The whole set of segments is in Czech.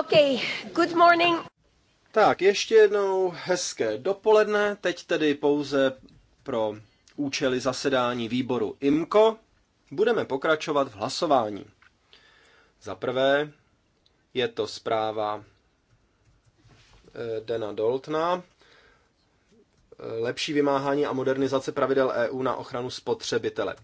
Okay, good morning. Tak, ještě jednou hezké dopoledne, teď tedy pouze pro účely zasedání výboru IMKO. Budeme pokračovat v hlasování. Za prvé je to zpráva eh, Dana Doltna, eh, lepší vymáhání a modernizace pravidel EU na ochranu spotřebitele.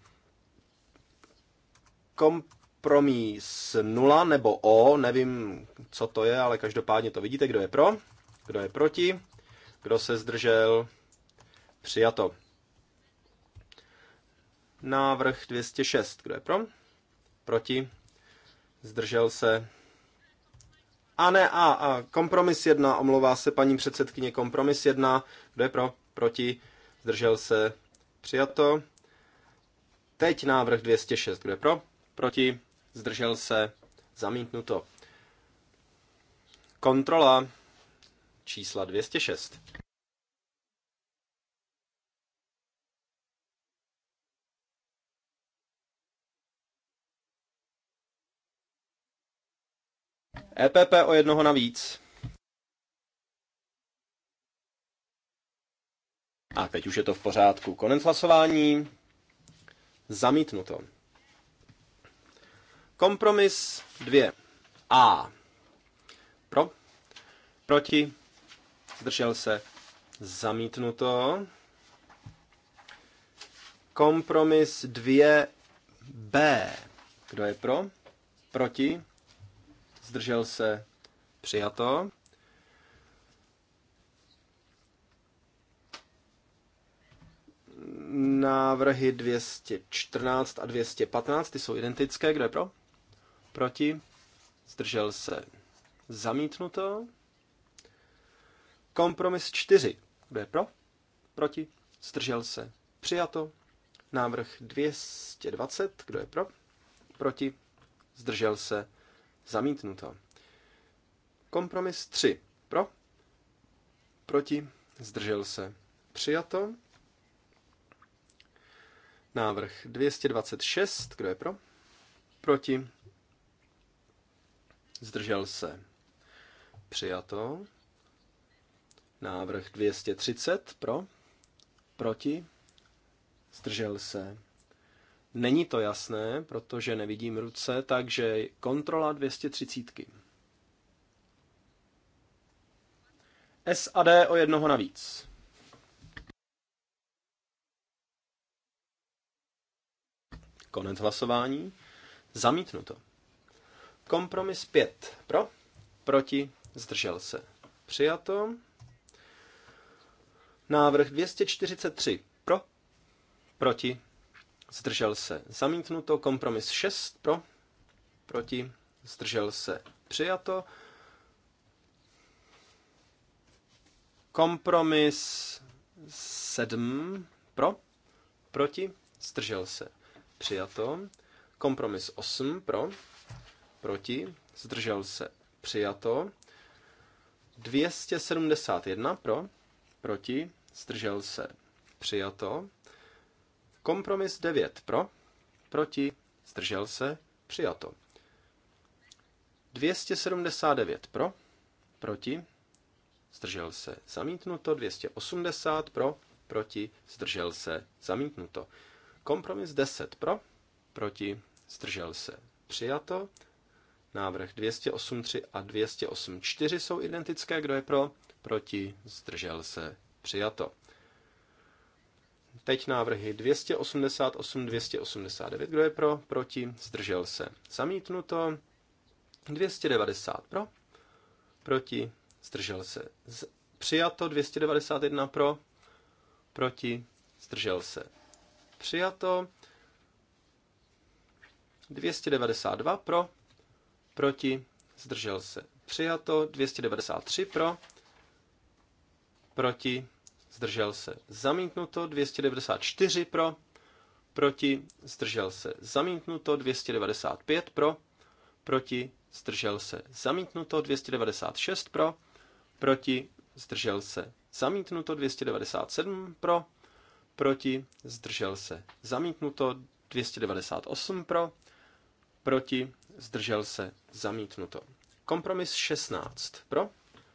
Kom- kompromis 0 nebo O, nevím, co to je, ale každopádně to vidíte, kdo je pro, kdo je proti, kdo se zdržel, přijato. Návrh 206, kdo je pro, proti, zdržel se, a ne, a, a kompromis 1, omlouvá se paní předsedkyně, kompromis 1, kdo je pro, proti, zdržel se, přijato. Teď návrh 206, kdo je pro, proti, zdržel se, zamítnuto. Kontrola čísla 206. EPP o jednoho navíc. A teď už je to v pořádku. Konec hlasování. Zamítnuto. Kompromis 2. A. Pro. Proti. Zdržel se. Zamítnuto. Kompromis 2B. Kdo je pro? Proti? Zdržel se? Přijato. Návrhy 214 a 215, ty jsou identické. Kdo je pro? Proti? Zdržel se. Zamítnuto. Kompromis 4. Kdo je pro? Proti? Zdržel se. Přijato. Návrh 220. Kdo je pro? Proti? Zdržel se. Zamítnuto. Kompromis 3. Pro? Proti? Zdržel se. Přijato. Návrh 226. Kdo je pro? Proti? zdržel se. Přijato. Návrh 230 pro, proti, zdržel se. Není to jasné, protože nevidím ruce, takže kontrola 230. SAD o jednoho navíc. Konec hlasování. Zamítnuto. Kompromis 5. Pro? Proti? Zdržel se. Přijato. Návrh 243. Pro? Proti? Zdržel se. Zamítnuto. Kompromis 6. Pro? Proti? Zdržel se. Přijato. Kompromis 7. Pro? Proti? Zdržel se. Přijato. Kompromis 8. Pro? proti, zdržel se, přijato. 271 pro, proti, zdržel se, přijato. Kompromis 9 pro, proti, zdržel se, přijato. 279 pro, proti, zdržel se, zamítnuto. 280 pro, proti, zdržel se, zamítnuto. Kompromis 10 pro, proti, zdržel se, přijato. Návrh 208.3 a 208.4 jsou identické. Kdo je pro? Proti? Zdržel se? Přijato. Teď návrhy 288, 289. Kdo je pro? Proti? Zdržel se? Zamítnuto. 290 pro? Proti? Zdržel se? Přijato. 291 pro? Proti? Zdržel se? Přijato. 292 pro? proti, zdržel se přijato, 293 pro, proti, zdržel se zamítnuto, 294 pro, proti, zdržel se zamítnuto, 295 pro, proti, zdržel se zamítnuto, 296 pro, proti, zdržel se zamítnuto, 297 pro, proti, zdržel se zamítnuto, 298 pro, proti, zdržel se, zamítnuto. Kompromis 16 pro,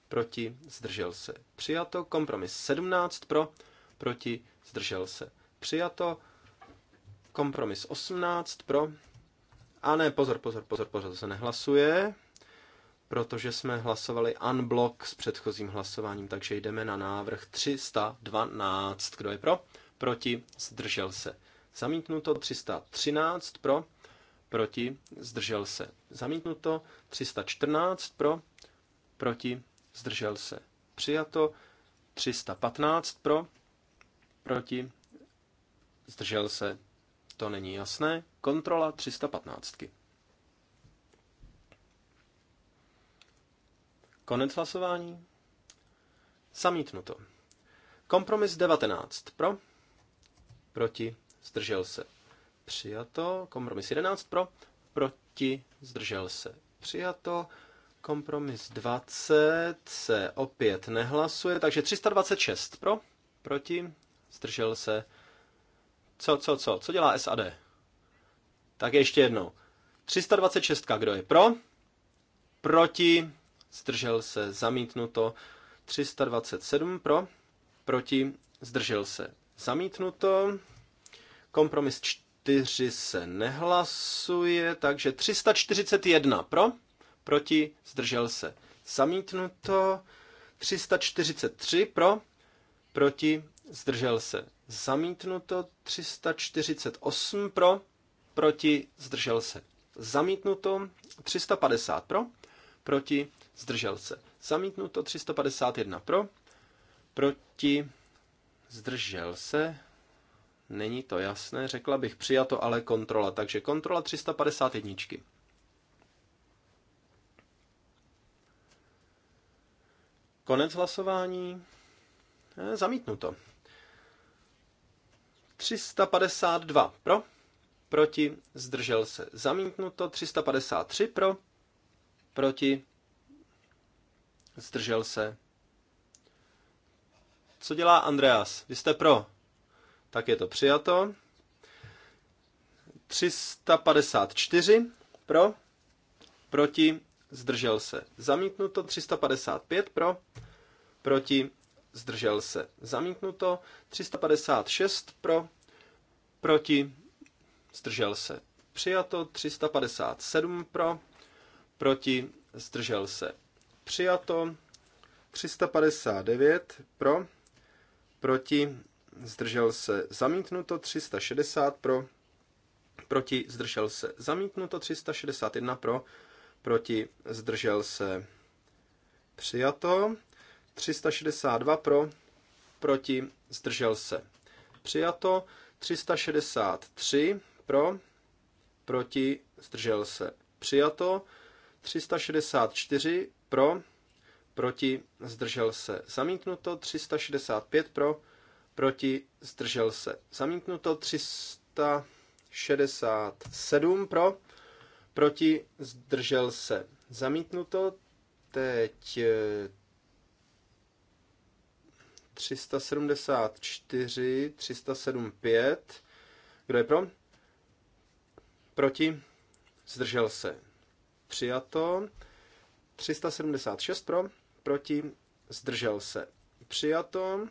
proti, zdržel se, přijato. Kompromis 17 pro, proti, zdržel se, přijato. Kompromis 18 pro, a ne, pozor, pozor, pozor, pozor, to se nehlasuje, protože jsme hlasovali unblock s předchozím hlasováním, takže jdeme na návrh 312. Kdo je pro? Proti, zdržel se. Zamítnuto 313 pro, proti, zdržel se. Zamítnuto 314 pro, proti, zdržel se. Přijato 315 pro, proti, zdržel se. To není jasné. Kontrola 315. Konec hlasování. Zamítnuto. Kompromis 19 pro, proti, zdržel se. Přijato. Kompromis 11 pro. Proti. Zdržel se. Přijato. Kompromis 20 se opět nehlasuje, takže 326 pro, proti, zdržel se. Co, co, co, co dělá SAD? Tak ještě jednou. 326, kdo je pro, proti, zdržel se, zamítnuto. 327 pro, proti, zdržel se, zamítnuto. Kompromis 4 4 se nehlasuje, takže 341 pro, proti, zdržel se. Zamítnuto 343 pro, proti, zdržel se. Zamítnuto 348 pro, proti, zdržel se. Zamítnuto 350 pro, proti, zdržel se. Zamítnuto 351 pro, proti, zdržel se. Není to jasné, řekla bych přijato, ale kontrola. Takže kontrola 351. Konec hlasování. Zamítnu eh, zamítnuto. 352 pro, proti, zdržel se. Zamítnuto. 353 pro, proti, zdržel se. Co dělá Andreas? Vy jste pro tak je to přijato. 354 pro, proti, zdržel se, zamítnuto. 355 pro, proti, zdržel se, zamítnuto. 356 pro, proti, zdržel se, přijato. 357 pro, proti, zdržel se, přijato. 359 pro, proti, zdržel se zamítnuto 360 pro, proti zdržel se zamítnuto 361 pro, proti zdržel se přijato 362 pro, proti zdržel se přijato 363 pro, proti zdržel se přijato 364 pro, proti zdržel se zamítnuto 365 pro, proti, zdržel se. Zamítnuto 367 pro, proti, zdržel se. Zamítnuto teď 374, eh, 375. Kdo je pro? Proti, zdržel se. Přijato. 376 pro, proti, zdržel se. Přijato.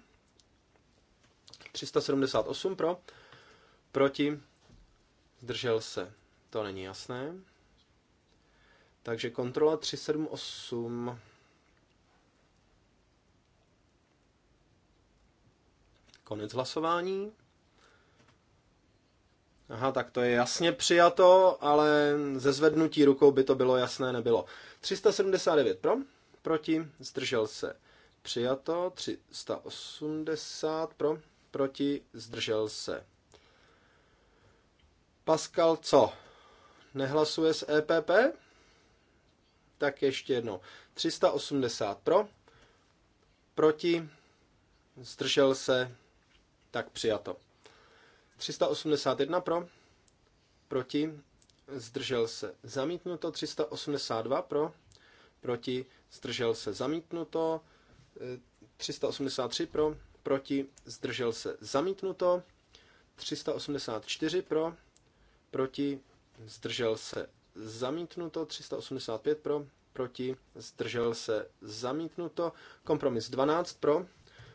378 pro, proti, zdržel se. To není jasné. Takže kontrola 378. Konec hlasování. Aha, tak to je jasně přijato, ale ze zvednutí rukou by to bylo jasné nebylo. 379 pro, proti, zdržel se. Přijato, 380 pro, proti, zdržel se. Pascal co? Nehlasuje s EPP? Tak ještě jedno. 380 pro, proti, zdržel se, tak přijato. 381 pro, proti, zdržel se, zamítnuto. 382 pro, proti, zdržel se, zamítnuto. 383 e, pro, proti, zdržel se zamítnuto, 384 pro, proti, zdržel se zamítnuto, 385 pro, proti, zdržel se zamítnuto, kompromis 12 pro,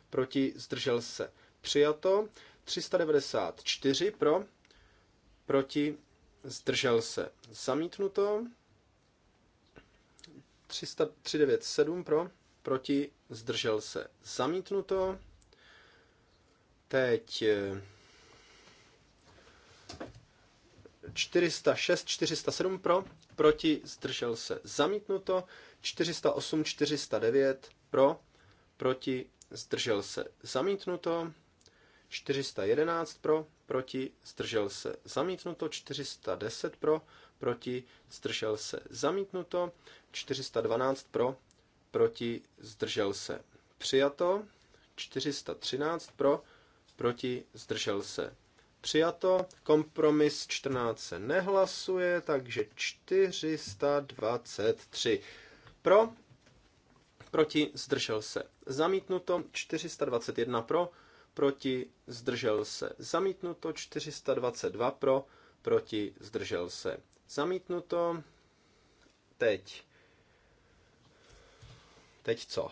proti, zdržel se přijato, 394 pro, proti, zdržel se zamítnuto, 397 pro, proti, zdržel se zamítnuto, Teď 406, eh, 407 pro, proti, zdržel se, zamítnuto, 408, 409 pro, proti, zdržel se, zamítnuto, 411 pro, proti, zdržel se, zamítnuto, 410 pro, proti, zdržel se, zamítnuto, 412 pro, proti, zdržel se, přijato, 413 pro, proti, zdržel se. Přijato, kompromis 14 se nehlasuje, takže 423. Pro, proti, zdržel se. Zamítnuto 421 pro, proti, zdržel se. Zamítnuto 422 pro, proti, zdržel se. Zamítnuto teď. Teď co?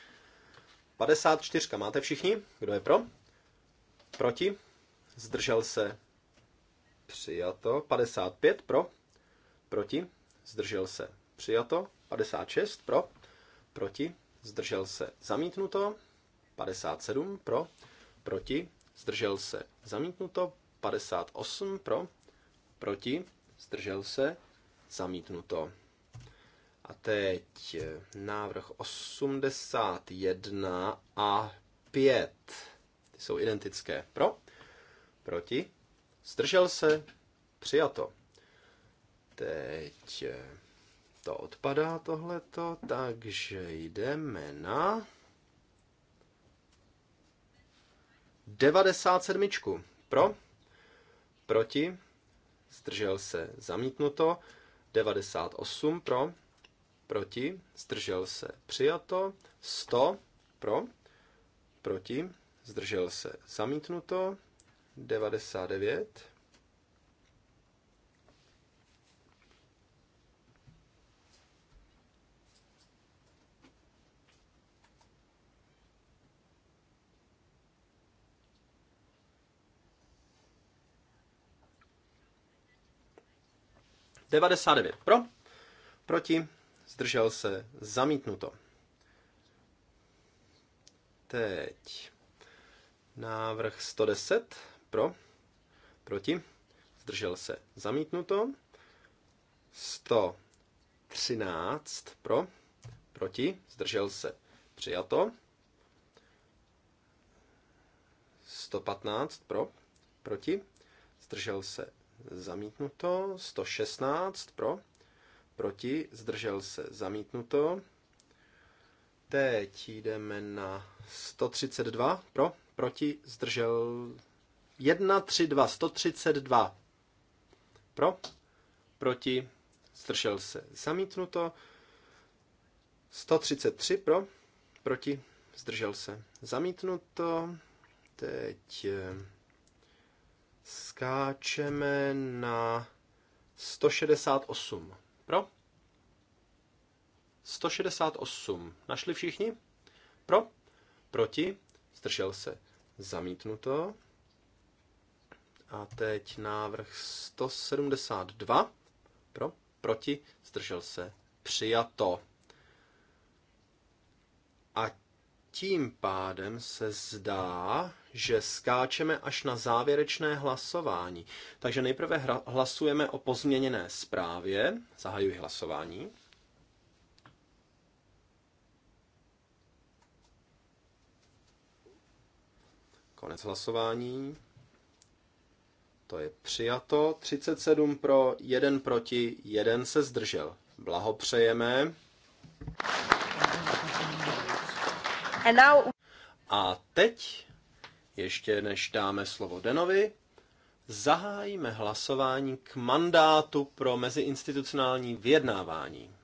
54. Máte všichni? Kdo je pro? Proti? Zdržel se? Přijato. 55. Pro? Proti? Zdržel se? Přijato. 56. Pro? Proti? Zdržel se? Zamítnuto. 57. Pro? Proti? Zdržel se? Zamítnuto. 58. Pro? Proti? Zdržel se? Zamítnuto. A teď eh, návrh 81 a 5. Ty jsou identické. Pro? Proti? Zdržel se? Přijato. Teď eh, to odpadá tohleto, takže jdeme na 97. Pro? Proti? Zdržel se? Zamítnuto. 98 pro? proti, zdržel se, přijato, 100 pro, proti, zdržel se, zamítnuto, 99. devět pro, proti, zdržel se, zamítnuto. Teď návrh 110, pro, proti, zdržel se, zamítnuto. 113, pro, proti, zdržel se, přijato. 115 pro, proti, zdržel se zamítnuto, 116 pro, proti, zdržel se, zamítnuto. Teď jdeme na 132, pro, proti, zdržel 1, 3, 2, 132, pro, proti, zdržel se, zamítnuto. 133 pro, proti, zdržel se, zamítnuto. Teď eh, skáčeme na 168 pro? 168. Našli všichni? Pro? Proti? Zdržel se. Zamítnuto. A teď návrh 172. Pro? Proti? Zdržel se. Přijato. A tím pádem se zdá, že skáčeme až na závěrečné hlasování. Takže nejprve hlasujeme o pozměněné zprávě. Zahajuji hlasování. Konec hlasování. To je přijato. 37 pro, 1 proti, 1 se zdržel. Blahopřejeme. A teď ještě než dáme slovo Denovi, zahájíme hlasování k mandátu pro meziinstitucionální vyjednávání.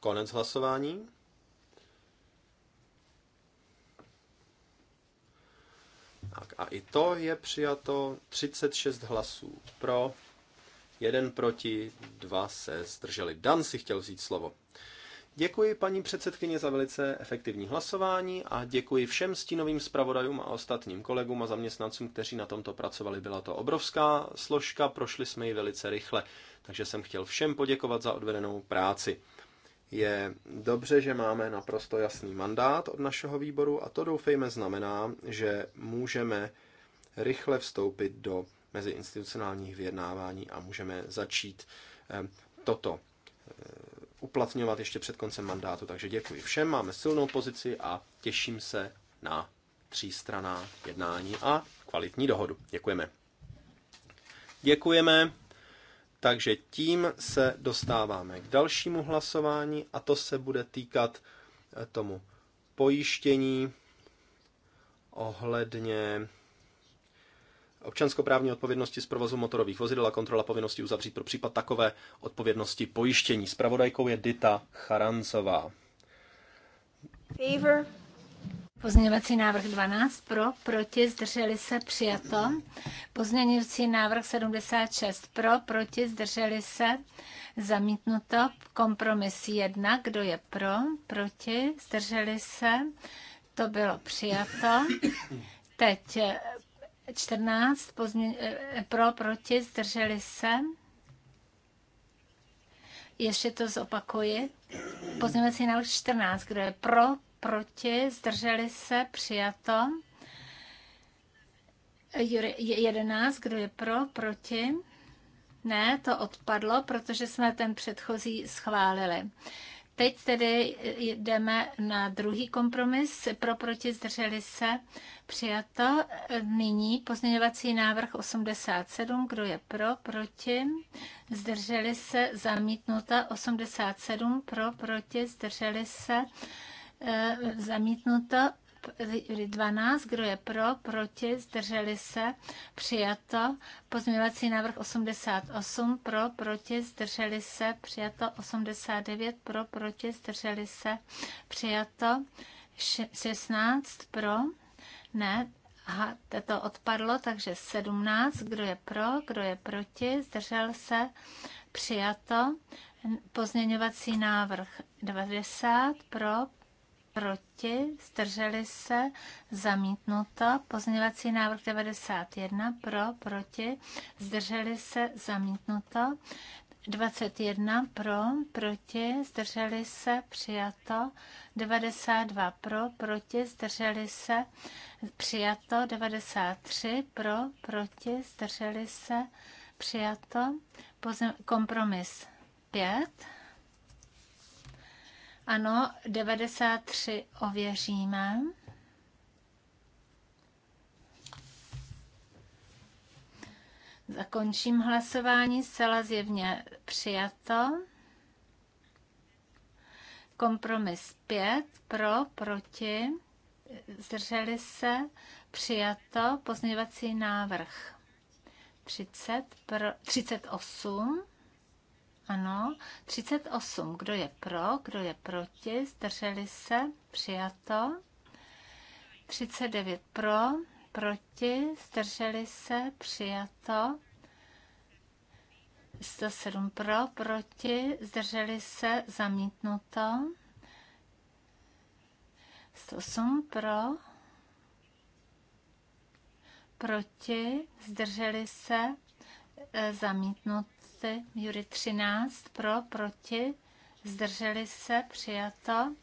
Konec hlasování. Tak a i to je přijato 36 hlasů pro, jeden proti, dva se zdrželi. Dan si chtěl vzít slovo. Děkuji paní předsedkyně za velice efektivní hlasování a děkuji všem stínovým zpravodajům a ostatním kolegům a zaměstnancům, kteří na tomto pracovali. Byla to obrovská složka, prošli jsme ji velice rychle, takže jsem chtěl všem poděkovat za odvedenou práci. Je dobře, že máme naprosto jasný mandát od našeho výboru a to doufejme znamená, že můžeme rychle vstoupit do mezi institucionálních vyjednávání a můžeme začít eh, toto eh, uplatňovat ještě před koncem mandátu. Takže děkuji všem, máme silnou pozici a těším se na třístraná jednání a kvalitní dohodu. Děkujeme. Děkujeme. Takže tím se dostáváme k dalšímu hlasování a to se bude týkat eh, tomu pojištění ohledně občanskoprávní odpovědnosti z provozu motorových vozidel a kontrola povinnosti uzavřít pro případ takové odpovědnosti pojištění. Spravodajkou je Dita Charancová. Favor. Pozměňovací návrh 12 pro, proti, zdrželi se, přijato. Pozměňovací návrh 76 pro, proti, zdrželi se, zamítnuto. Kompromis 1, kdo je pro, proti, zdrželi se, to bylo přijato. Teď 14 eh, eh, pro, proti, zdrželi se. Ještě to zopakuji. Pozměňovací návrh 14, kdo je pro, proti, zdrželi se, přijato. 11, kdo je pro, proti. Ne, to odpadlo, protože jsme ten předchozí schválili. Teď tedy jdeme na druhý kompromis. Pro proti zdrželi se přijato. Nyní pozměňovací návrh 87. Kdo je pro, proti? Zdrželi se zamítnuta 87. Pro, proti? Zdrželi se e, zamítnuto 12, kdo je pro, proti, zdrželi se, přijato. Pozměňovací návrh 88, pro, proti, zdrželi se, přijato. 89, pro, proti, zdrželi se, přijato. 16, pro, ne, aha, to odpadlo, takže 17, kdo je pro, kdo je proti, zdržel se, přijato. Pozměňovací návrh 90, pro, proti, zdrželi se, zamítnuto. Pozměňovací návrh 91 pro, proti, zdrželi se, zamítnuto. 21 pro, proti, zdrželi se, přijato. 92 pro, proti, zdrželi se, přijato. 93 pro, proti, zdrželi se, přijato. Kompromis 5 ano, 93 ověříme. Zakončím hlasování, zcela zjevně přijato. Kompromis 5, pro, proti, zdrželi se, přijato, pozměňovací návrh 30, pro, 38, ano. 38. Kdo je pro? Kdo je proti? Zdrželi se? Přijato. 39 pro, proti, zdrželi se, přijato. 107 pro, proti, zdrželi se, zamítnuto. 108 pro, proti, zdrželi se, e, zamítnuto jste, Jury 13 pro, proti, zdrželi se, přijato.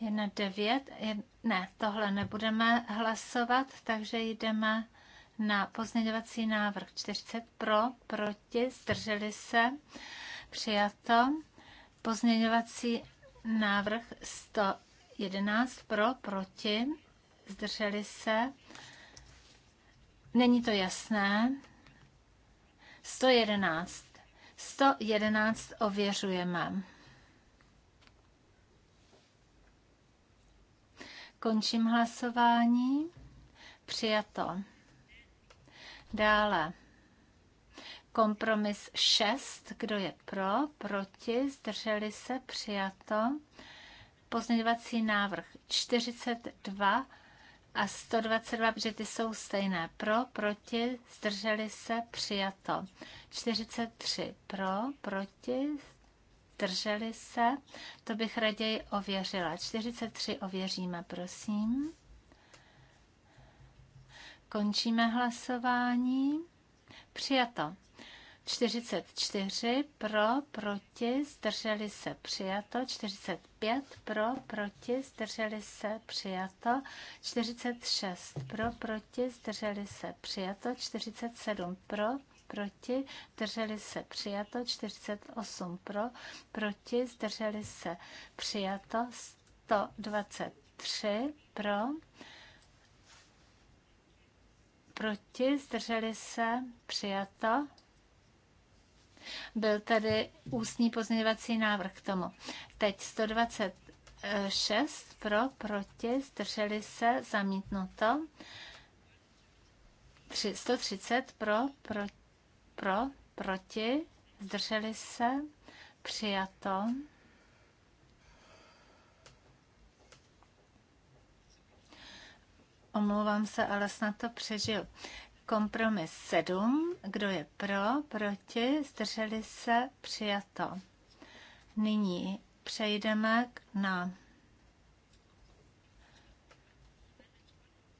1, 9, 1, ne, tohle nebudeme hlasovat, takže jdeme na pozměňovací návrh 40 pro, proti, zdrželi se, přijato. Pozměňovací návrh 111 pro, proti, zdrželi se. Není to jasné, 111. 111 ověřujeme. Končím hlasování. Přijato. Dále. Kompromis 6. Kdo je pro? Proti? Zdrželi se? Přijato. Pozměňovací návrh 42 a 122, protože ty jsou stejné. Pro, proti, zdrželi se, přijato. 43 pro, proti, zdrželi se, to bych raději ověřila. 43 ověříme, prosím. Končíme hlasování. Přijato. 44 pro, proti, zdrželi se přijato, 45 pro, proti, zdrželi se přijato, 46 pro, proti, zdrželi se přijato, 47 pro, proti, zdrželi se přijato, 48 pro, proti, zdrželi se přijato, 123 pro, proti, zdrželi se přijato, byl tady ústní pozměňovací návrh k tomu. Teď 126 pro, proti, zdrželi se, zamítnuto. 130 pro, pro, pro, proti, zdrželi se, přijato. Omlouvám se, ale snad to přežil. Kompromis 7. Kdo je pro, proti, zdrželi se, přijato. Nyní přejdeme na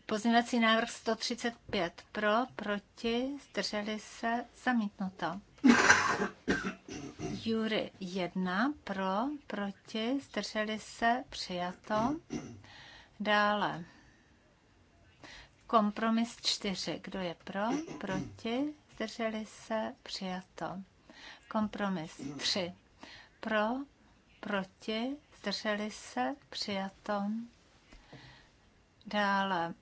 pozměňovací návrh 135. Pro, proti, zdrželi se, zamítnuto. Jury 1. Pro, proti, zdrželi se, přijato. Dále Kompromis čtyři. Kdo je pro? Proti? Zdrželi se? Přijato. Kompromis tři, Pro? Proti? Zdrželi se? Přijato. Dále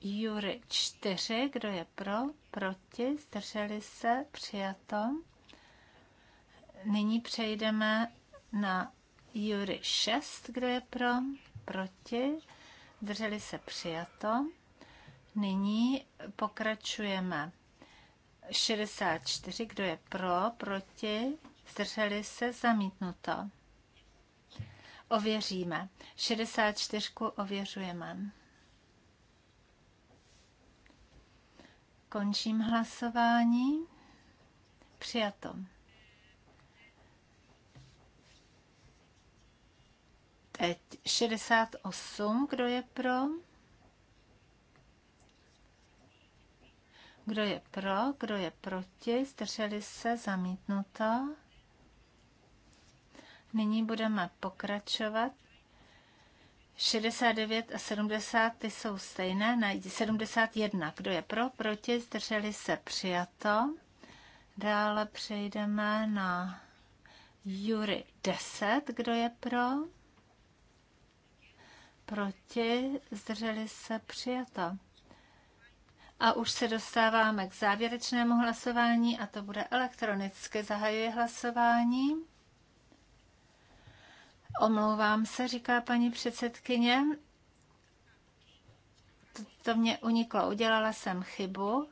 Jury čtyři. Kdo je pro? Proti? Zdrželi se? Přijato. Nyní přejdeme na Jury 6. Kdo je pro? Proti? Drželi se přijato. Nyní pokračujeme. 64, kdo je pro, proti, zdrželi se, zamítnuto. Ověříme. 64 ověřujeme. Končím hlasování. Přijato. Teď 68, kdo je pro? Kdo je pro, kdo je proti, zdrželi se, zamítnuto. Nyní budeme pokračovat. 69 a 70 ty jsou stejné, najdi 71. Kdo je pro, proti, zdrželi se, přijato. Dále přejdeme na Jury 10. Kdo je pro? Proti, zdrželi se, přijato. A už se dostáváme k závěrečnému hlasování a to bude elektronicky. zahajuje hlasování. Omlouvám se, říká paní předsedkyně. To, to mě uniklo, udělala jsem chybu.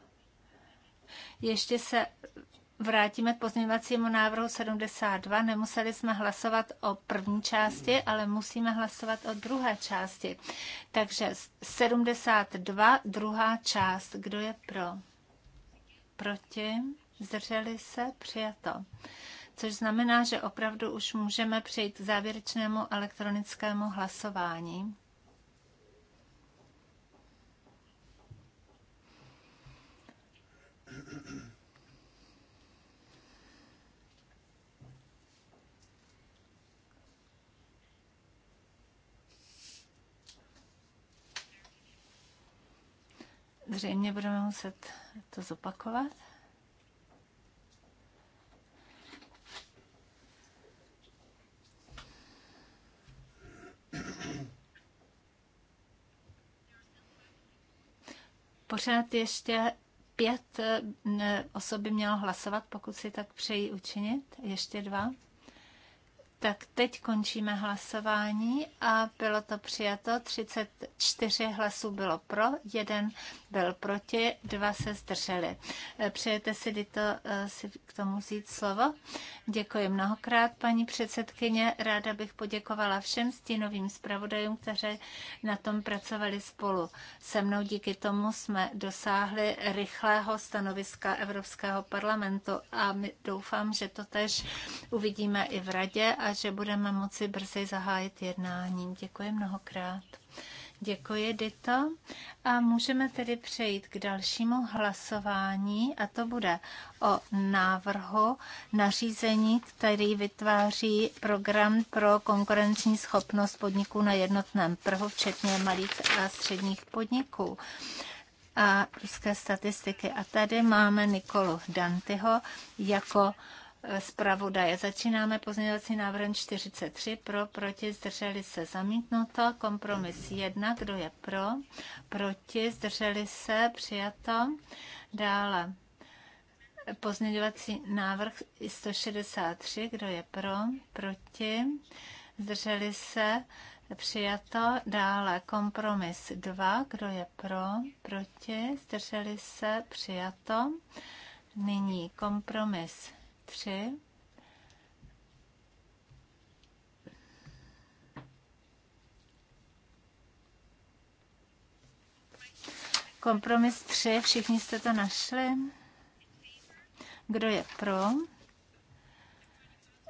Ještě se vrátíme k pozměňovacímu návrhu 72. Nemuseli jsme hlasovat o první části, ale musíme hlasovat o druhé části. Takže 72, druhá část. Kdo je pro? Proti? Zdrželi se? Přijato. Což znamená, že opravdu už můžeme přejít k závěrečnému elektronickému hlasování. Zřejmě budeme muset to zopakovat. Pořád ještě pět eh, osob by mělo hlasovat, pokud si tak přejí učinit. Ještě dva. Tak teď končíme hlasování a bylo to přijato. 34 hlasů bylo pro, jeden byl proti, dva se zdrželi. Eh, Přejete si, Dito, eh, si k tomu vzít slovo? Děkuji mnohokrát, paní předsedkyně. Ráda bych poděkovala všem stínovým zpravodajům, kteří na tom pracovali spolu se mnou. Díky tomu jsme dosáhli rychlého stanoviska Evropského parlamentu a my doufám, že to tež uvidíme i v radě a že budeme moci brzy zahájit jednání. Děkuji mnohokrát. Děkuji, Dito. A můžeme tedy přejít k dalšímu hlasování a to bude o návrhu nařízení, který vytváří program pro konkurenční schopnost podniků na jednotném trhu, včetně malých a středních podniků a ruské statistiky. A tady máme Nikolu Dantyho jako zpravodaje. Začínáme pozměňovací návrhem 43. Pro, proti, zdrželi se zamítnuto. Kompromis 1. Kdo je pro? Proti, zdrželi se přijato. Dále pozměňovací návrh 163. Kdo je pro? Proti, zdrželi se Přijato dále kompromis 2. Kdo je pro? Proti? Zdrželi se? Přijato. Nyní kompromis 3. Kompromis 3, všichni jste to našli. Kdo je pro?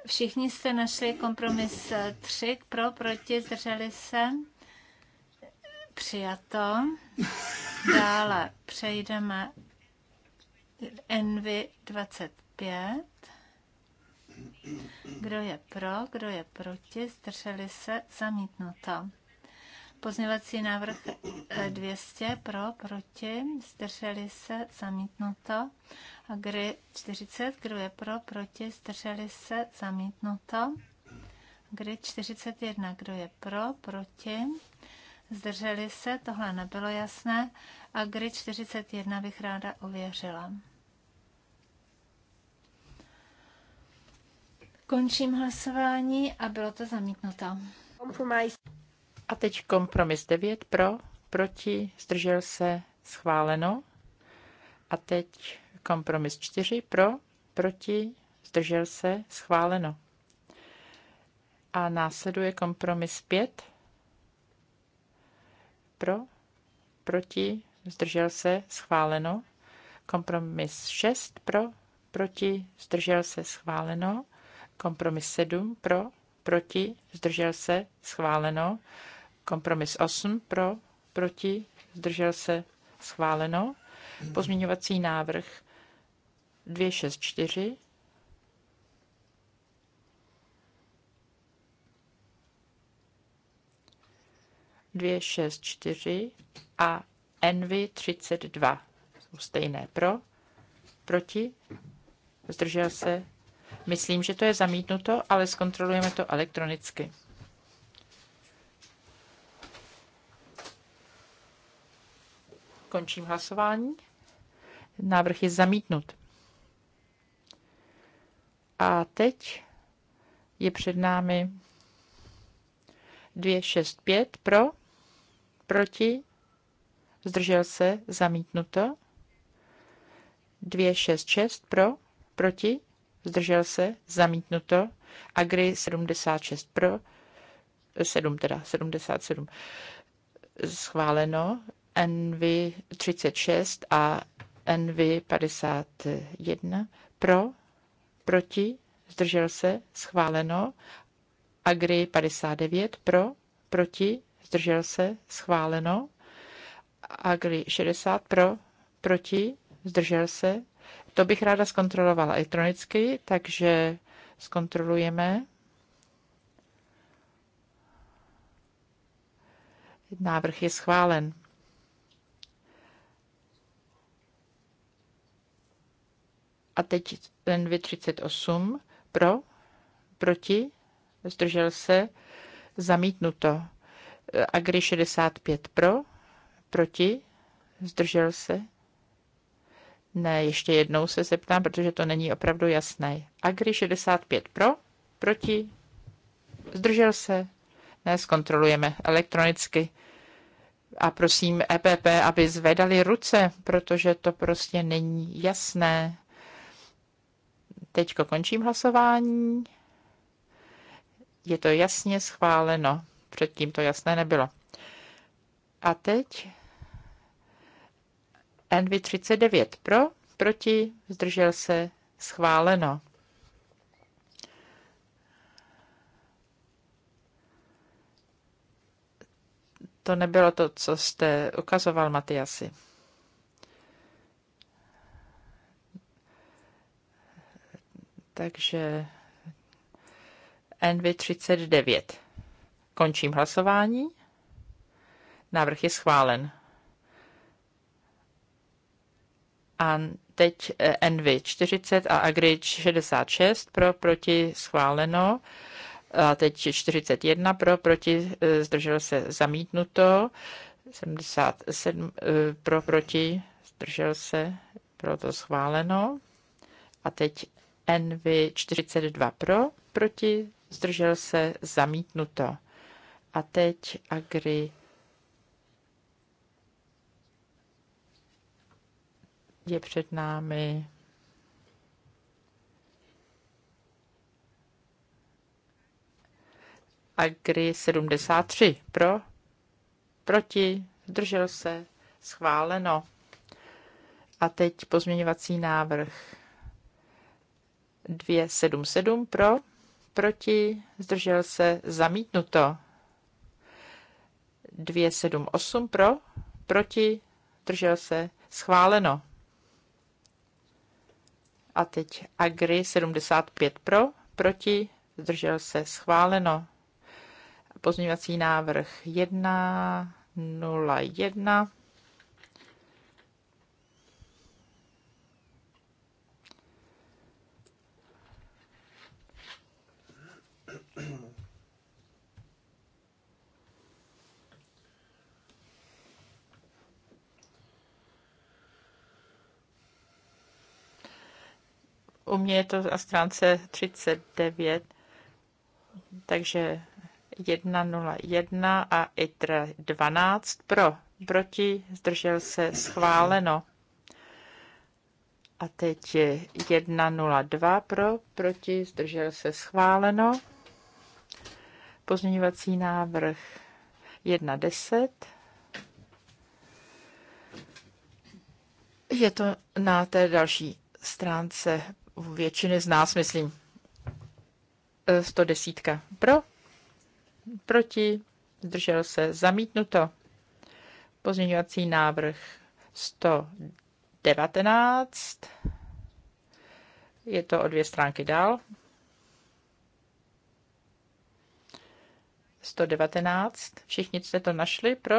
Všichni jste našli kompromis 3, pro, proti, zdrželi se. Přijato. Dále přejdeme Envy 23. 5. Kdo je pro, kdo je proti, zdrželi se, zamítnuto. Pozměvací návrh 200 eh, pro, proti, zdrželi se, zamítnuto. A gry 40, kdo je pro, proti, zdrželi se, zamítnuto. Gry 41, kdo je pro, proti, zdrželi se, tohle nebylo jasné. A gry 41 bych ráda ověřila. Končím hlasování a bylo to zamítnuto. A teď kompromis 9 pro, proti, zdržel se, schváleno. A teď kompromis 4 pro, proti, zdržel se, schváleno. A následuje kompromis 5 pro, proti, zdržel se, schváleno. Kompromis 6 pro, proti, zdržel se, schváleno. Kompromis 7 pro, proti, zdržel se, schváleno. Kompromis 8 pro, proti, zdržel se, schváleno. Pozměňovací návrh 264 Dvě, šest, čtyři a Envy 32. Jsou stejné pro, proti, zdržel se, Myslím, že to je zamítnuto, ale zkontrolujeme to elektronicky. Končím hlasování. Návrh je zamítnut. A teď je před námi 265 pro, proti, zdržel se, zamítnuto. 266 pro, proti, zdržel se, zamítnuto. Agri 76 pro, 7 teda, 77 schváleno, NV 36 a NV 51 pro, proti, zdržel se, schváleno, Agri 59 pro, proti, zdržel se, schváleno, Agri 60 pro, proti, zdržel se, to bych ráda zkontrolovala elektronicky, takže zkontrolujeme. Návrh je schválen. A teď ten 238 pro, proti, zdržel se, zamítnuto. Agri 65 pro, proti, zdržel se, ne, ještě jednou se zeptám, protože to není opravdu jasné. Agri 65 pro, proti, zdržel se. Ne, zkontrolujeme elektronicky. A prosím EPP, aby zvedali ruce, protože to prostě není jasné. Teď končím hlasování. Je to jasně schváleno. Předtím to jasné nebylo. A teď Envy 39 pro, proti, zdržel se, schváleno. To nebylo to, co jste ukazoval, Matiasi. Takže NV39. Končím hlasování. Návrh je schválen. A teď Envy eh, 40 a Agri 66 pro, proti schváleno. A teď 41 eh, eh, pro, proti zdržel se zamítnuto. 77 pro, proti zdržel se, proto to schváleno. A teď Envy 42 pro, proti zdržel se zamítnuto. A teď Agri je před námi. Agri 73. Pro? Proti? Zdržel se? Schváleno. A teď pozměňovací návrh 277 pro, proti, zdržel se, zamítnuto. 278 pro, proti, zdržel se, schváleno. A teď Agri 75 pro, proti, zdržel se, schváleno. Pozměňovací návrh 101 U mě je to na stránce 39, takže 101 a ITR 12 pro, proti, zdržel se schváleno. A teď je 102 pro, proti, zdržel se schváleno. Pozměňovací návrh 110. Je to na té další stránce většiny z nás, myslím. 110. E, pro, proti, zdržel se, zamítnuto. Pozměňovací návrh 119. Je to o dvě stránky dál. 119. Všichni jste to našli pro?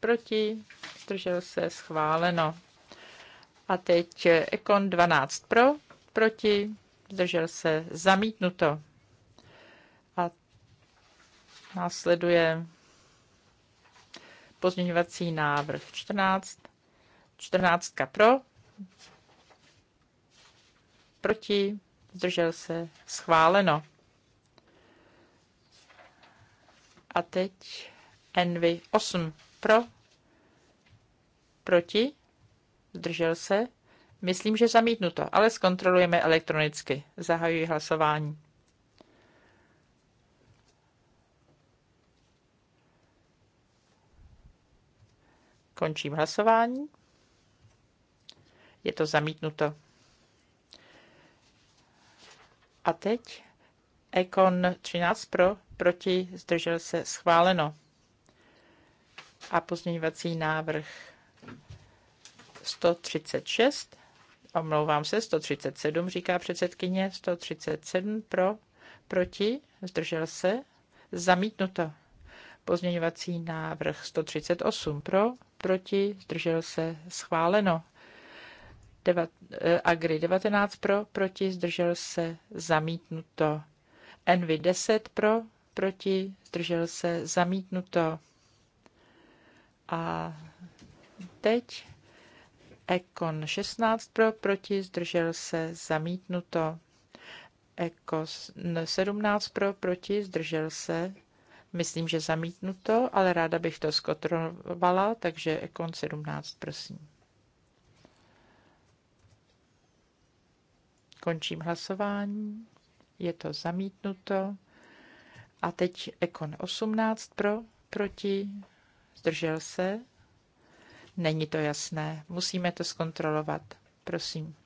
Proti? Zdržel se schváleno. A teď Ekon 12 pro? proti, zdržel se, zamítnuto. A následuje pozměňovací návrh 14, 14 pro, proti, zdržel se, schváleno. A teď Envy 8 pro, proti, zdržel se, Myslím, že zamítnuto, ale zkontrolujeme elektronicky. Zahajuji hlasování. Končím hlasování. Je to zamítnuto. A teď Ekon 13 pro, proti, zdržel se, schváleno. A pozměňovací návrh 136 omlouvám se, 137, říká předsedkyně, 137 pro, proti, zdržel se, zamítnuto. Pozměňovací návrh 138 pro, proti, zdržel se, schváleno. Devat, eh, Agri 19 pro, proti, zdržel se, zamítnuto. Envy 10 pro, proti, zdržel se, zamítnuto. A teď Ekon 16 pro, proti, zdržel se, zamítnuto. Eko 17 pro, proti, zdržel se. Myslím, že zamítnuto, ale ráda bych to zkontrolovala, takže Ekon 17, prosím. Končím hlasování, je to zamítnuto. A teď Ekon 18 pro, proti, zdržel se. Není to jasné. Musíme to zkontrolovat. Prosím.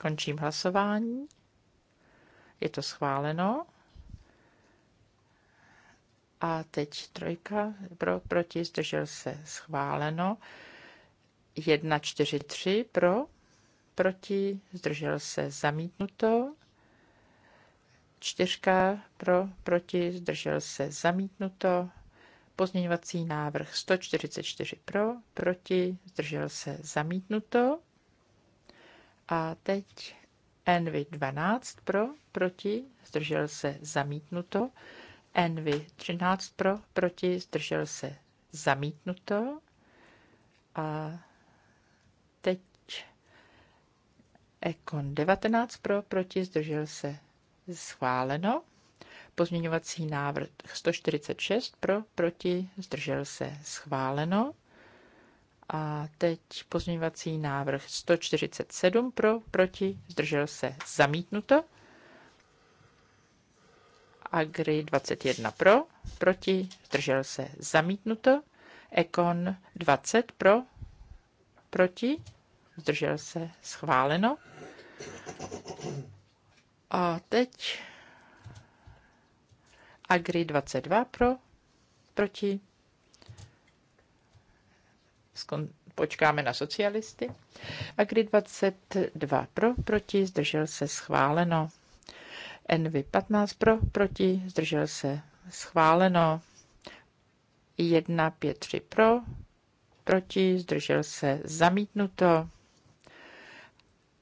Končím hlasování. Je to schváleno. A teď trojka pro, proti, zdržel se schváleno. 1, 4, 3 pro, proti, zdržel se zamítnuto čtyřka pro, proti, zdržel se zamítnuto. Pozměňovací návrh 144 pro, proti, zdržel se zamítnuto. A teď Envy 12 pro, proti, zdržel se zamítnuto. Envy 13 pro, proti, zdržel se zamítnuto. A teď Ekon 19 pro, proti, zdržel se Schváleno. Pozměňovací návrh 146 pro, proti, zdržel se. Schváleno. A teď pozměňovací návrh 147 pro, proti, zdržel se. Zamítnuto. Agri 21 pro, proti, zdržel se. Zamítnuto. Ekon 20 pro, proti, zdržel se. Schváleno. A teď Agri 22 pro, proti. Skon, počkáme na socialisty. Agri 22 pro, proti, zdržel se schváleno. Envy 15 pro, proti, zdržel se schváleno. 1, 5, 3 pro, proti, zdržel se zamítnuto.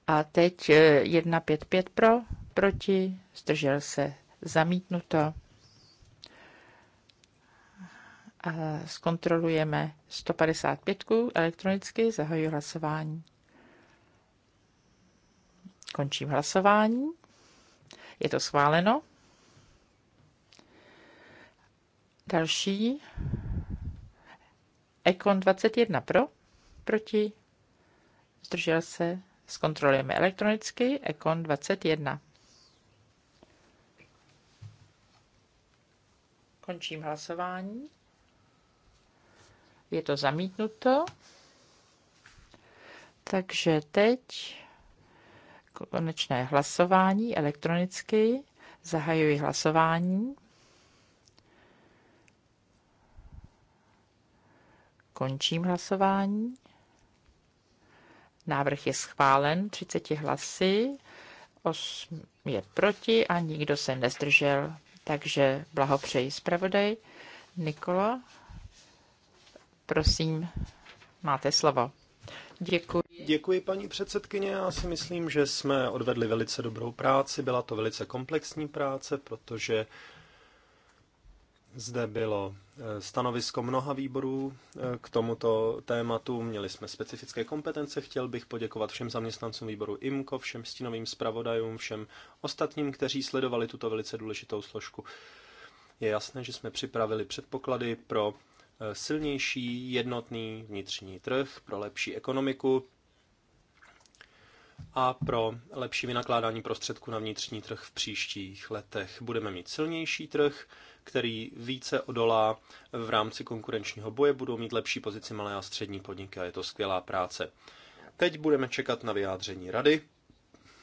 A teď 1, 5, 5 pro, proti, zdržel se zamítnuto. A zkontrolujeme 155 elektronicky, zahajuji hlasování. Končím hlasování. Je to schváleno. Další. Ekon 21 pro, proti, zdržel se, zkontrolujeme elektronicky, Ekon 21. Končím hlasování. Je to zamítnuto. Takže teď konečné hlasování elektronicky. Zahajuji hlasování. Končím hlasování. Návrh je schválen 30 hlasy, 8 je proti a nikdo se nezdržel. Takže blahopřeji zpravodaj. Nikola, prosím, máte slovo. Děkuji. Děkuji, paní předsedkyně. Já si myslím, že jsme odvedli velice dobrou práci. Byla to velice komplexní práce, protože zde bylo e, stanovisko mnoha výborů e, k tomuto tématu. Měli jsme specifické kompetence. Chtěl bych poděkovat všem zaměstnancům výboru IMKO, všem stínovým zpravodajům, všem ostatním, kteří sledovali tuto velice důležitou složku. Je jasné, že jsme připravili předpoklady pro e, silnější jednotný vnitřní trh, pro lepší ekonomiku, a pro lepší vynakládání prostředků na vnitřní trh v příštích letech. Budeme mít silnější trh, který více odolá v rámci konkurenčního boje, budou mít lepší pozici malé a střední podniky a je to skvělá práce. Teď budeme čekat na vyjádření rady,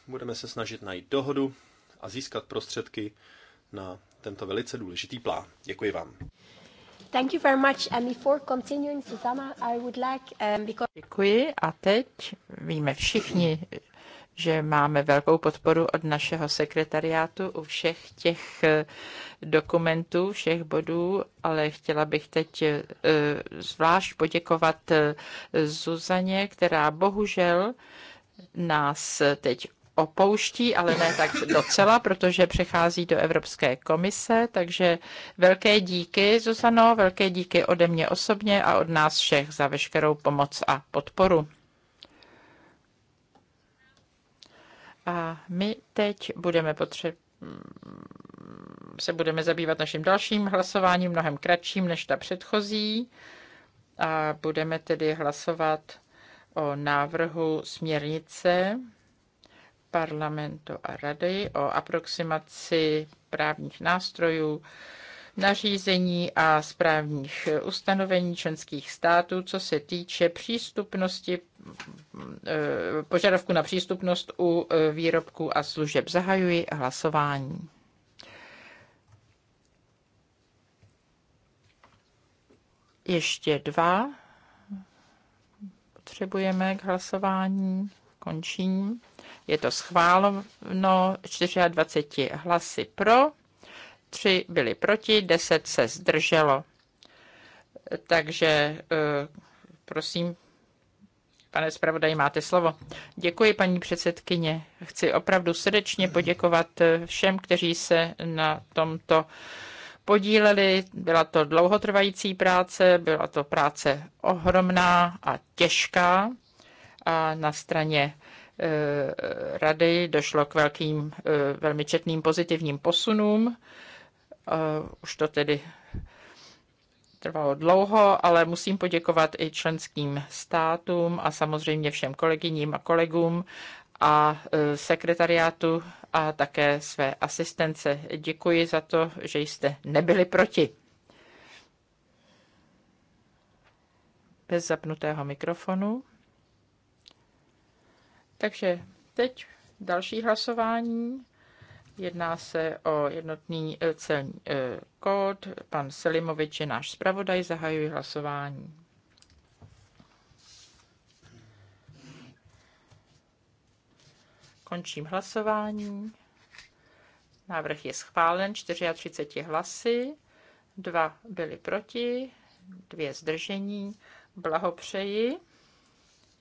budeme se snažit najít dohodu a získat prostředky na tento velice důležitý plán. Děkuji vám. Thank you very much. And before continuing, Susanna, I would like, um, because... Děkuji a teď víme všichni, že máme velkou podporu od našeho sekretariátu u všech těch eh, dokumentů, všech bodů, ale chtěla bych teď eh, zvlášť poděkovat eh, Zuzaně, která bohužel nás teď opouští, ale ne tak docela, protože přechází do Evropské komise, takže velké díky, Zuzano, velké díky ode mě osobně a od nás všech za veškerou pomoc a podporu. A my teď budeme potřebovat mm, se budeme zabývat naším dalším hlasováním, mnohem kratším než ta předchozí. A budeme tedy hlasovat o návrhu směrnice parlamentu a rady o aproximaci právních nástrojů, nařízení a správních ustanovení členských států, co se týče přístupnosti, eh, požadavku na přístupnost u eh, výrobků a služeb. Zahajuji hlasování. Ještě dva potřebujeme k hlasování. Končím. Je to schváleno 24 hlasy pro, 3 byli proti, 10 se zdrželo. Takže eh, prosím, Pane zpravodaji, máte slovo. Děkuji, paní předsedkyně. Chci opravdu srdečně poděkovat eh, všem, kteří se na tomto podíleli. Byla to dlouhotrvající práce, byla to práce ohromná a těžká. A na straně Eh, rady došlo k velkým, eh, velmi četným pozitivním posunům. Eh, už to tedy trvalo dlouho, ale musím poděkovat i členským státům a samozřejmě všem kolegyním a kolegům a sekretariátu a také své asistence. Děkuji za to, že jste nebyli proti. Bez zapnutého mikrofonu. Takže teď další hlasování. Jedná se o jednotný eh, celní eh, kód. Pan Selimovič je náš zpravodaj, zahajuji hlasování. Končím hlasování. Návrh je schválen 34 hlasy, dva byli proti, dvě zdržení. Blahopřeji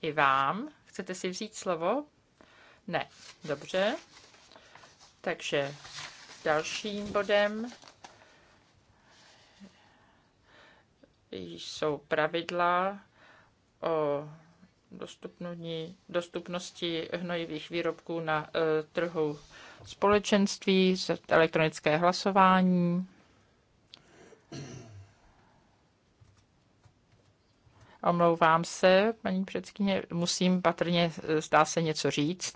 i vám. Chcete si vzít slovo? Ne. Dobře. Takže dalším bodem jsou pravidla o dostupnosti hnojivých výrobků na e, trhu společenství, elektronické hlasování. Omlouvám se, paní předsedkyně, musím patrně, eh, zdá se, něco říct.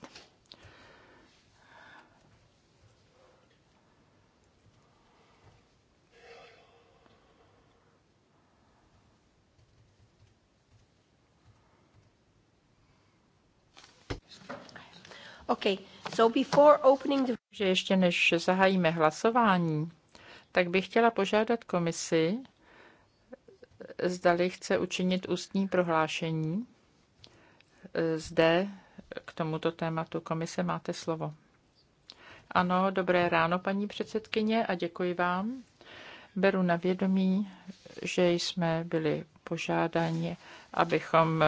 Okay. So before opening the... Že ještě než zahájíme hlasování, tak bych chtěla požádat komisi, zdali chce učinit ústní prohlášení. Zde k tomuto tématu komise máte slovo. Ano, dobré ráno, paní předsedkyně, a děkuji vám. Beru na vědomí, že jsme byli požádáni, abychom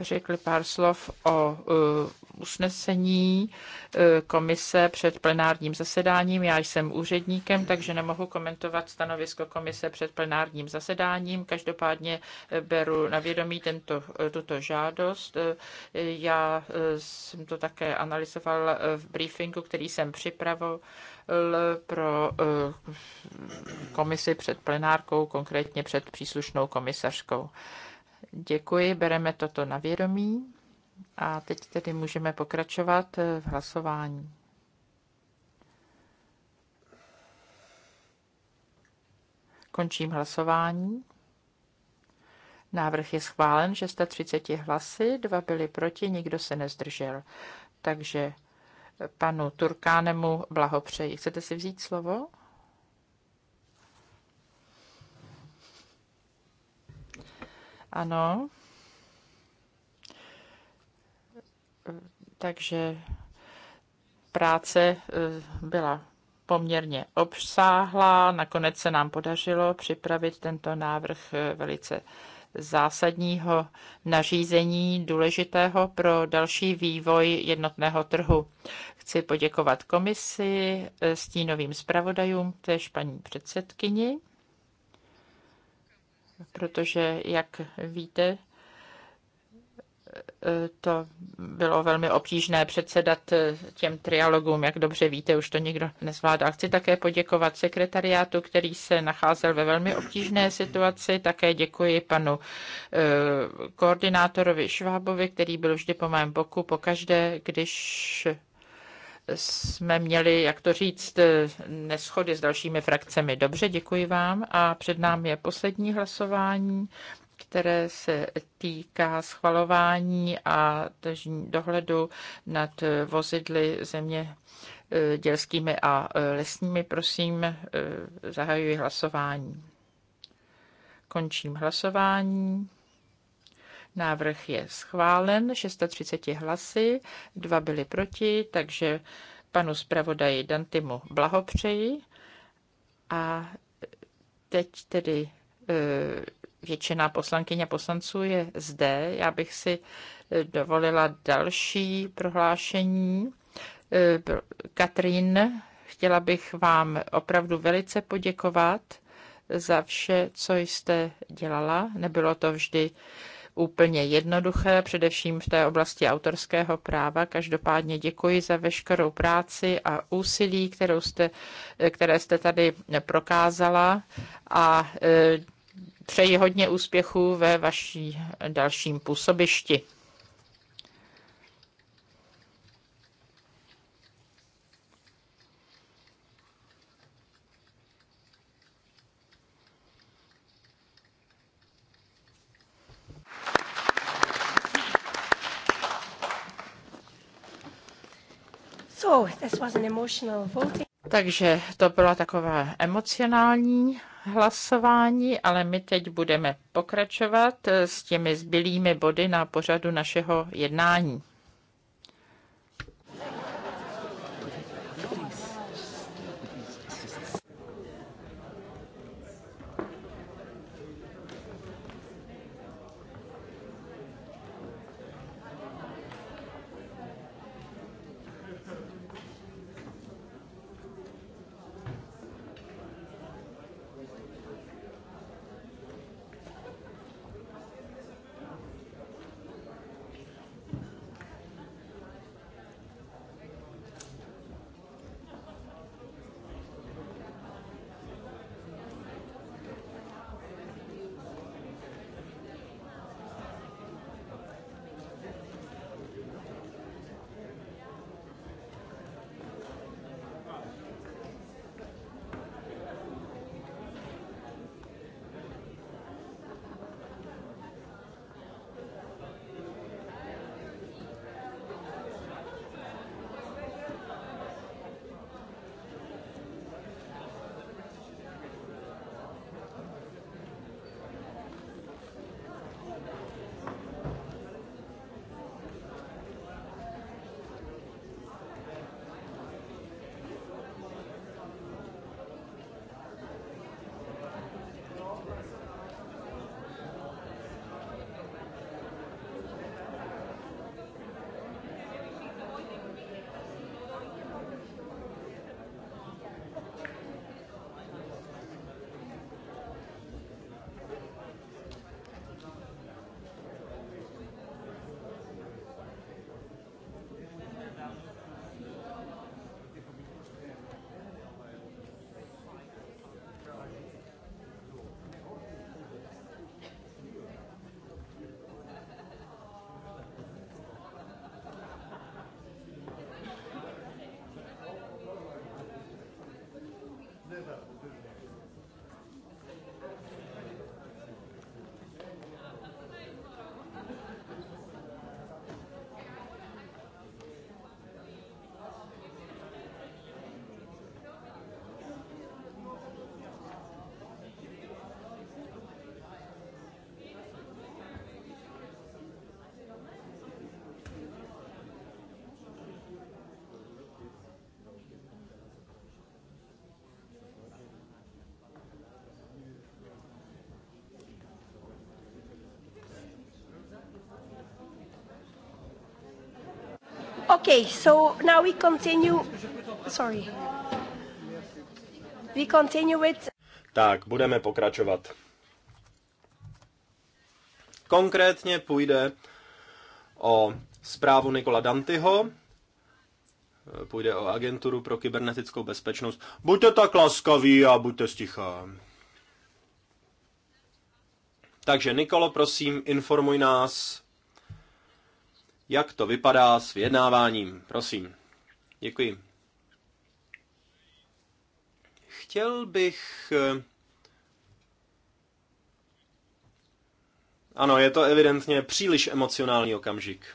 řekli pár slov o eh, usnesení eh, komise před plenárním zasedáním. Já jsem úředníkem, takže nemohu komentovat stanovisko komise před plenárním zasedáním. Každopádně eh, beru na vědomí tento, tuto žádost. Já jsem to také analyzoval v briefingu, který jsem připravil pro komisi před plenárkou, konkrétně před příslušnou komisařkou. Děkuji, bereme toto na vědomí a teď tedy můžeme pokračovat v hlasování. Končím hlasování. Návrh je schválen 630 hlasy, dva byli proti, nikdo se nezdržel. Takže panu Turkánemu blahopřeji. Chcete si vzít slovo? Ano. Takže práce eh, byla poměrně obsáhlá. Nakonec se nám podařilo připravit tento návrh eh, velice zásadního nařízení důležitého pro další vývoj jednotného trhu. Chci poděkovat komisi, eh, stínovým zpravodajům, též paní předsedkyni protože, jak víte, e, to bylo velmi obtížné předsedat e, těm trialogům, jak dobře víte, už to nikdo nezvládá. Chci také poděkovat sekretariátu, který se nacházel ve velmi obtížné situaci. Také děkuji panu e, koordinátorovi Švábovi, který byl vždy po mém boku pokaždé, když jsme měli, jak to říct, neschody s dalšími frakcemi. Dobře, děkuji vám. A před námi je poslední hlasování, které se týká schvalování a dohledu nad vozidly země eh, dělskými a eh, lesními. Prosím, eh, zahajuji hlasování. Končím hlasování. Návrh je schválen 630 hlasy, dva byli proti, takže panu zpravodaji Dantimu blahopřeji. A teď tedy e, většina poslankyně a poslanců je zde. Já bych si e, dovolila další prohlášení. E, Katrin, chtěla bych vám opravdu velice poděkovat za vše, co jste dělala. Nebylo to vždy úplně jednoduché, především v té oblasti autorského práva. Každopádně děkuji za veškerou práci a úsilí, kterou jste, které jste tady prokázala a e, přeji hodně úspěchů ve vaší dalším působišti. Oh, this was an emotional voting. Takže to bylo takové emocionální hlasování, ale my teď budeme pokračovat eh, s těmi zbylými body na pořadu našeho jednání. Okay, so now we continue. Sorry. We continue with... Tak, budeme pokračovat. Konkrétně půjde o zprávu Nikola Dantyho, půjde o agenturu pro kybernetickou bezpečnost. Buďte tak laskaví a buďte stichá. Takže Nikolo, prosím, informuj nás jak to vypadá s vyjednáváním. Prosím. Děkuji. Chtěl bych eh, Ano, je to evidentně příliš emocionální okamžik.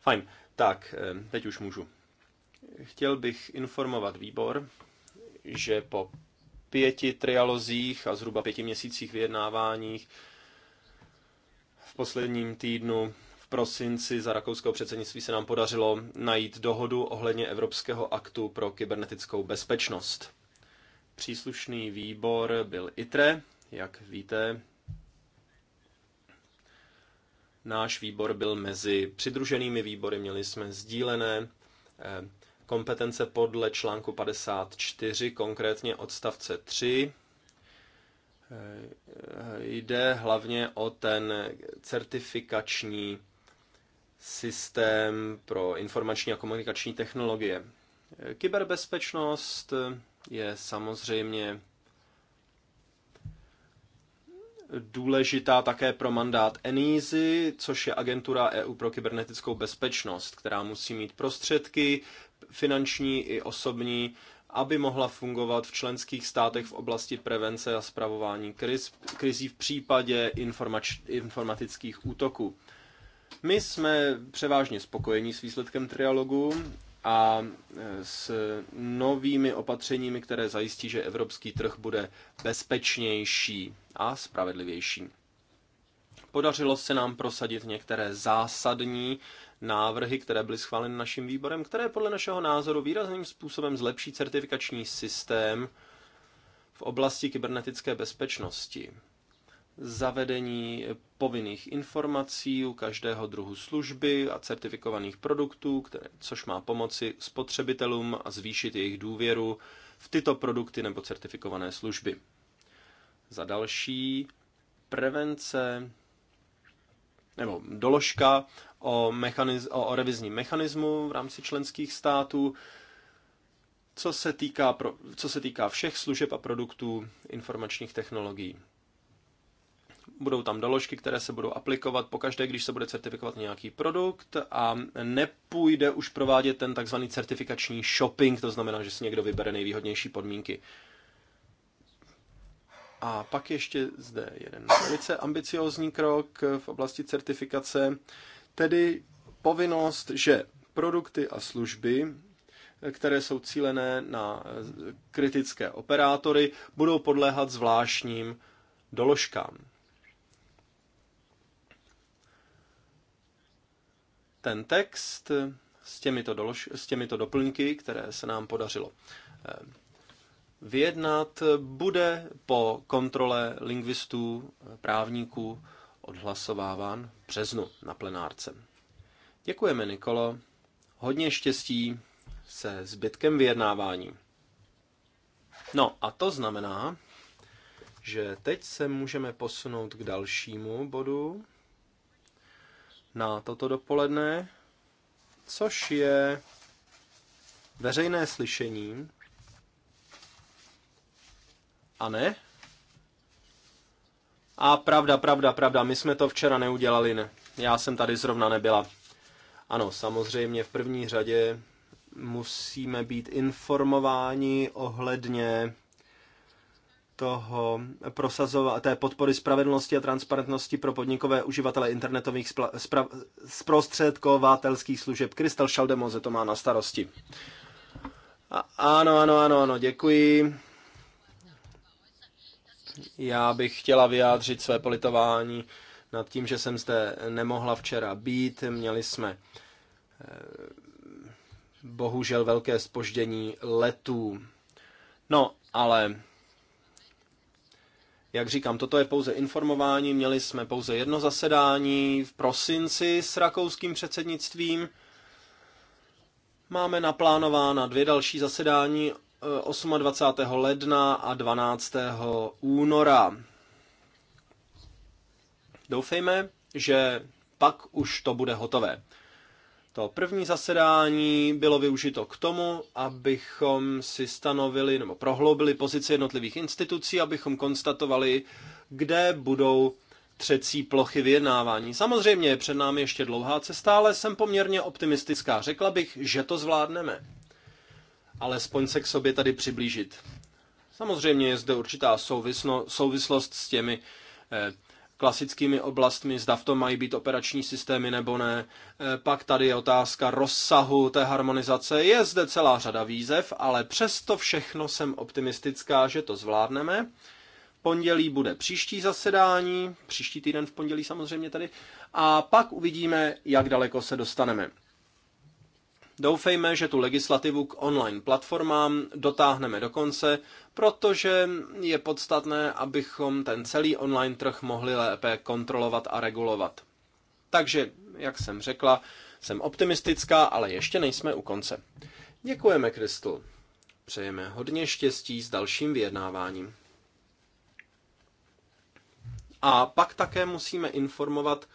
Fajn, tak, eh, teď už můžu. Chtěl bych informovat výbor, že po pěti trialozích a zhruba pěti měsících vyjednáváních v posledním týdnu prosinci za rakouského předsednictví se nám podařilo najít dohodu ohledně Evropského aktu pro kybernetickou bezpečnost. Příslušný výbor byl ITRE, jak víte. Náš výbor byl mezi přidruženými výbory, měli jsme sdílené eh, kompetence podle článku 54, konkrétně odstavce 3. Eh, eh, jde hlavně o ten certifikační systém pro informační a komunikační technologie. Kyberbezpečnost je samozřejmě důležitá také pro mandát ENISY, což je agentura EU pro kybernetickou bezpečnost, která musí mít prostředky finanční i osobní, aby mohla fungovat v členských státech v oblasti prevence a zpravování kriz, krizí v případě informač, informatických útoků. My jsme převážně spokojení s výsledkem trialogu a e, s novými opatřeními, které zajistí, že evropský trh bude bezpečnější a spravedlivější. Podařilo se nám prosadit některé zásadní návrhy, které byly schváleny naším výborem, které podle našeho názoru výrazným způsobem zlepší certifikační systém v oblasti kybernetické bezpečnosti zavedení povinných informací u každého druhu služby a certifikovaných produktů, které, což má pomoci spotřebitelům a zvýšit jejich důvěru v tyto produkty nebo certifikované služby. Za další, prevence nebo doložka o, mechaniz, o, o revizním mechanismu v rámci členských států, co se, týká pro, co se týká všech služeb a produktů informačních technologií budou tam doložky, které se budou aplikovat pokaždé, když se bude certifikovat nějaký produkt a nepůjde už provádět ten takzvaný certifikační shopping, to znamená, že si někdo vybere nejvýhodnější podmínky. A pak ještě zde jeden velice ambiciózní krok v oblasti certifikace, tedy povinnost, že produkty a služby, které jsou cílené na kritické operátory, budou podléhat zvláštním doložkám. ten text s těmito, dolož, s těmito doplňky, které se nám podařilo eh, vyjednat, bude po kontrole lingvistů, eh, právníků odhlasováván v březnu na plenárce. Děkujeme, Nikolo. Hodně štěstí se zbytkem vyjednávání. No a to znamená, že teď se můžeme posunout k dalšímu bodu, na toto dopoledne, což je veřejné slyšení. A ne? A pravda, pravda, pravda, my jsme to včera neudělali, ne. Já jsem tady zrovna nebyla. Ano, samozřejmě v první řadě musíme být informováni ohledně toho prosazova, té podpory spravedlnosti a transparentnosti pro podnikové uživatele internetových spra, spra, zprostředkovatelských služeb. Kristal Šaldemoze to má na starosti. A, ano, ano, ano, ano, děkuji. Já bych chtěla vyjádřit své politování nad tím, že jsem zde nemohla včera být. Měli jsme eh, bohužel velké spoždění letů. No, ale jak říkám, toto je pouze informování, měli jsme pouze jedno zasedání v prosinci s rakouským předsednictvím. Máme naplánována dvě další zasedání 28. Eh, ledna a 12. února. Doufejme, že pak už to bude hotové. To první zasedání bylo využito k tomu, abychom si stanovili nebo prohloubili pozici jednotlivých institucí, abychom konstatovali, kde budou třecí plochy vyjednávání. Samozřejmě je před námi ještě dlouhá cesta, ale jsem poměrně optimistická. Řekla bych, že to zvládneme. Ale spoň se k sobě tady přiblížit. Samozřejmě je zde určitá souvislost s těmi eh, klasickými oblastmi, zda v tom mají být operační systémy nebo ne. E, pak tady je otázka rozsahu té harmonizace. Je zde celá řada výzev, ale přesto všechno jsem optimistická, že to zvládneme. Pondělí bude příští zasedání, příští týden v pondělí samozřejmě tady, a pak uvidíme, jak daleko se dostaneme. Doufejme, že tu legislativu k online platformám dotáhneme do konce, protože je podstatné, abychom ten celý online trh mohli lépe kontrolovat a regulovat. Takže, jak jsem řekla, jsem optimistická, ale ještě nejsme u konce. Děkujeme, Kristl. Přejeme hodně štěstí s dalším vyjednáváním. A pak také musíme informovat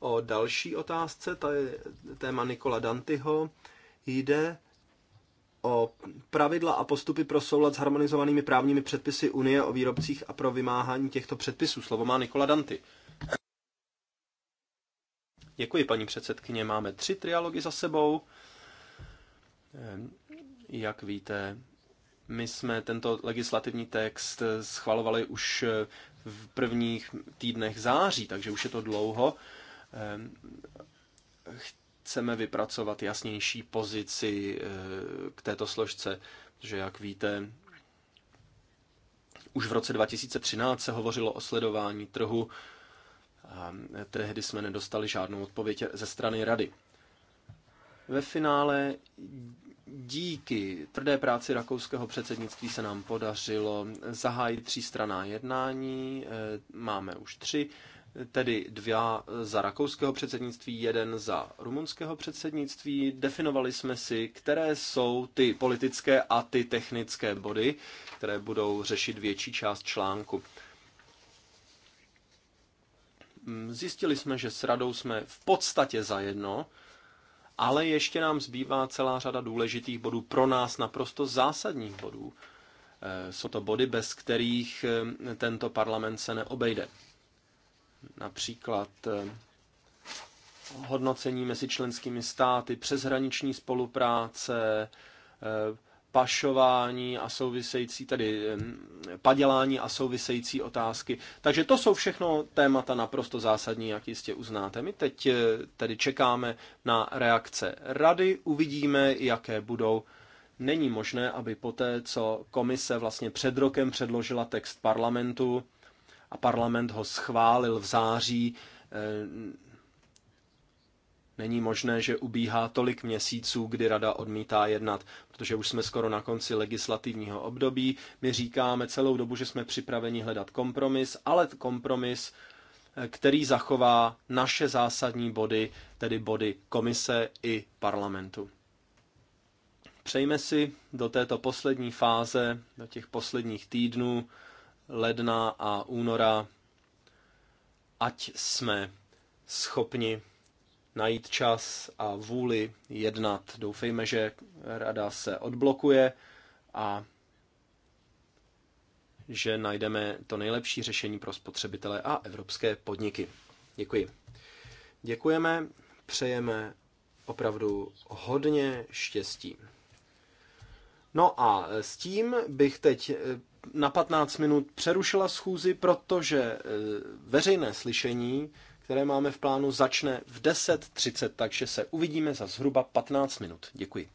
o další otázce, ta je téma Nikola Dantyho, jde o pravidla a postupy pro soulad s harmonizovanými právními předpisy Unie o výrobcích a pro vymáhání těchto předpisů. Slovo má Nikola Danty. Děkuji, paní předsedkyně. Máme tři trialogy za sebou. Ehm, jak víte, my jsme tento legislativní text schvalovali už v prvních týdnech září, takže už je to dlouho. Ehm, chceme vypracovat jasnější pozici eh, k této složce, že jak víte, už v roce 2013 se hovořilo o sledování trhu a tehdy jsme nedostali žádnou odpověď ze strany rady. Ve finále díky tvrdé práci rakouského předsednictví se nám podařilo zahájit třístraná jednání, eh, máme už tři, tedy dva za rakouského předsednictví, jeden za rumunského předsednictví. Definovali jsme si, které jsou ty politické a ty technické body, které budou řešit větší část článku. Mm, zjistili jsme, že s radou jsme v podstatě zajedno, ale ještě nám zbývá celá řada důležitých bodů, pro nás naprosto zásadních bodů. Eh, jsou to body, bez kterých eh, tento parlament se neobejde. Například eh, hodnocení mezi členskými státy, přeshraniční spolupráce, eh, pašování a související, tedy padělání a související otázky. Takže to jsou všechno témata naprosto zásadní, jak jistě uznáte. My teď eh, tedy čekáme na reakce rady, uvidíme, jaké budou. Není možné, aby poté, co komise vlastně před rokem předložila text parlamentu, a parlament ho schválil v září. Eh, není možné, že ubíhá tolik měsíců, kdy rada odmítá jednat, protože už jsme skoro na konci legislativního období. My říkáme celou dobu, že jsme připraveni hledat kompromis, ale kompromis, eh, který zachová naše zásadní body, tedy body komise i parlamentu. Přejme si do této poslední fáze, do těch posledních týdnů, ledna a února, ať jsme schopni najít čas a vůli jednat. Doufejme, že rada se odblokuje a že najdeme to nejlepší řešení pro spotřebitele a evropské podniky. Děkuji. Děkujeme, přejeme opravdu hodně štěstí. No a s tím bych teď na 15 minut přerušila schůzi, protože e, veřejné slyšení, které máme v plánu, začne v 10.30, takže se uvidíme za zhruba 15 minut. Děkuji.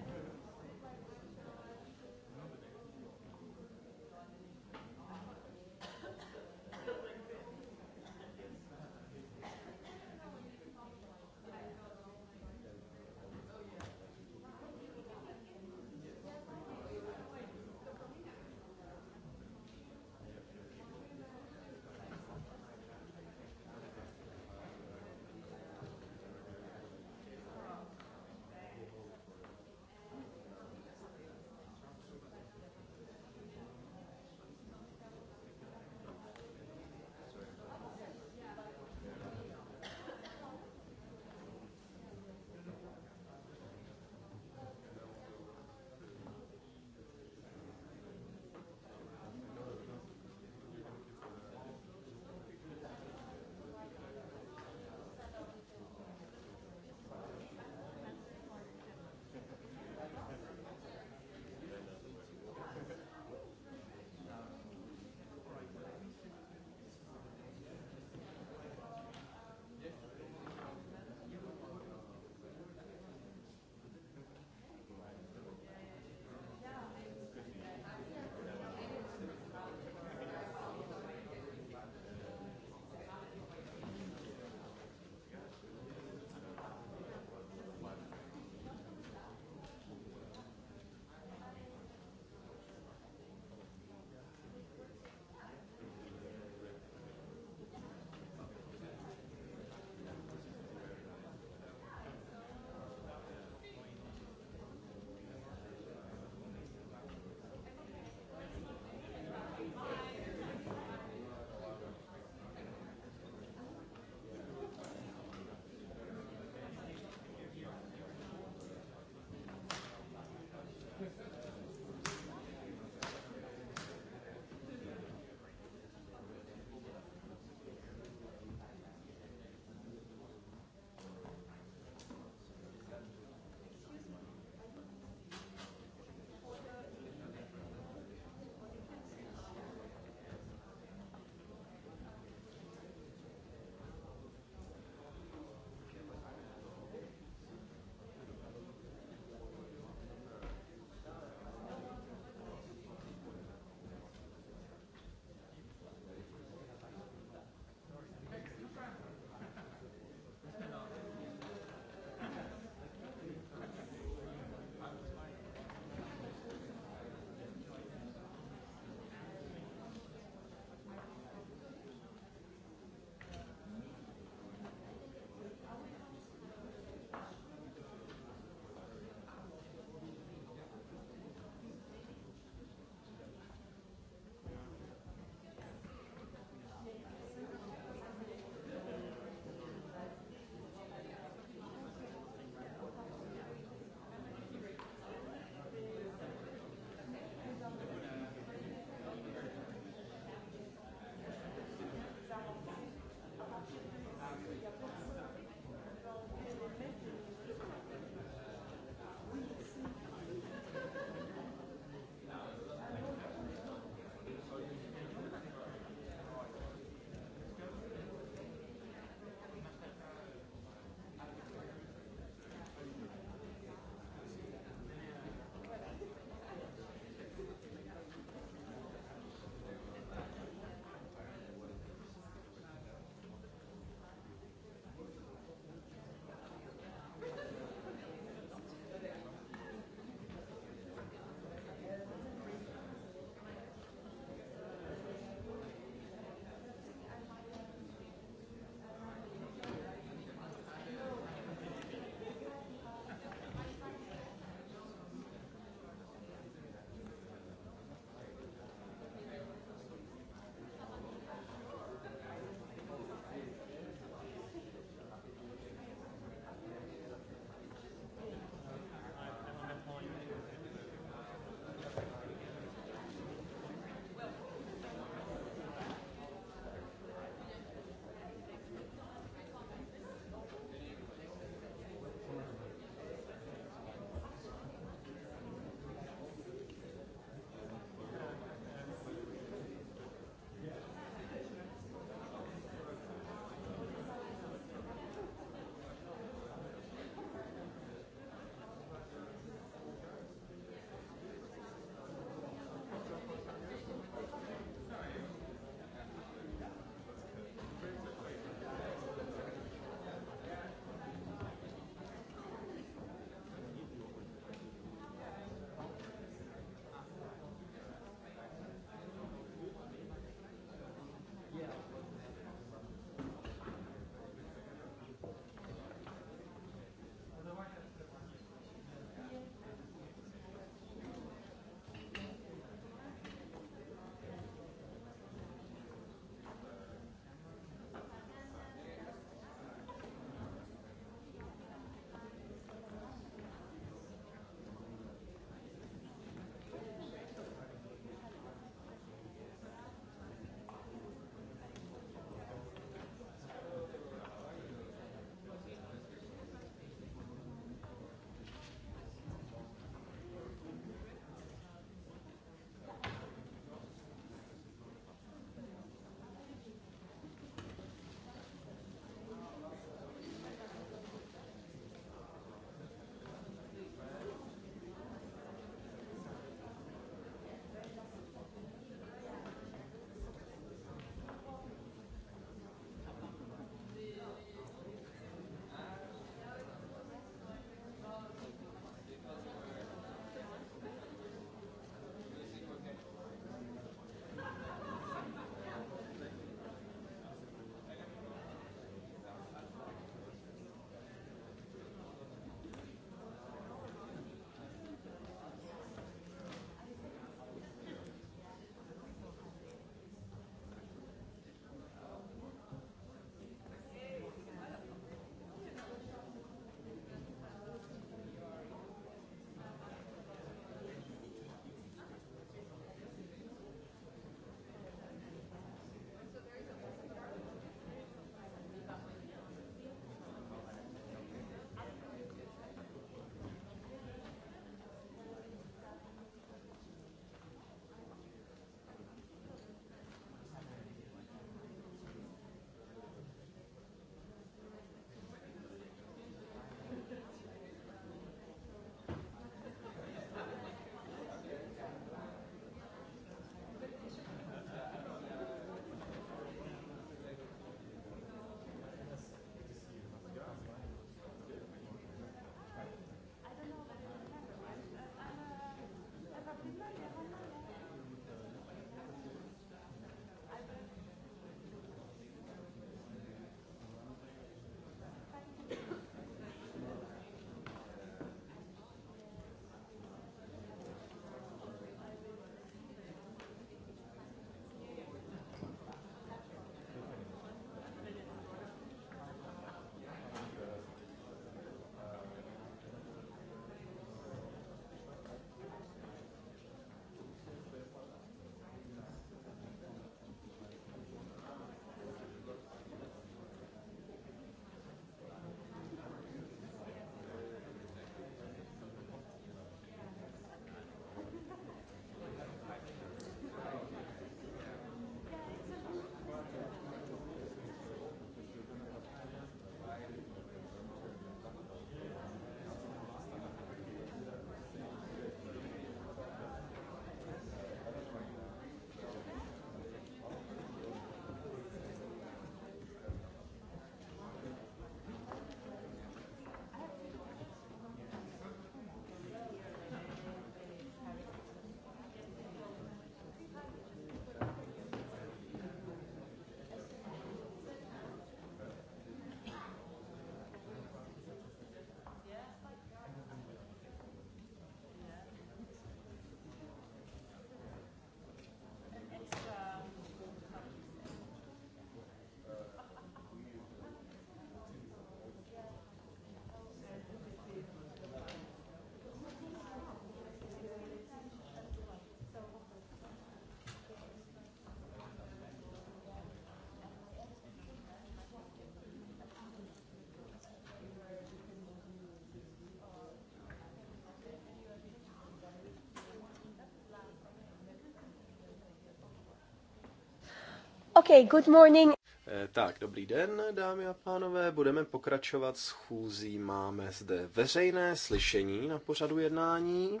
Okay, good morning. Eh, tak, dobrý den, dámy a pánové. Budeme pokračovat s chůzí Máme zde veřejné slyšení na pořadu jednání.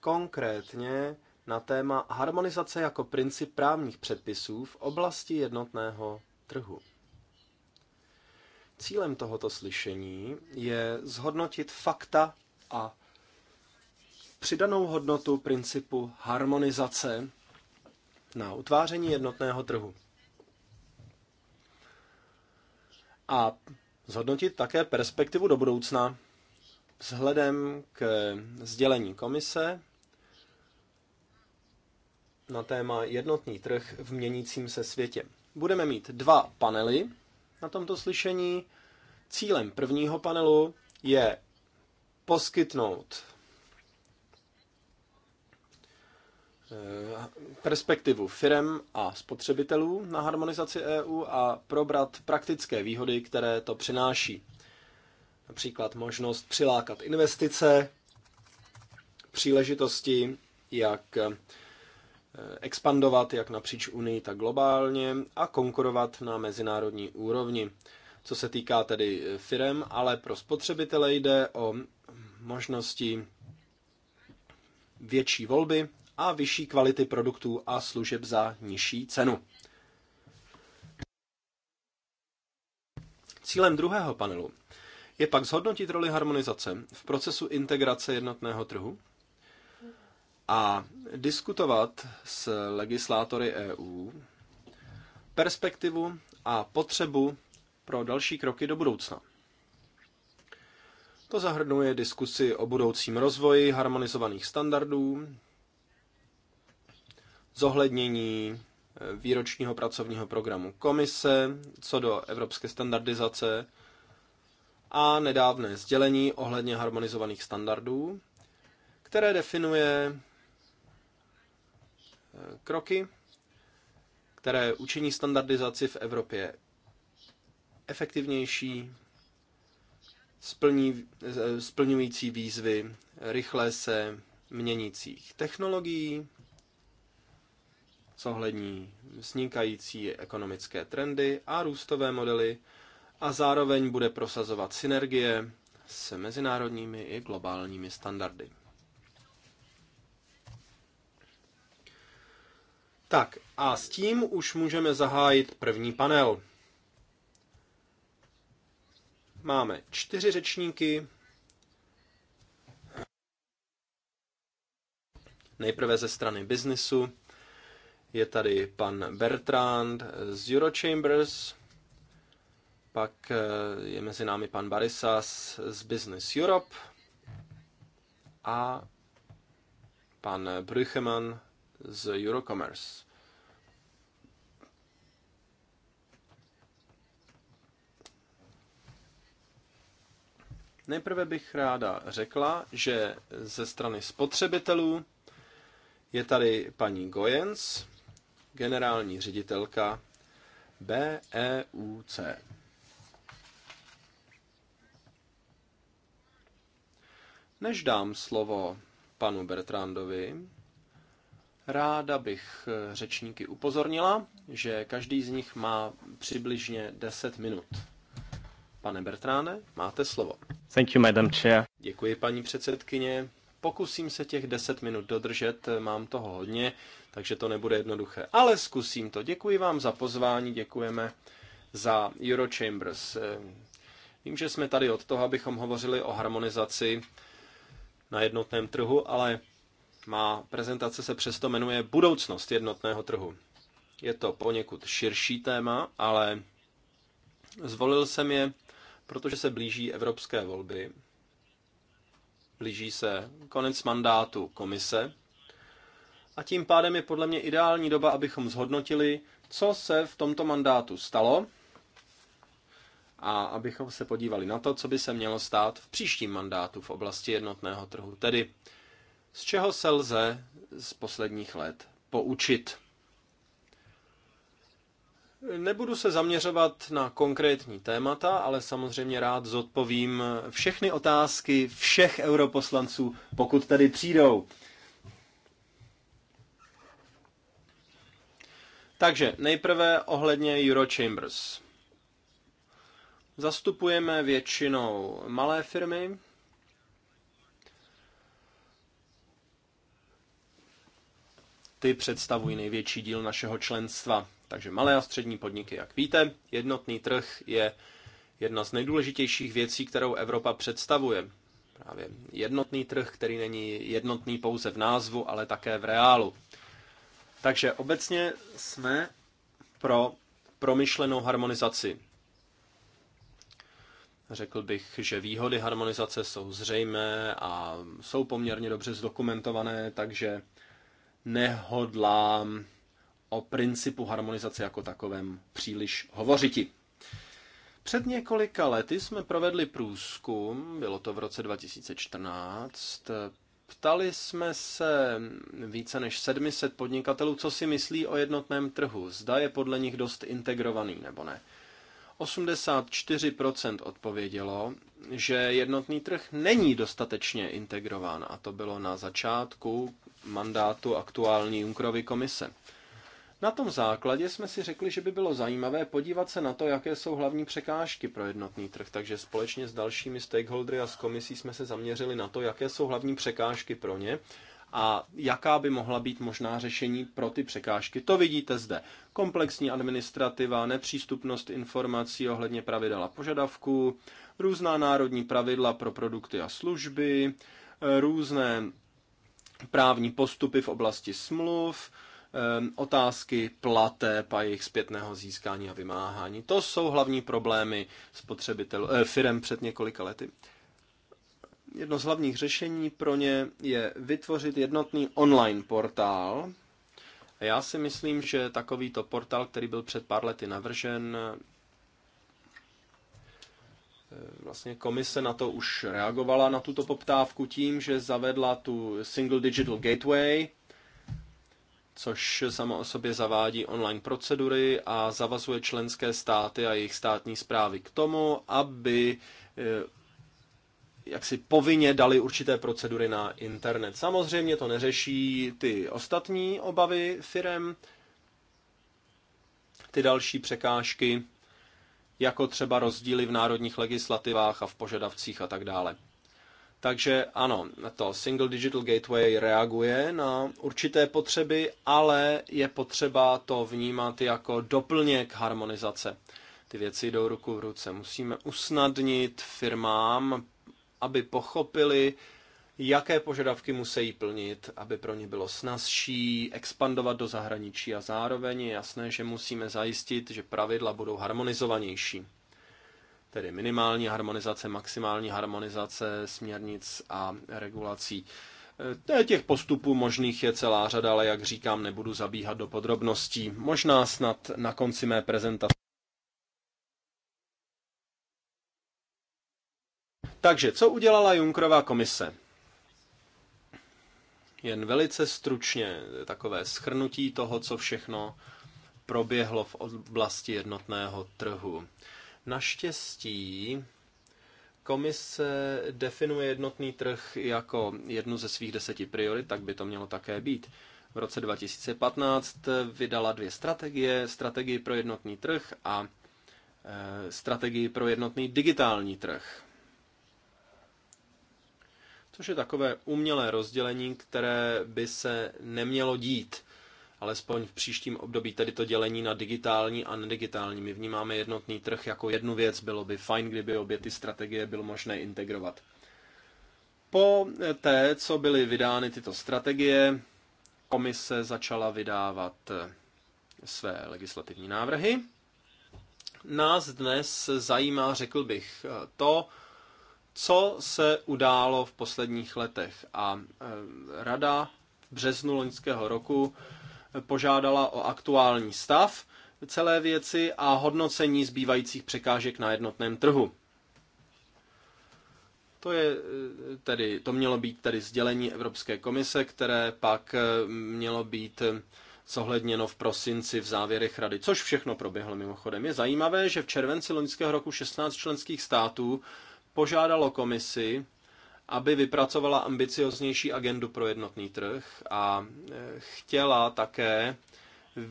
Konkrétně na téma harmonizace jako princip právních předpisů v oblasti jednotného trhu. Cílem tohoto slyšení je zhodnotit fakta a přidanou hodnotu principu harmonizace na utváření jednotného trhu. A zhodnotit také perspektivu do budoucna vzhledem k sdělení komise na téma jednotný trh v měnícím se světě. Budeme mít dva panely na tomto slyšení. Cílem prvního panelu je poskytnout Eh, perspektivu firem a spotřebitelů na harmonizaci EU a probrat praktické výhody, které to přináší. Například možnost přilákat investice, příležitosti, jak eh, expandovat jak napříč Unii, tak globálně a konkurovat na mezinárodní úrovni. Co se týká tedy eh, firem, ale pro spotřebitele jde o možnosti větší volby, a vyšší kvality produktů a služeb za nižší cenu. Cílem druhého panelu je pak zhodnotit roli harmonizace v procesu integrace jednotného trhu a diskutovat s legislátory EU perspektivu a potřebu pro další kroky do budoucna. To zahrnuje diskusi o budoucím rozvoji harmonizovaných standardů, zohlednění eh, výročního pracovního programu komise co do evropské standardizace a nedávné sdělení ohledně harmonizovaných standardů, které definuje eh, kroky, které učiní standardizaci v Evropě efektivnější, splní, eh, splňující výzvy rychle se měnících technologií zohlední vznikající ekonomické trendy a růstové modely a zároveň bude prosazovat synergie s mezinárodními i globálními standardy. Tak a s tím už můžeme zahájit první panel. Máme čtyři řečníky. Nejprve ze strany biznesu. Je tady pan Bertrand z Eurochambers, pak eh, je mezi námi pan Barisas z Business Europe a pan Brücheman z Eurocommerce. Nejprve bych ráda řekla, že ze strany spotřebitelů je tady paní Gojens, generální ředitelka BEUC. Než dám slovo panu Bertrandovi, ráda bych řečníky upozornila, že každý z nich má přibližně 10 minut. Pane Bertráne, máte slovo. Thank you, madam chair. Děkuji, paní předsedkyně. Pokusím se těch 10 minut dodržet, eh, mám toho hodně, takže to nebude jednoduché. Ale zkusím to. Děkuji vám za pozvání, děkujeme za Eurochambers. Eh, vím, že jsme tady od toho, abychom hovořili o harmonizaci na jednotném trhu, ale má prezentace se přesto jmenuje Budoucnost jednotného trhu. Je to poněkud širší téma, ale zvolil jsem je, protože se blíží evropské volby blíží se konec mandátu komise a tím pádem je podle mě ideální doba, abychom zhodnotili, co se v tomto mandátu stalo a abychom se podívali na to, co by se mělo stát v příštím mandátu v oblasti jednotného trhu, tedy z čeho se lze z posledních let poučit. Nebudu se zaměřovat na konkrétní témata, ale samozřejmě rád zodpovím všechny otázky všech europoslanců, pokud tady přijdou. Takže nejprve ohledně Eurochambers. Zastupujeme většinou malé firmy, ty představují největší díl našeho členstva. Takže malé a střední podniky, jak víte, jednotný trh je jedna z nejdůležitějších věcí, kterou Evropa představuje. Právě jednotný trh, který není jednotný pouze v názvu, ale také v reálu. Takže obecně jsme pro promyšlenou harmonizaci. Řekl bych, že výhody harmonizace jsou zřejmé a jsou poměrně dobře zdokumentované, takže nehodlám o principu harmonizace jako takovém příliš hovořiti. Před několika lety jsme provedli průzkum, bylo to v roce 2014. Ptali jsme se více než 700 podnikatelů, co si myslí o jednotném trhu, zda je podle nich dost integrovaný nebo ne. 84% odpovědělo, že jednotný trh není dostatečně integrován a to bylo na začátku mandátu aktuální Junkrovy komise. Na tom základě jsme si řekli, že by bylo zajímavé podívat se na to, jaké jsou hlavní překážky pro jednotný trh, takže společně s dalšími stakeholdery a s komisí jsme se zaměřili na to, jaké jsou hlavní překážky pro ně a jaká by mohla být možná řešení pro ty překážky. To vidíte zde. Komplexní administrativa, nepřístupnost informací ohledně pravidel a požadavků, různá národní pravidla pro produkty a služby, různé právní postupy v oblasti smluv, Ehm, otázky plateb a jejich zpětného získání a vymáhání. To jsou hlavní problémy spotřebitelů eh, firem před několika lety. Jedno z hlavních řešení pro ně je vytvořit jednotný online portál. Já si myslím, že takovýto portál, který byl před pár lety navržen, eh, Vlastně komise na to už reagovala, na tuto poptávku, tím, že zavedla tu Single Digital Gateway, což samo o sobě zavádí online procedury a zavazuje členské státy a jejich státní zprávy k tomu, aby eh, jak si povinně dali určité procedury na internet. Samozřejmě to neřeší ty ostatní obavy firem, ty další překážky, jako třeba rozdíly v národních legislativách a v požadavcích a tak dále. Takže ano, to Single Digital Gateway reaguje na určité potřeby, ale je potřeba to vnímat jako doplněk harmonizace. Ty věci jdou ruku v ruce. Musíme usnadnit firmám, aby pochopili, jaké požadavky musí plnit, aby pro ně bylo snazší expandovat do zahraničí a zároveň je jasné, že musíme zajistit, že pravidla budou harmonizovanější tedy minimální harmonizace, maximální harmonizace směrnic a regulací. E, těch postupů možných je celá řada, ale jak říkám, nebudu zabíhat do podrobností. Možná snad na konci mé prezentace. Takže, co udělala Junkrová komise? Jen velice stručně takové schrnutí toho, co všechno proběhlo v oblasti jednotného trhu. Naštěstí komise definuje jednotný trh jako jednu ze svých deseti priorit, tak by to mělo také být. V roce 2015 vydala dvě strategie, strategii pro jednotný trh a e, strategii pro jednotný digitální trh. Což je takové umělé rozdělení, které by se nemělo dít alespoň v příštím období, tedy to dělení na digitální a nedigitální. My vnímáme jednotný trh jako jednu věc, bylo by fajn, kdyby obě ty strategie bylo možné integrovat. Po té, co byly vydány tyto strategie, komise začala vydávat eh, své legislativní návrhy. Nás dnes zajímá, řekl bych, eh, to, co se událo v posledních letech. A eh, rada v březnu loňského roku požádala o aktuální stav celé věci a hodnocení zbývajících překážek na jednotném trhu. To, je eh, tedy, to mělo být tedy sdělení Evropské komise, které pak eh, mělo být eh, zohledněno v prosinci v závěrech rady, což všechno proběhlo mimochodem. Je zajímavé, že v červenci loňského roku 16 členských států požádalo komisi aby vypracovala ambicioznější agendu pro jednotný trh a e, chtěla také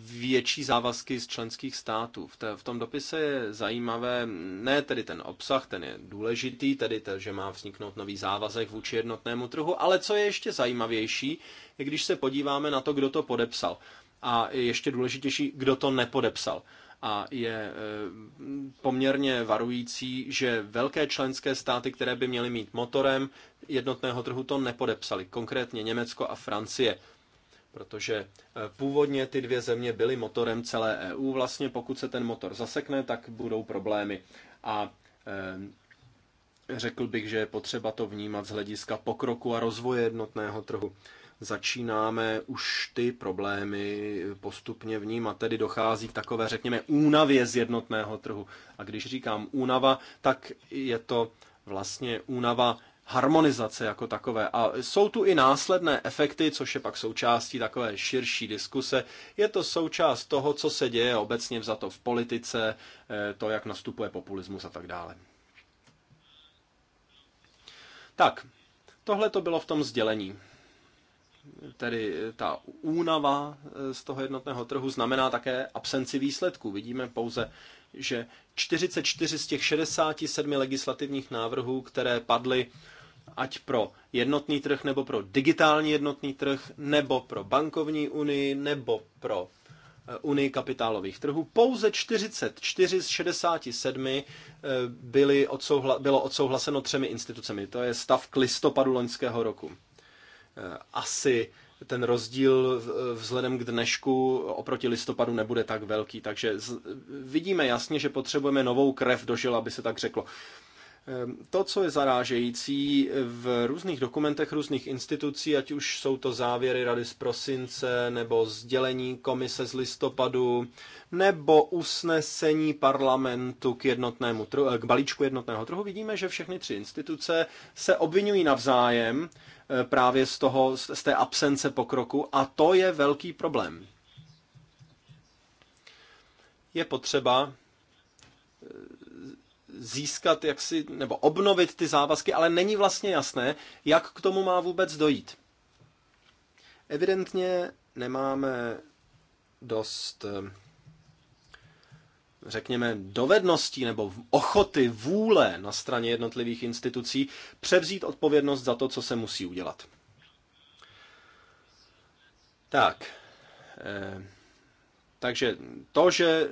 větší závazky z členských států. V, té, v tom dopise je zajímavé, ne tedy ten obsah, ten je důležitý, tedy to, že má vzniknout nový závazek vůči jednotnému trhu, ale co je ještě zajímavější, je když se podíváme na to, kdo to podepsal. A ještě důležitější, kdo to nepodepsal a je eh, poměrně varující, že velké členské státy, které by měly mít motorem jednotného trhu, to nepodepsali, konkrétně Německo a Francie. Protože eh, původně ty dvě země byly motorem celé EU. Vlastně pokud se ten motor zasekne, tak budou problémy. A eh, řekl bych, že je potřeba to vnímat z hlediska pokroku a rozvoje jednotného trhu začínáme už ty problémy postupně vnímat. Tedy dochází k takové, řekněme, únavě z jednotného trhu. A když říkám únava, tak je to vlastně únava harmonizace jako takové. A jsou tu i následné efekty, což je pak součástí takové širší diskuse. Je to součást toho, co se děje obecně vzato v politice, eh, to, jak nastupuje populismus a tak dále. Tak, tohle to bylo v tom sdělení tedy ta únava eh, z toho jednotného trhu znamená také absenci výsledků. Vidíme pouze, že 44 z těch 67 legislativních návrhů, které padly ať pro jednotný trh, nebo pro digitální jednotný trh, nebo pro bankovní unii, nebo pro eh, unii kapitálových trhů. Pouze 44 z 67 eh, byly odsouhla, bylo odsouhlaseno třemi institucemi. To je stav k listopadu loňského roku. Eh, asi ten rozdíl vzhledem k dnešku oproti listopadu nebude tak velký. Takže vidíme jasně, že potřebujeme novou krev do žil, aby se tak řeklo. Ehm, to, co je zarážející v různých dokumentech různých institucí, ať už jsou to závěry Rady z prosince, nebo sdělení komise z listopadu, nebo usnesení parlamentu k, jednotnému, eh, k balíčku jednotného trhu, vidíme, že všechny tři instituce se obvinují navzájem eh, právě z, toho, z té absence pokroku a to je velký problém. Je potřeba eh, získat jaksi, nebo obnovit ty závazky, ale není vlastně jasné, jak k tomu má vůbec dojít. Evidentně nemáme dost, eh, řekněme, dovedností nebo ochoty, vůle na straně jednotlivých institucí převzít odpovědnost za to, co se musí udělat. Tak. Eh takže to, že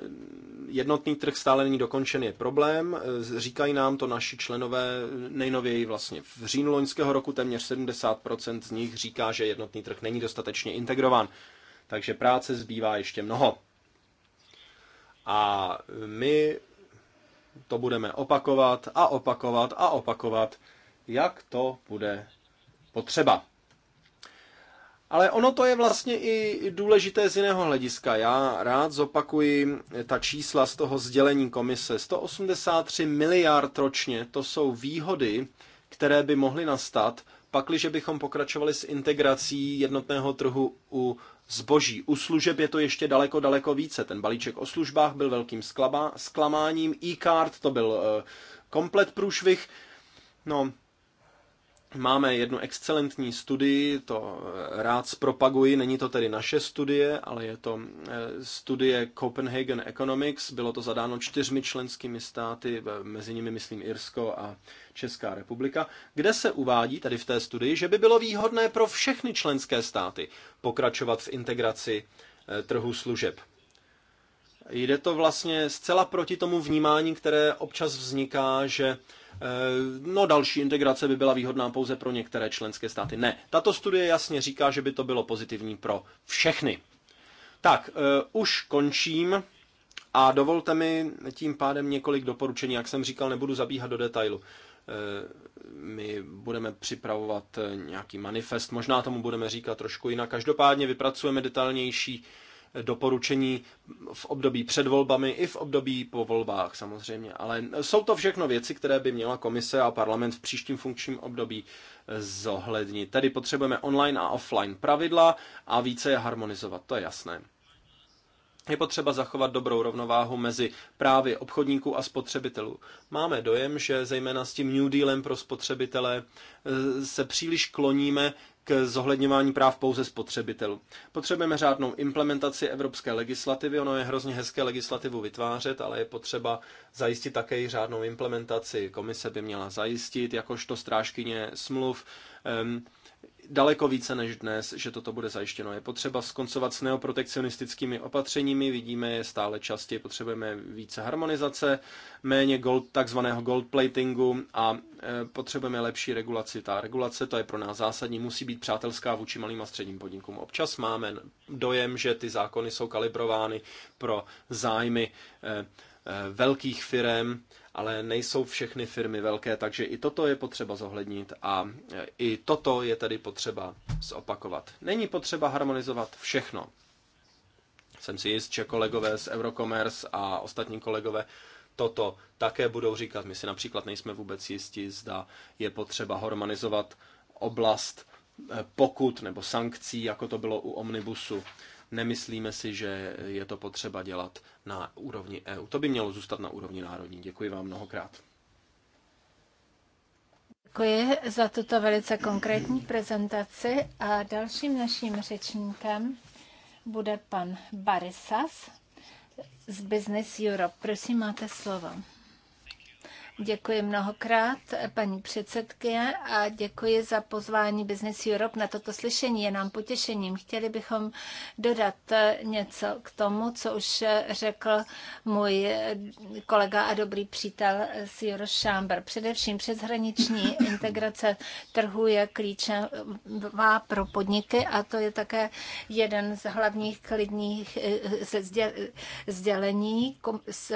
jednotný trh stále není dokončen, je problém. Říkají nám to naši členové nejnověji vlastně v říjnu loňského roku. Téměř 70% z nich říká, že jednotný trh není dostatečně integrován. Takže práce zbývá ještě mnoho. A my to budeme opakovat a opakovat a opakovat, jak to bude potřeba. Ale ono to je vlastně i důležité z jiného hlediska. Já rád zopakuji ta čísla z toho sdělení komise. 183 miliard ročně, to jsou výhody, které by mohly nastat, pakliže bychom pokračovali s integrací jednotného trhu u zboží. U služeb je to ještě daleko, daleko více. Ten balíček o službách byl velkým sklamáním. e-card to byl eh, komplet průšvih. No, Máme jednu excelentní studii, to rád zpropaguji, není to tedy naše studie, ale je to eh, studie Copenhagen Economics, bylo to zadáno čtyřmi členskými státy, mezi nimi myslím Irsko a Česká republika, kde se uvádí tady v té studii, že by bylo výhodné pro všechny členské státy pokračovat v integraci eh, trhu služeb. Jde to vlastně zcela proti tomu vnímání, které občas vzniká, že eh, no další integrace by byla výhodná pouze pro některé členské státy. Ne, tato studie jasně říká, že by to bylo pozitivní pro všechny. Tak, eh, už končím a dovolte mi tím pádem několik doporučení. Jak jsem říkal, nebudu zabíhat do detailu eh, my budeme připravovat nějaký manifest, možná tomu budeme říkat trošku jinak. Každopádně vypracujeme detailnější doporučení v období před volbami i v období po volbách samozřejmě. Ale jsou to všechno věci, které by měla komise a parlament v příštím funkčním období zohlednit. Tedy potřebujeme online a offline pravidla a více je harmonizovat, to je jasné. Je potřeba zachovat dobrou rovnováhu mezi právy obchodníků a spotřebitelů. Máme dojem, že zejména s tím New Dealem pro spotřebitele eh, se příliš kloníme k zohledňování práv pouze spotřebitelů. Potřebujeme řádnou implementaci evropské legislativy, ono je hrozně hezké legislativu vytvářet, ale je potřeba zajistit také i řádnou implementaci. Komise by měla zajistit, jakožto strážkyně smluv, um, daleko více než dnes, že toto bude zajištěno. Je potřeba skoncovat s neoprotekcionistickými opatřeními, vidíme je stále častěji, potřebujeme více harmonizace, méně gold, takzvaného gold platingu a e, potřebujeme lepší regulaci. Ta regulace, to je pro nás zásadní, musí být přátelská vůči malým a středním podnikům. Občas máme dojem, že ty zákony jsou kalibrovány pro zájmy e, e, velkých firm ale nejsou všechny firmy velké, takže i toto je potřeba zohlednit a i toto je tedy potřeba zopakovat. Není potřeba harmonizovat všechno. Jsem si jist, že kolegové z Eurocommerce a ostatní kolegové toto také budou říkat. My si například nejsme vůbec jistí, zda je potřeba harmonizovat oblast eh, pokut nebo sankcí, jako to bylo u omnibusu. Nemyslíme si, že je to potřeba dělat na úrovni EU. To by mělo zůstat na úrovni národní. Děkuji vám mnohokrát. Děkuji za tuto velice konkrétní prezentaci a dalším naším řečníkem bude pan Barisas z Business Europe. Prosím, máte slovo. Děkuji mnohokrát, paní předsedkyně, a děkuji za pozvání Business Europe na toto slyšení. Je nám potěšením. Chtěli bychom dodat něco k tomu, co už řekl můj kolega a dobrý přítel z Eurošamber. Především přeshraniční integrace trhu je klíčová pro podniky a to je také jeden z hlavních klidních eh, sdělení,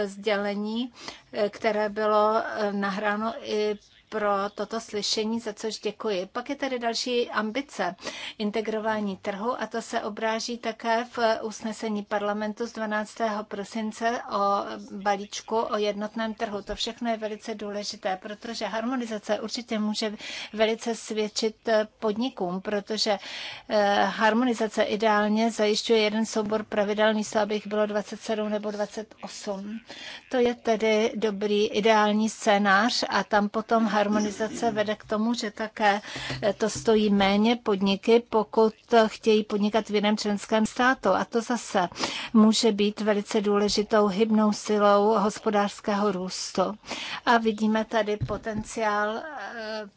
sdělení které bylo eh, nahráno i pro toto slyšení, za což děkuji. Pak je tady další ambice integrování trhu a to se obráží také v usnesení parlamentu z 12. prosince o balíčku o jednotném trhu. To všechno je velice důležité, protože harmonizace určitě může velice svědčit podnikům, protože eh, harmonizace ideálně zajišťuje jeden soubor pravidel, místo abych bylo 27 nebo 28. To je tedy dobrý ideální scénář a tam potom harmonizace vede k tomu, že také to stojí méně podniky, pokud chtějí podnikat v jiném členském státu. A to zase může být velice důležitou hybnou silou hospodářského růstu. A vidíme tady potenciál eh,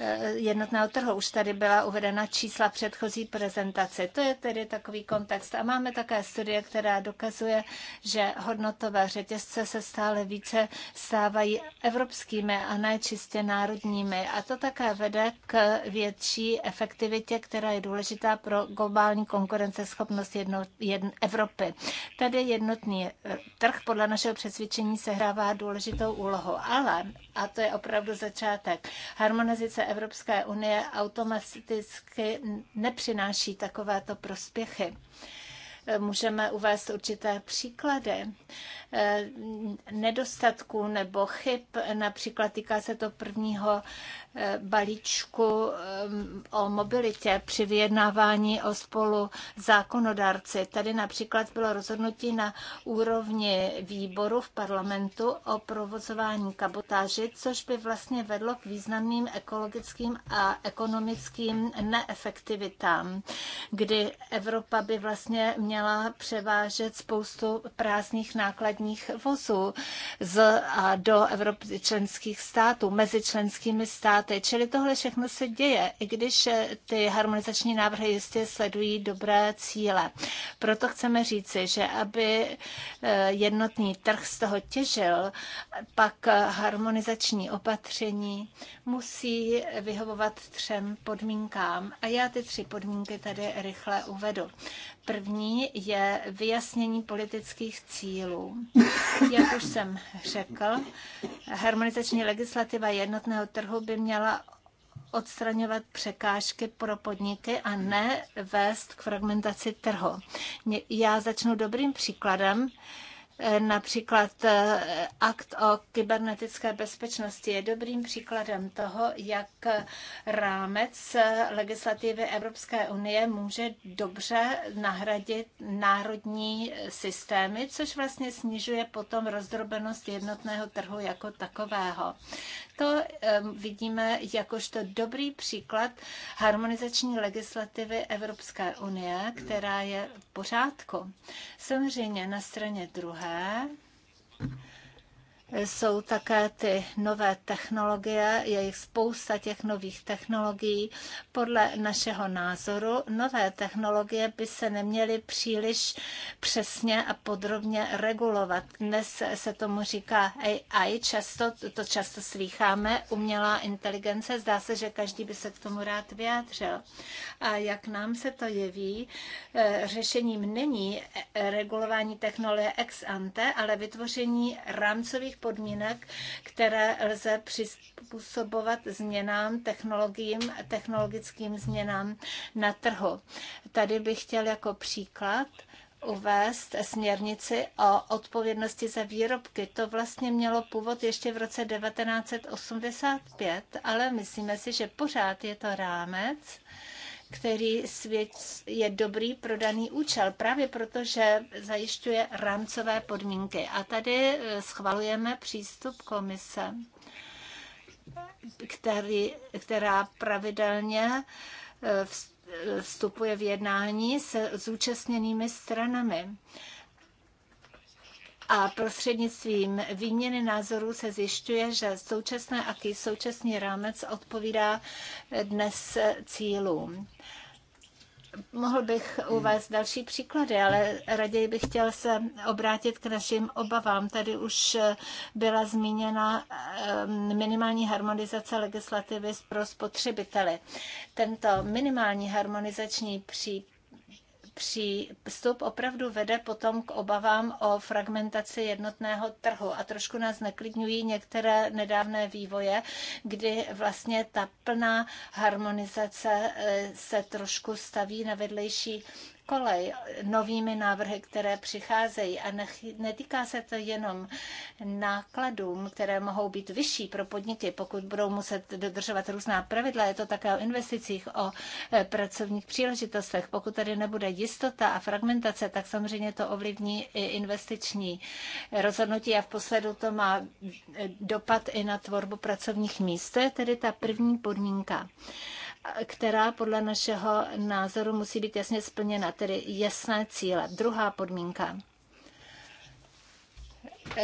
Eh, jednotného trhu. Už tady byla uvedena čísla předchozí prezentace. To je tedy takový kontext. A máme také studie, která dokazuje, že hodnotové řetězce se stále více stávají evropskými a ne čistě národními. A to také vede k větší efektivitě, která je důležitá pro globální konkurenceschopnost jedno, jedn, Evropy. Tady jednotný trh podle našeho přesvědčení sehrává důležitou úlohu, ale a to je opravdu začátek. Harmonizace Evropské unie automaticky nepřináší takovéto prospěchy můžeme uvést určité příklady eh, nedostatků nebo chyb. Například týká se to prvního balíčku um, o mobilitě při vyjednávání o spolu zákonodárci. Tady například bylo rozhodnutí na úrovni výboru v parlamentu o provozování kabotáži, což by vlastně vedlo k významným ekologickým a ekonomickým neefektivitám, kdy Evropa by vlastně měla převážet spoustu prázdných nákladních vozů z a do evropských členských států, mezi členskými státy státy. Čili tohle všechno se děje, i když eh, ty harmonizační návrhy jistě sledují dobré cíle. Proto chceme říci, že aby eh, jednotný trh z toho těžil, pak eh, harmonizační opatření musí vyhovovat třem podmínkám. A já ty tři podmínky tady rychle uvedu. První je vyjasnění politických cílů. Jak už jsem řekl, harmonizační legislativa jednotného trhu by měla odstraňovat překážky pro podniky a ne vést k fragmentaci trhu. Já začnu dobrým příkladem, Například eh, akt o kybernetické bezpečnosti je dobrým příkladem toho, jak rámec eh, legislativy Evropské unie může dobře nahradit národní systémy, což vlastně snižuje potom rozdrobenost jednotného trhu jako takového to vidíme jakožto dobrý příklad harmonizační legislativy Evropské unie, která je v pořádku. Samozřejmě na straně druhé jsou také ty nové technologie, je jich spousta těch nových technologií. Podle našeho názoru nové technologie by se neměly příliš přesně a podrobně regulovat. Dnes se tomu říká AI, často, to často slýcháme, umělá inteligence. Zdá se, že každý by se k tomu rád vyjádřil. A jak nám se to jeví, eh, řešením není regulování technologie ex ante, ale vytvoření rámcových podmínek, které lze přizpůsobovat změnám, technologiím, technologickým změnám na trhu. Tady bych chtěl jako příklad uvést směrnici o odpovědnosti za výrobky. To vlastně mělo původ ještě v roce 1985, ale myslíme si, že pořád je to rámec, který svět je dobrý pro daný účel, právě protože zajišťuje rámcové podmínky. A tady eh, schvalujeme přístup komise, který, která pravidelně eh, vstupuje v jednání se zúčastněnými stranami. A prostřednictvím výměny názorů se zjišťuje, že současné aký současný rámec odpovídá dnes cílům. Mohl bych uvést další příklady, ale raději bych chtěl se obrátit k našim obavám. Tady už byla zmíněna ehm, minimální harmonizace legislativy pro spotřebiteli. Tento minimální harmonizační příklad přístup opravdu vede potom k obavám o fragmentaci jednotného trhu a trošku nás neklidňují některé nedávné vývoje, kdy vlastně ta plná harmonizace eh, se trošku staví na vedlejší kolej novými návrhy, které přicházejí. A netýká se to jenom nákladům, které mohou být vyšší pro podniky, pokud budou muset dodržovat různá pravidla. Je to také o investicích, o e, pracovních příležitostech. Pokud tady nebude jistota a fragmentace, tak samozřejmě to ovlivní i investiční rozhodnutí a v posledu to má e, dopad i na tvorbu pracovních míst. To je tedy ta první podmínka která podle našeho názoru musí být jasně splněna, tedy jasné cíle. Druhá podmínka.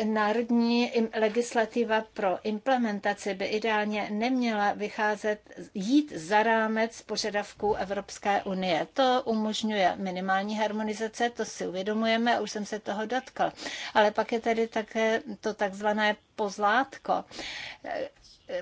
Národní legislativa pro implementaci by ideálně neměla vycházet, jít za rámec požadavků Evropské unie. To umožňuje minimální harmonizace, to si uvědomujeme, už jsem se toho dotkl. Ale pak je tady také to takzvané pozlátko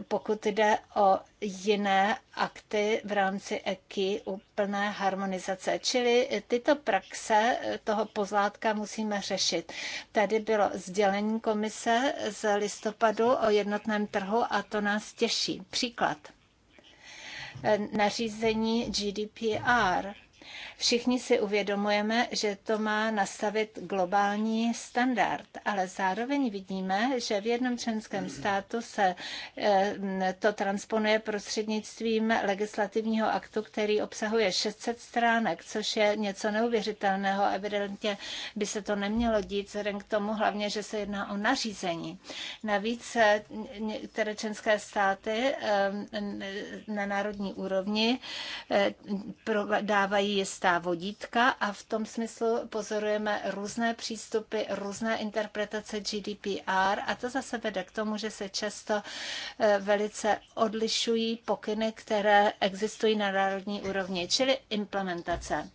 pokud jde o jiné akty v rámci EKI úplné harmonizace. Čili tyto praxe toho pozlátka musíme řešit. Tady bylo sdělení komise z listopadu o jednotném trhu a to nás těší. Příklad. Nařízení GDPR Všichni si uvědomujeme, že to má nastavit globální standard, ale zároveň vidíme, že v jednom členském státu se eh, to transponuje prostřednictvím legislativního aktu, který obsahuje 600 stránek, což je něco neuvěřitelného. Evidentně by se to nemělo dít, vzhledem k tomu hlavně, že se jedná o nařízení. Navíc eh, některé členské státy eh, na národní úrovni dávají jistá vodítka a v tom smyslu pozorujeme různé přístupy, různé interpretace GDPR a to zase vede k tomu, že se často eh, velice odlišují pokyny, které existují na národní úrovni, čili implementace.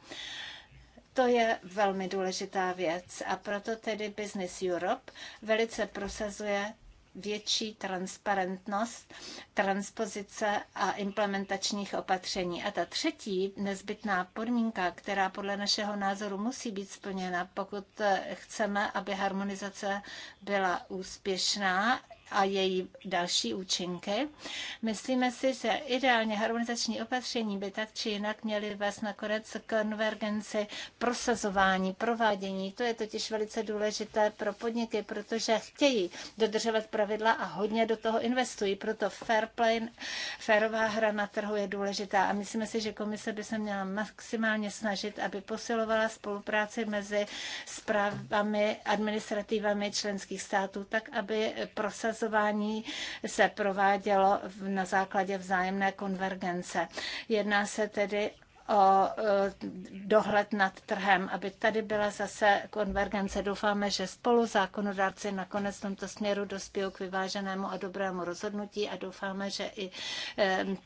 To je velmi důležitá věc a proto tedy Business Europe velice prosazuje větší transparentnost transpozice a implementačních opatření. A ta třetí nezbytná podmínka, která podle našeho názoru musí být splněna, pokud chceme, aby harmonizace byla úspěšná, a její další účinky. Myslíme si, že ideálně harmonizační opatření by tak či jinak měly vést nakonec konvergenci prosazování, provádění. To je totiž velice důležité pro podniky, protože chtějí dodržovat pravidla a hodně do toho investují. Proto fair play, fairová hra na trhu je důležitá a myslíme si, že komise by se měla maximálně snažit, aby posilovala spolupráci mezi správami, administrativami členských států, tak aby prosazovala prosazování se provádělo na základě vzájemné konvergence. Jedná se tedy o dohled nad trhem, aby tady byla zase konvergence. Doufáme, že spolu zákonodárci nakonec v tomto směru dospějí k vyváženému a dobrému rozhodnutí a doufáme, že i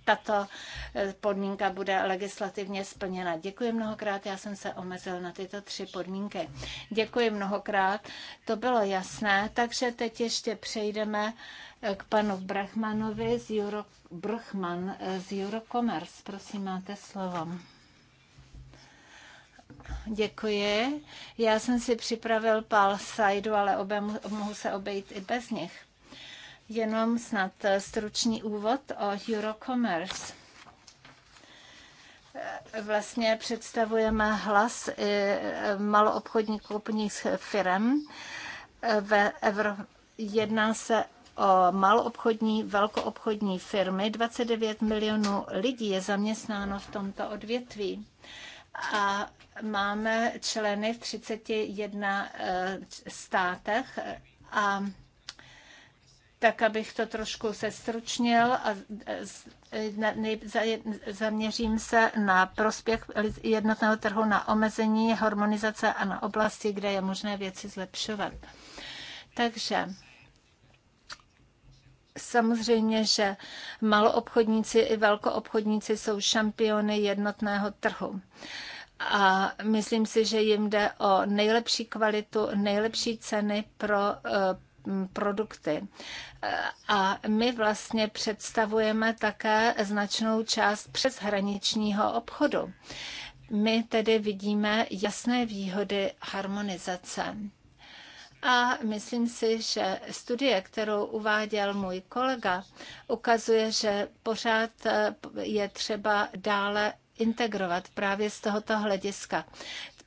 tato e, podmínka bude legislativně splněna. Děkuji mnohokrát, já jsem se omezil na tyto tři podmínky. Děkuji mnohokrát, to bylo jasné, takže teď ještě přejdeme e, k panu Brachmanovi z Euro, Brchman e, z Eurocommerce. Prosím, máte slovo. Děkuji. Já jsem si připravil pál sajdu, ale obě, mohu se obejít i bez nich. Jenom snad stručný úvod o Eurocommerce vlastně představujeme hlas eh, maloobchodních kupních firm. Ve Evro... Jedná se o maloobchodní, velkoobchodní firmy. 29 milionů lidí je zaměstnáno v tomto odvětví a máme členy v 31 eh, státech a tak abych to trošku sestručnil a eh, zaměřím se na prospěch jednotného trhu, na omezení harmonizace a na oblasti, kde je možné věci zlepšovat. Takže Samozřejmě, že maloobchodníci i velkoobchodníci jsou šampiony jednotného trhu a myslím si, že jim jde o nejlepší kvalitu, nejlepší ceny pro eh, produkty. A my vlastně představujeme také značnou část přeshraničního obchodu. My tedy vidíme jasné výhody harmonizace. A myslím si, že studie, kterou uváděl můj kolega, ukazuje, že pořád eh, je třeba dále integrovat právě z tohoto hlediska.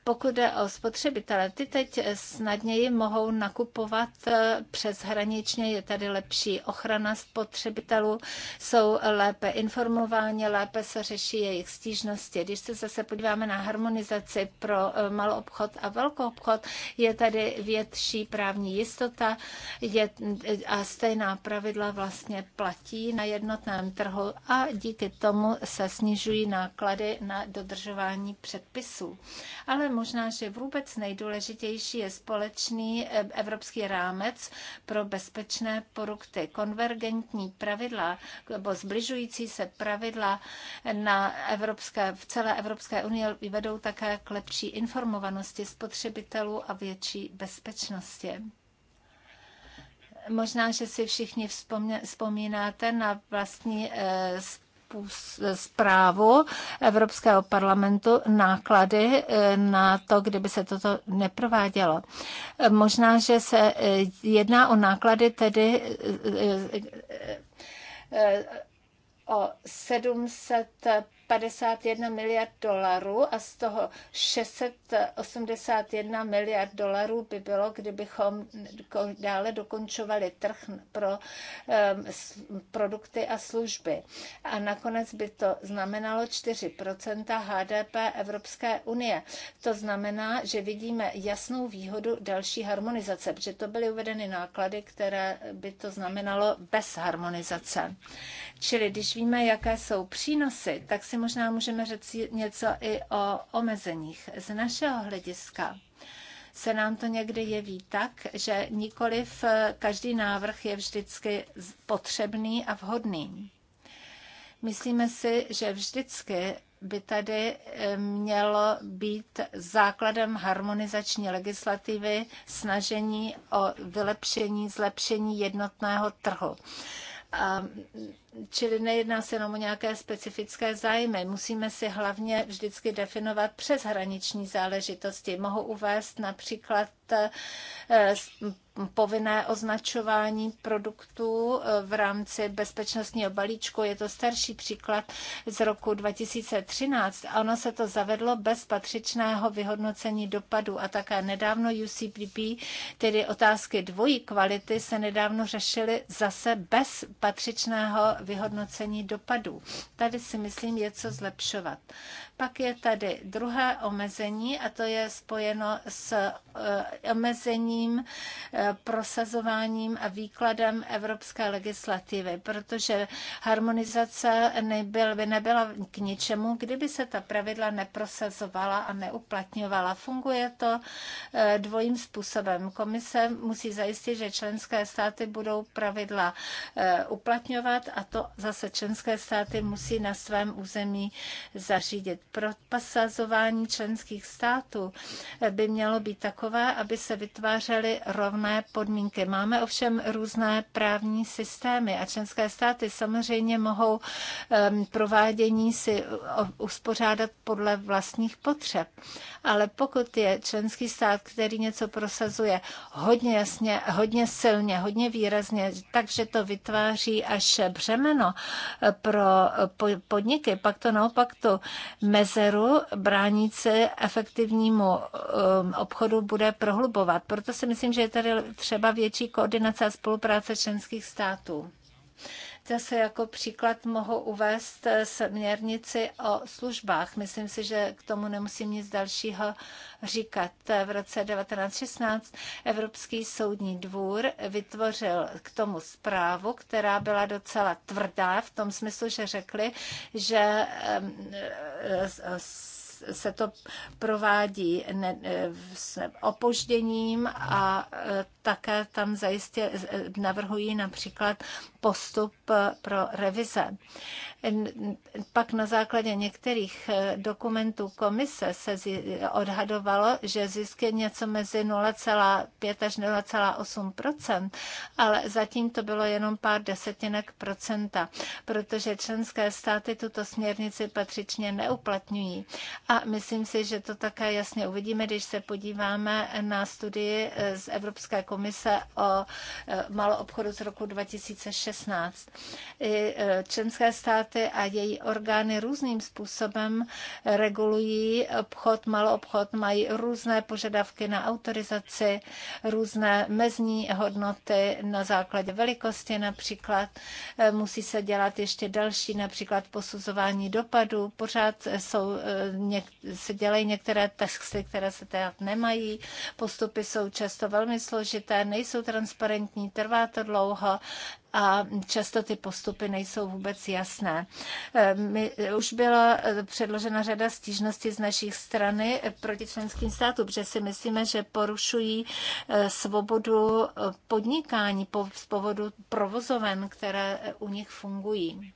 Pokud jde o spotřebitele, ty teď snadněji mohou nakupovat eh, přeshraničně, je tady lepší ochrana spotřebitelů, jsou lépe informováni, lépe se řeší jejich stížnosti. Když se zase podíváme na harmonizaci pro eh, malou obchod a velkou obchod, je tady větší právní jistota je, eh, a stejná pravidla vlastně platí na jednotném trhu a díky tomu se snižují náklady na dodržování předpisů. Ale možná, že vůbec nejdůležitější je společný eh, evropský rámec pro bezpečné produkty. Konvergentní pravidla nebo zbližující se pravidla na evropské, v celé Evropské unii vyvedou také k lepší informovanosti spotřebitelů a větší bezpečnosti. Možná, že si všichni vzpomínáte na vlastní eh, zprávu Evropského parlamentu náklady eh, na to, kdyby se toto neprovádělo. Eh, možná, že se eh, jedná o náklady tedy o 700 51 miliard dolarů a z toho 681 miliard dolarů by bylo, kdybychom dále dokončovali trh pro um, produkty a služby. A nakonec by to znamenalo 4 HDP Evropské unie. To znamená, že vidíme jasnou výhodu další harmonizace, protože to byly uvedeny náklady, které by to znamenalo bez harmonizace. Čili když víme, jaké jsou přínosy, tak se si možná můžeme říct něco i o omezeních. Z našeho hlediska se nám to někdy jeví tak, že nikoliv eh, každý návrh je vždycky potřebný a vhodný. Myslíme si, že vždycky by tady eh, mělo být základem harmonizační legislativy snažení o vylepšení, zlepšení jednotného trhu. Čili nejedná se jenom o nějaké specifické zájmy. Musíme si hlavně vždycky definovat přeshraniční záležitosti. Mohu uvést například eh, povinné označování produktů eh, v rámci bezpečnostního balíčku. Je to starší příklad z roku 2013. Ono se to zavedlo bez patřičného vyhodnocení dopadu a také nedávno UCPP, tedy otázky dvojí kvality, se nedávno řešily zase bez patřičného vyhodnocení dopadů. Tady si myslím je co zlepšovat. Pak je tady druhé omezení a to je spojeno s eh, omezením, eh, prosazováním a výkladem evropské legislativy, protože harmonizace nebyl, by nebyla k ničemu, kdyby se ta pravidla neprosazovala a neuplatňovala. Funguje to eh, dvojím způsobem. Komise musí zajistit, že členské státy budou pravidla uplatňovat a to zase členské státy musí na svém území zařídit prosazování členských států by mělo být takové, aby se vytvářely rovné podmínky. Máme ovšem různé právní systémy a členské státy samozřejmě mohou provádění si uspořádat podle vlastních potřeb. Ale pokud je členský stát, který něco prosazuje hodně jasně, hodně silně, hodně výrazně, takže to vytváří až břemeno eh, pro eh, podniky, pak to naopak to mezi mezeru bránící efektivnímu um, obchodu bude prohlubovat. Proto si myslím, že je tady třeba větší koordinace a spolupráce členských států. Zase jako příklad mohu uvést eh, směrnici o službách. Myslím si, že k tomu nemusím nic dalšího říkat. Eh, v roce 1916 Evropský soudní dvůr vytvořil k tomu zprávu, která byla docela tvrdá v tom smyslu, že řekli, že eh, se to provádí eh, s opožděním a eh, také tam zajistě eh, navrhují například postup pro revize. Pak na základě některých dokumentů komise se odhadovalo, že zisk je něco mezi 0,5 až 0,8 ale zatím to bylo jenom pár desetinek procenta, protože členské státy tuto směrnici patřičně neuplatňují. A a myslím si, že to také jasně uvidíme, když se podíváme na studii eh, z Evropské komise o eh, maloobchodu z roku 2016. I eh, členské státy a její orgány různým způsobem regulují obchod, maloobchod, mají různé požadavky na autorizaci, různé mezní hodnoty na základě velikosti například. Musí se dělat ještě další, například posuzování dopadů. Pořád jsou něk- se dělají některé texty, které se dělat nemají, postupy jsou často velmi složité, nejsou transparentní, trvá to dlouho a často ty postupy nejsou vůbec jasné. E, my, už byla e, předložena řada stížností z našich strany e, proti členským státům, protože si myslíme, že porušují svobodu podnikání po, z povodu provozoven, které u nich fungují.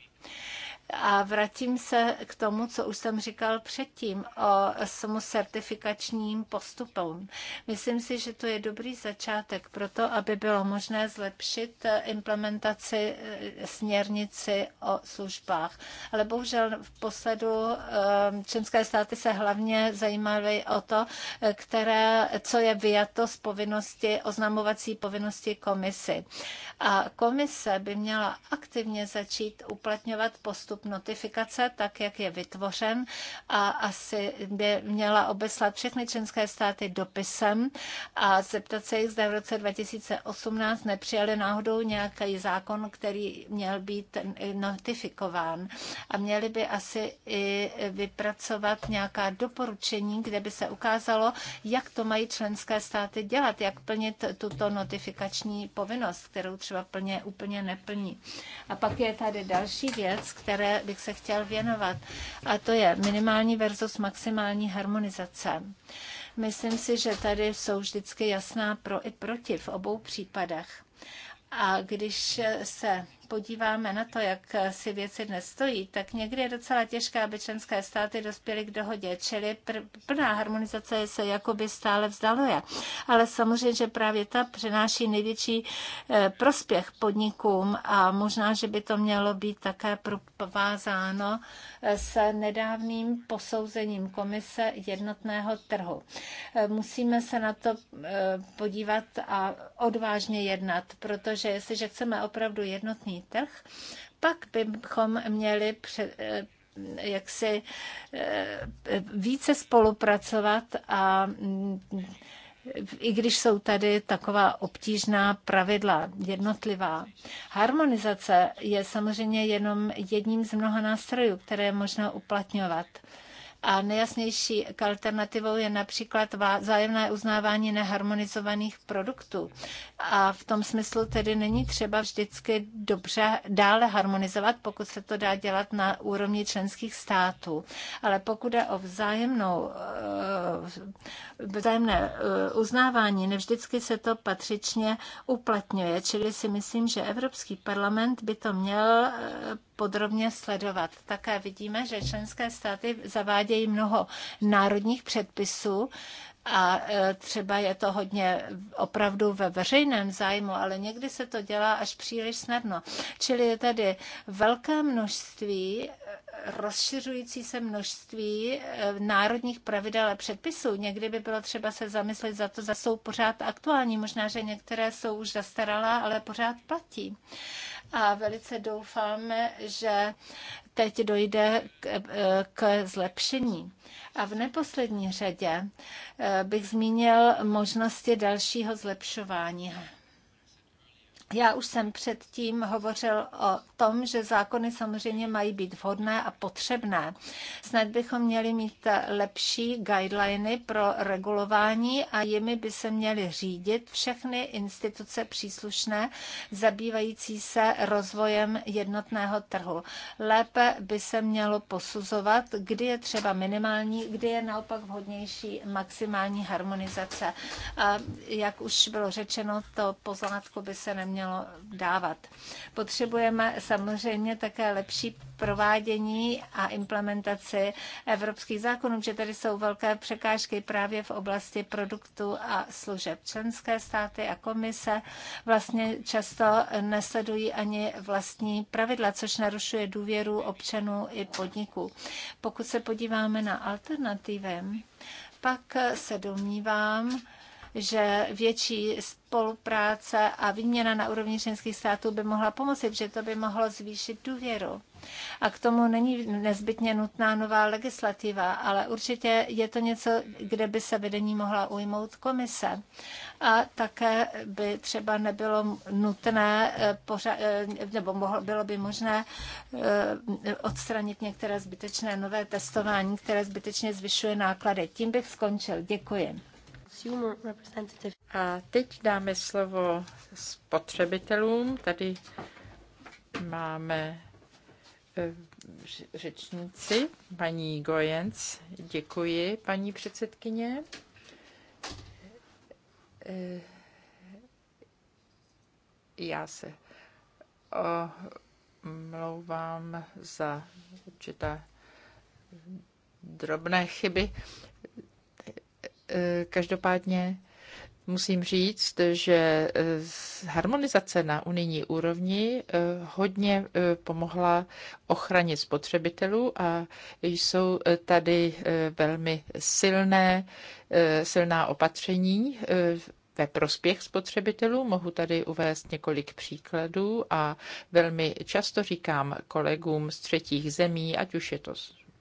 A vracím se k tomu, co už jsem říkal předtím o SMU postupu. Myslím si, že to je dobrý začátek pro to, aby bylo možné zlepšit eh, implementaci eh, směrnici o službách. Ale bohužel v posledu eh, členské státy se hlavně zajímaly o to, které, co je vyjato z povinnosti, oznamovací povinnosti komisy. A komise by měla aktivně začít uplatňovat postup postup notifikace, tak jak je vytvořen a asi by měla obeslat všechny členské státy dopisem a zeptat se jich, zda v roce 2018 nepřijali náhodou nějaký zákon, který měl být notifikován. A měli by asi i vypracovat nějaká doporučení, kde by se ukázalo, jak to mají členské státy dělat, jak plnit tuto notifikační povinnost, kterou třeba plně úplně neplní. A pak je tady další věc, které které bych se chtěl věnovat. A to je minimální versus maximální harmonizace. Myslím si, že tady jsou vždycky jasná pro i proti v obou případech. A když se podíváme na to, jak si věci dnes stojí, tak někdy je docela těžké, aby členské státy dospěly k dohodě, čili plná harmonizace se jakoby stále vzdaluje. Ale samozřejmě, že právě ta přináší největší eh, prospěch podnikům a možná, že by to mělo být také provázáno eh, s nedávným posouzením komise jednotného trhu. Eh, musíme se na to podívat a odvážně jednat, protože jestliže chceme opravdu jednotný trh, pak bychom měli před, eh, jak si eh, více spolupracovat a mm, i když jsou tady taková obtížná pravidla, jednotlivá. Harmonizace je samozřejmě jenom jedním z mnoha nástrojů, které je možno uplatňovat. A nejasnější alternativou je například vzájemné uznávání neharmonizovaných produktů. A v tom smyslu tedy není třeba vždycky dobře dále harmonizovat, pokud se to dá dělat na úrovni členských států. Ale pokud je o vzájemnou, eh, vzájemné eh, uznávání, nevždycky se to patřičně uplatňuje. Čili si myslím, že Evropský parlament by to měl eh, podrobně sledovat. Také vidíme, že členské státy zavádějí mnoho národních předpisů, a e, třeba je to hodně opravdu ve veřejném zájmu, ale někdy se to dělá až příliš snadno. Čili je tady velké množství e, rozšiřující se množství e, národních pravidel a předpisů. Někdy by bylo třeba se zamyslet za to, zda jsou pořád aktuální. Možná, že některé jsou už zastaralá, ale pořád platí. A velice doufáme, že teď dojde k, k zlepšení. A v neposlední řadě eh, bych zmínil možnosti dalšího zlepšování já už jsem předtím hovořil o tom, že zákony samozřejmě mají být vhodné a potřebné. Snad bychom měli mít lepší guideliny pro regulování a jimi by se měly řídit všechny instituce příslušné zabývající se rozvojem jednotného trhu. Lépe by se mělo posuzovat, kdy je třeba minimální, kdy je naopak vhodnější maximální harmonizace. A jak už bylo řečeno, to pozlátko by se nemělo mělo dávat. Potřebujeme samozřejmě také lepší provádění a implementaci evropských zákonů, že tady jsou velké překážky právě v oblasti produktů a služeb. Členské státy a komise vlastně často nesledují ani vlastní pravidla, což narušuje důvěru občanů i podniků. Pokud se podíváme na alternativy, pak se domnívám, že větší spolupráce a výměna na úrovni členských států by mohla pomoci, protože to by mohlo zvýšit důvěru. A k tomu není nezbytně nutná nová legislativa, ale určitě je to něco, kde by se vedení mohla ujmout komise. A také by třeba nebylo nutné, eh, eh, nebo bylo by možné eh, odstranit některé zbytečné nové testování, které zbytečně zvyšuje náklady. Tím bych skončil. Děkuji. A teď dáme slovo spotřebitelům. Tady máme e, řečníci, paní Gojens. Děkuji, paní předsedkyně. E, já se omlouvám za určité drobné chyby. Každopádně musím říct, že e, harmonizace na unijní úrovni e, hodně e, pomohla ochraně spotřebitelů a jsou tady velmi silné, silná opatření ve prospěch spotřebitelů. Mohu tady uvést několik příkladů a velmi často říkám kolegům z třetích zemí, ať už je to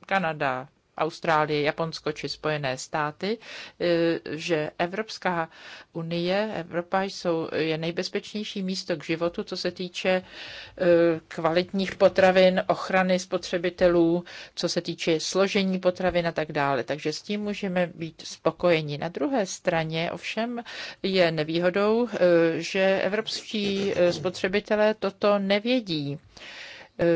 Kanada, Austrálie, Japonsko či Spojené státy, e, že Evropská unie, Evropa jsou, je nejbezpečnější místo k životu, co se týče e, kvalitních potravin, ochrany spotřebitelů, co se týče složení potravin a tak dále. Takže s tím můžeme být spokojeni. Na druhé straně ovšem je nevýhodou, e, že evropští spotřebitelé toto nevědí.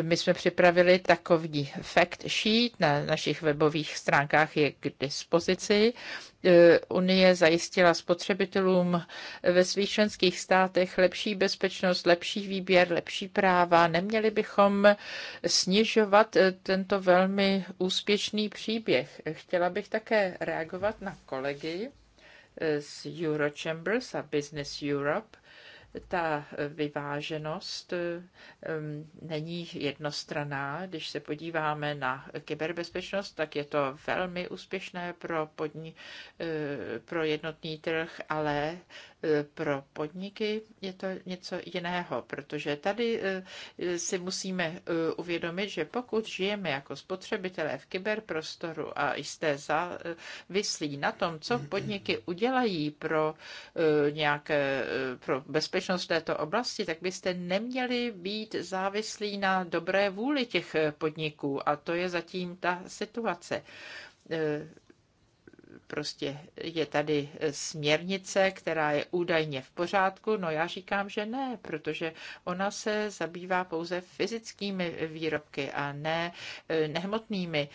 My jsme připravili takový fact sheet na našich webových stránkách je k dispozici. Unie zajistila spotřebitelům ve svých členských státech lepší bezpečnost, lepší výběr, lepší práva. Neměli bychom snižovat tento velmi úspěšný příběh. Chtěla bych také reagovat na kolegy z Eurochambers a Business Europe ta vyváženost eh, není jednostraná. Když se podíváme na kyberbezpečnost, tak je to velmi úspěšné pro, podní, eh, pro jednotný trh, ale pro podniky je to něco jiného, protože tady eh, si musíme eh, uvědomit, že pokud žijeme jako spotřebitelé v kyberprostoru a jste závislí na tom, co podniky udělají pro eh, nějaké pro bezpečnost této oblasti, tak byste neměli být závislí na dobré vůli těch podniků a to je zatím ta situace Prostě je tady směrnice, která je údajně v pořádku. No já říkám, že ne, protože ona se zabývá pouze fyzickými výrobky a ne eh, nehmotnými.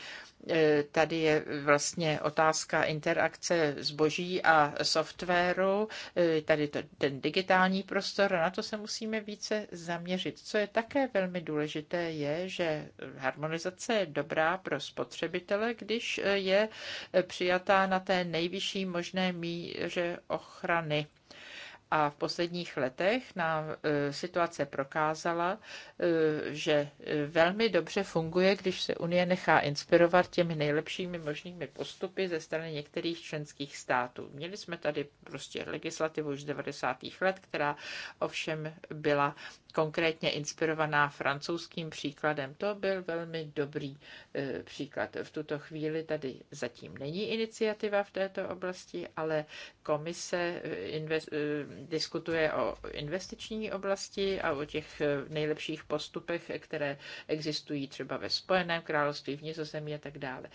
Eh, tady je vlastně otázka interakce zboží a softwaru, eh, tady to, ten digitální prostor, na to se musíme více zaměřit. Co je také velmi důležité, je, že harmonizace je dobrá pro spotřebitele, když je přijatá na té nejvyšší možné míře ochrany. A v posledních letech nám e, situace prokázala, e, že e, velmi dobře funguje, když se Unie nechá inspirovat těmi nejlepšími možnými postupy ze strany některých členských států. Měli jsme tady prostě legislativu už z 90. let, která ovšem byla konkrétně inspirovaná francouzským příkladem. To byl velmi dobrý e, příklad. V tuto chvíli tady zatím není iniciativa v této oblasti, ale komise e, e diskutuje o investiční oblasti a o těch e, nejlepších postupech, které existují třeba ve Spojeném království, v Nizozemí a tak dále.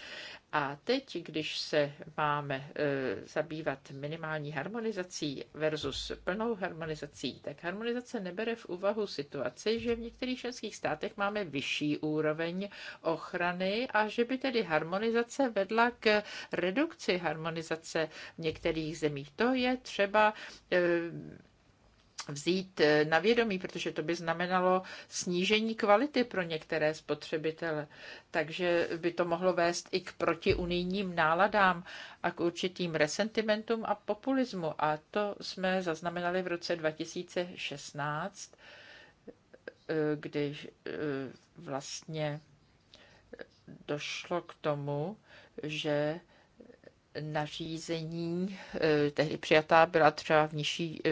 A teď, když se máme e, zabývat minimální harmonizací versus plnou harmonizací, tak harmonizace nebere v úvahu situaci, že v některých členských státech máme vyšší úroveň ochrany a že by tedy harmonizace vedla k redukci harmonizace v některých zemích. To je třeba e, vzít eh, na vědomí, protože to by znamenalo snížení kvality pro některé spotřebitele. Takže by to mohlo vést i k protiunijním náladám a k určitým resentimentům a populismu. A to jsme zaznamenali v roce 2016, eh, když eh, vlastně došlo k tomu, že nařízení eh, tehdy přijatá byla třeba v nižší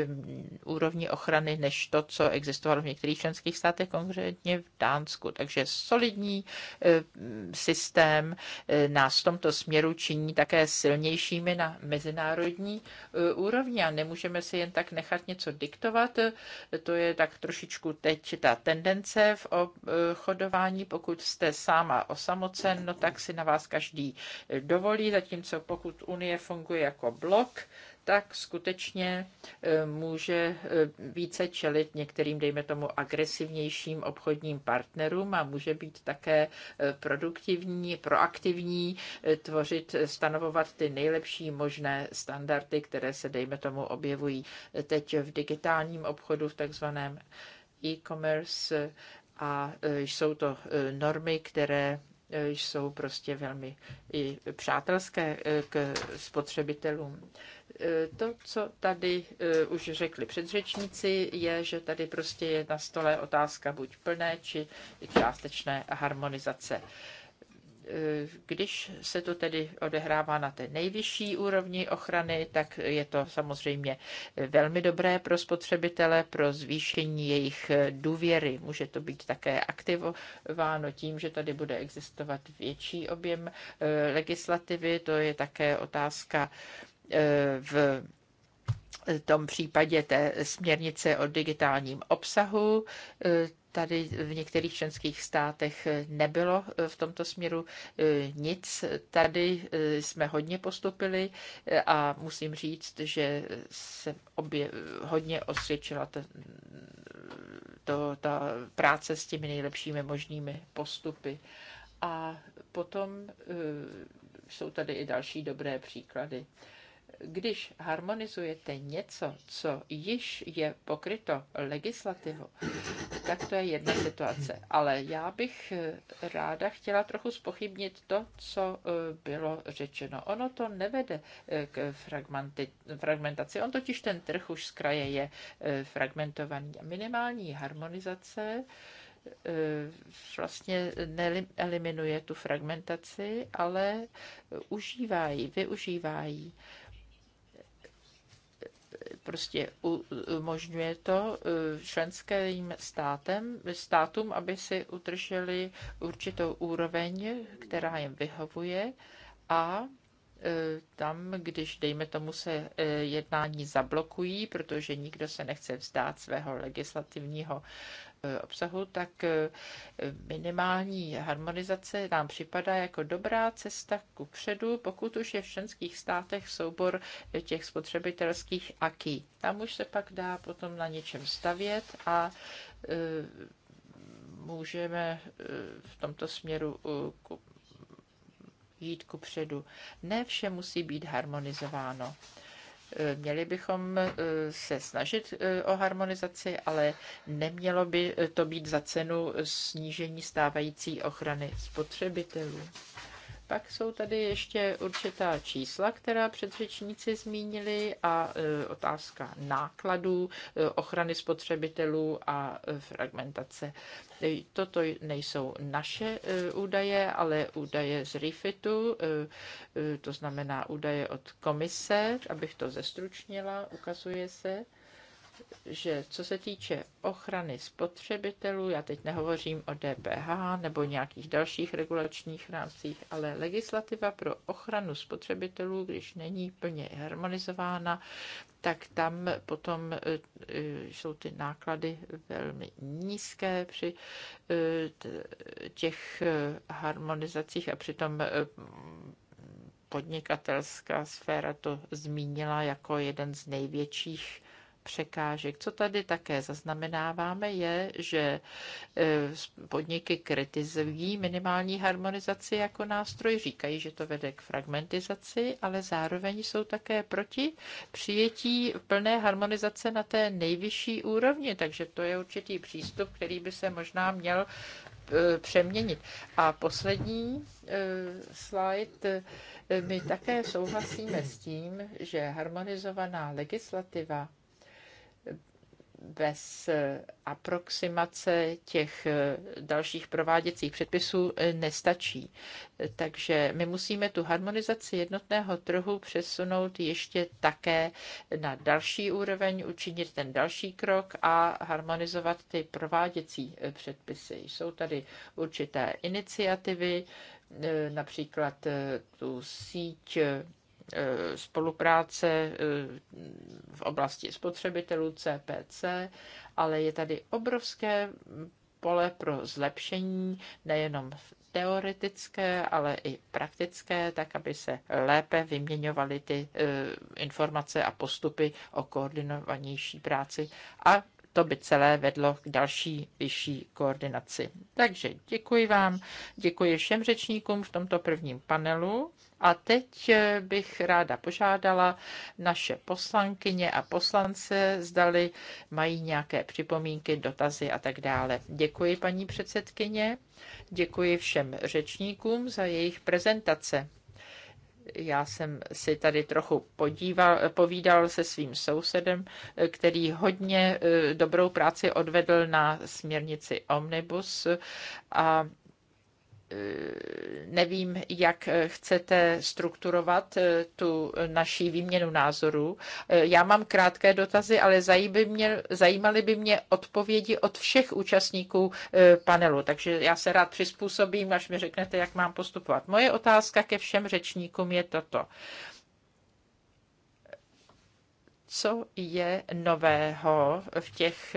úrovni ochrany než to, co existovalo v některých členských státech, konkrétně v Dánsku. Takže solidní systém eh, nás v tomto směru činí také silnějšími na mezinárodní eh, úrovni a nemůžeme si jen tak nechat něco diktovat. To je tak trošičku teď ta tendence v obchodování. Pokud jste sám a osamocen, no tak si na vás každý dovolí, zatímco pokud pokud Unie funguje jako blok, tak skutečně e, může e, více čelit některým, dejme tomu, agresivnějším obchodním partnerům a může být také e, produktivní, proaktivní, tvořit, stanovovat ty nejlepší možné standardy, které se, dejme tomu, objevují teď v digitálním obchodu, v takzvaném e-commerce a jsou to normy, které jsou prostě velmi i přátelské eh, k spotřebitelům. Eh, to, co tady eh, už řekli předřečníci, je, že tady prostě je na stole otázka buď plné či částečné harmonizace. Když se to tedy odehrává na té nejvyšší úrovni ochrany, tak je to samozřejmě velmi dobré pro spotřebitele, pro zvýšení jejich důvěry. Může to být také aktivováno tím, že tady bude existovat větší objem eh, legislativy. To je také otázka eh, v tom případě té směrnice o digitálním obsahu. Eh, tady v některých členských státech nebylo eh, v tomto směru eh, nic. Tady eh, jsme hodně postupili a musím říct, že se obě hodně osvědčila ta, to, ta práce s těmi nejlepšími možnými postupy. A potom jsou tady i další dobré příklady když harmonizujete něco, co již je pokryto legislativou, tak to je jedna situace. Ale já bych eh, ráda chtěla trochu spochybnit to, co eh, bylo řečeno. Ono to nevede eh, k fragmentaci. On totiž ten trh už z kraje je fragmentovaný. Minimální harmonizace vlastně eliminuje tu fragmentaci, ale užívají, využívají prostě umožňuje to eh, členským státem, státům, aby si utrželi určitou úroveň, která jim vyhovuje a eh, tam, když, dejme tomu, se eh, jednání zablokují, protože nikdo se nechce vzdát svého legislativního Eh, obsahu, tak eh, minimální harmonizace nám připadá jako dobrá cesta ku předu, pokud už je v členských státech soubor eh, těch spotřebitelských aký. Tam už se pak dá potom na něčem stavět a můžeme v tomto směru jít ku předu. Ne vše musí být harmonizováno. Měli bychom e, se snažit e, o harmonizaci, ale nemělo by to být za cenu snížení stávající ochrany spotřebitelů. Pak jsou tady ještě určitá čísla, která předřečníci zmínili a e, otázka nákladů, e, ochrany spotřebitelů a e, fragmentace. Toto nejsou naše údaje, ale údaje z REFITu, to znamená údaje od komise, abych to zestručnila, ukazuje se, že co se týče ochrany spotřebitelů, já teď nehovořím o DPH nebo nějakých dalších regulačních rámcích, ale legislativa pro ochranu spotřebitelů, když není plně harmonizována, tak tam potom e, jsou ty náklady velmi nízké při e, těch e, harmonizacích a přitom podnikatelská sféra to zmínila jako jeden z největších překážek. Co tady také zaznamenáváme, je, že e, podniky kritizují minimální harmonizaci jako nástroj, říkají, že to vede k fragmentizaci, ale zároveň jsou také proti přijetí plné harmonizace na té nejvyšší úrovni, takže to je určitý přístup, který by se možná měl e, přeměnit. A poslední e, slide. My také souhlasíme s tím, že harmonizovaná legislativa bez eh, aproximace těch eh, dalších prováděcích předpisů eh, nestačí. Takže my musíme tu harmonizaci jednotného trhu přesunout ještě také na další úroveň, učinit ten další krok a harmonizovat ty prováděcí předpisy. Jsou tady určité iniciativy, například tu síť Eh, spolupráce eh, v oblasti spotřebitelů CPC, ale je tady obrovské pole pro zlepšení nejenom teoretické, ale i praktické, tak aby se lépe vyměňovaly ty eh, informace a postupy o koordinovanější práci a to by celé vedlo k další vyšší koordinaci. Takže děkuji vám, děkuji všem řečníkům v tomto prvním panelu. A teď eh, bych ráda požádala naše poslankyně a poslance, zdali mají nějaké připomínky, dotazy a tak dále. Děkuji paní předsedkyně, děkuji všem řečníkům za jejich prezentace já jsem si tady trochu podíval, povídal se svým sousedem, který hodně eh, dobrou práci odvedl na směrnici Omnibus a Eh, nevím, jak eh, chcete strukturovat eh, tu naší výměnu názorů. Já mám krátké dotazy, ale zajímaly by mě, zajímaly by mě odpovědi od všech účastníků panelu, takže já se rád přizpůsobím, až mi řeknete, jak mám postupovat. Moje otázka ke všem řečníkům je toto co je nového v těch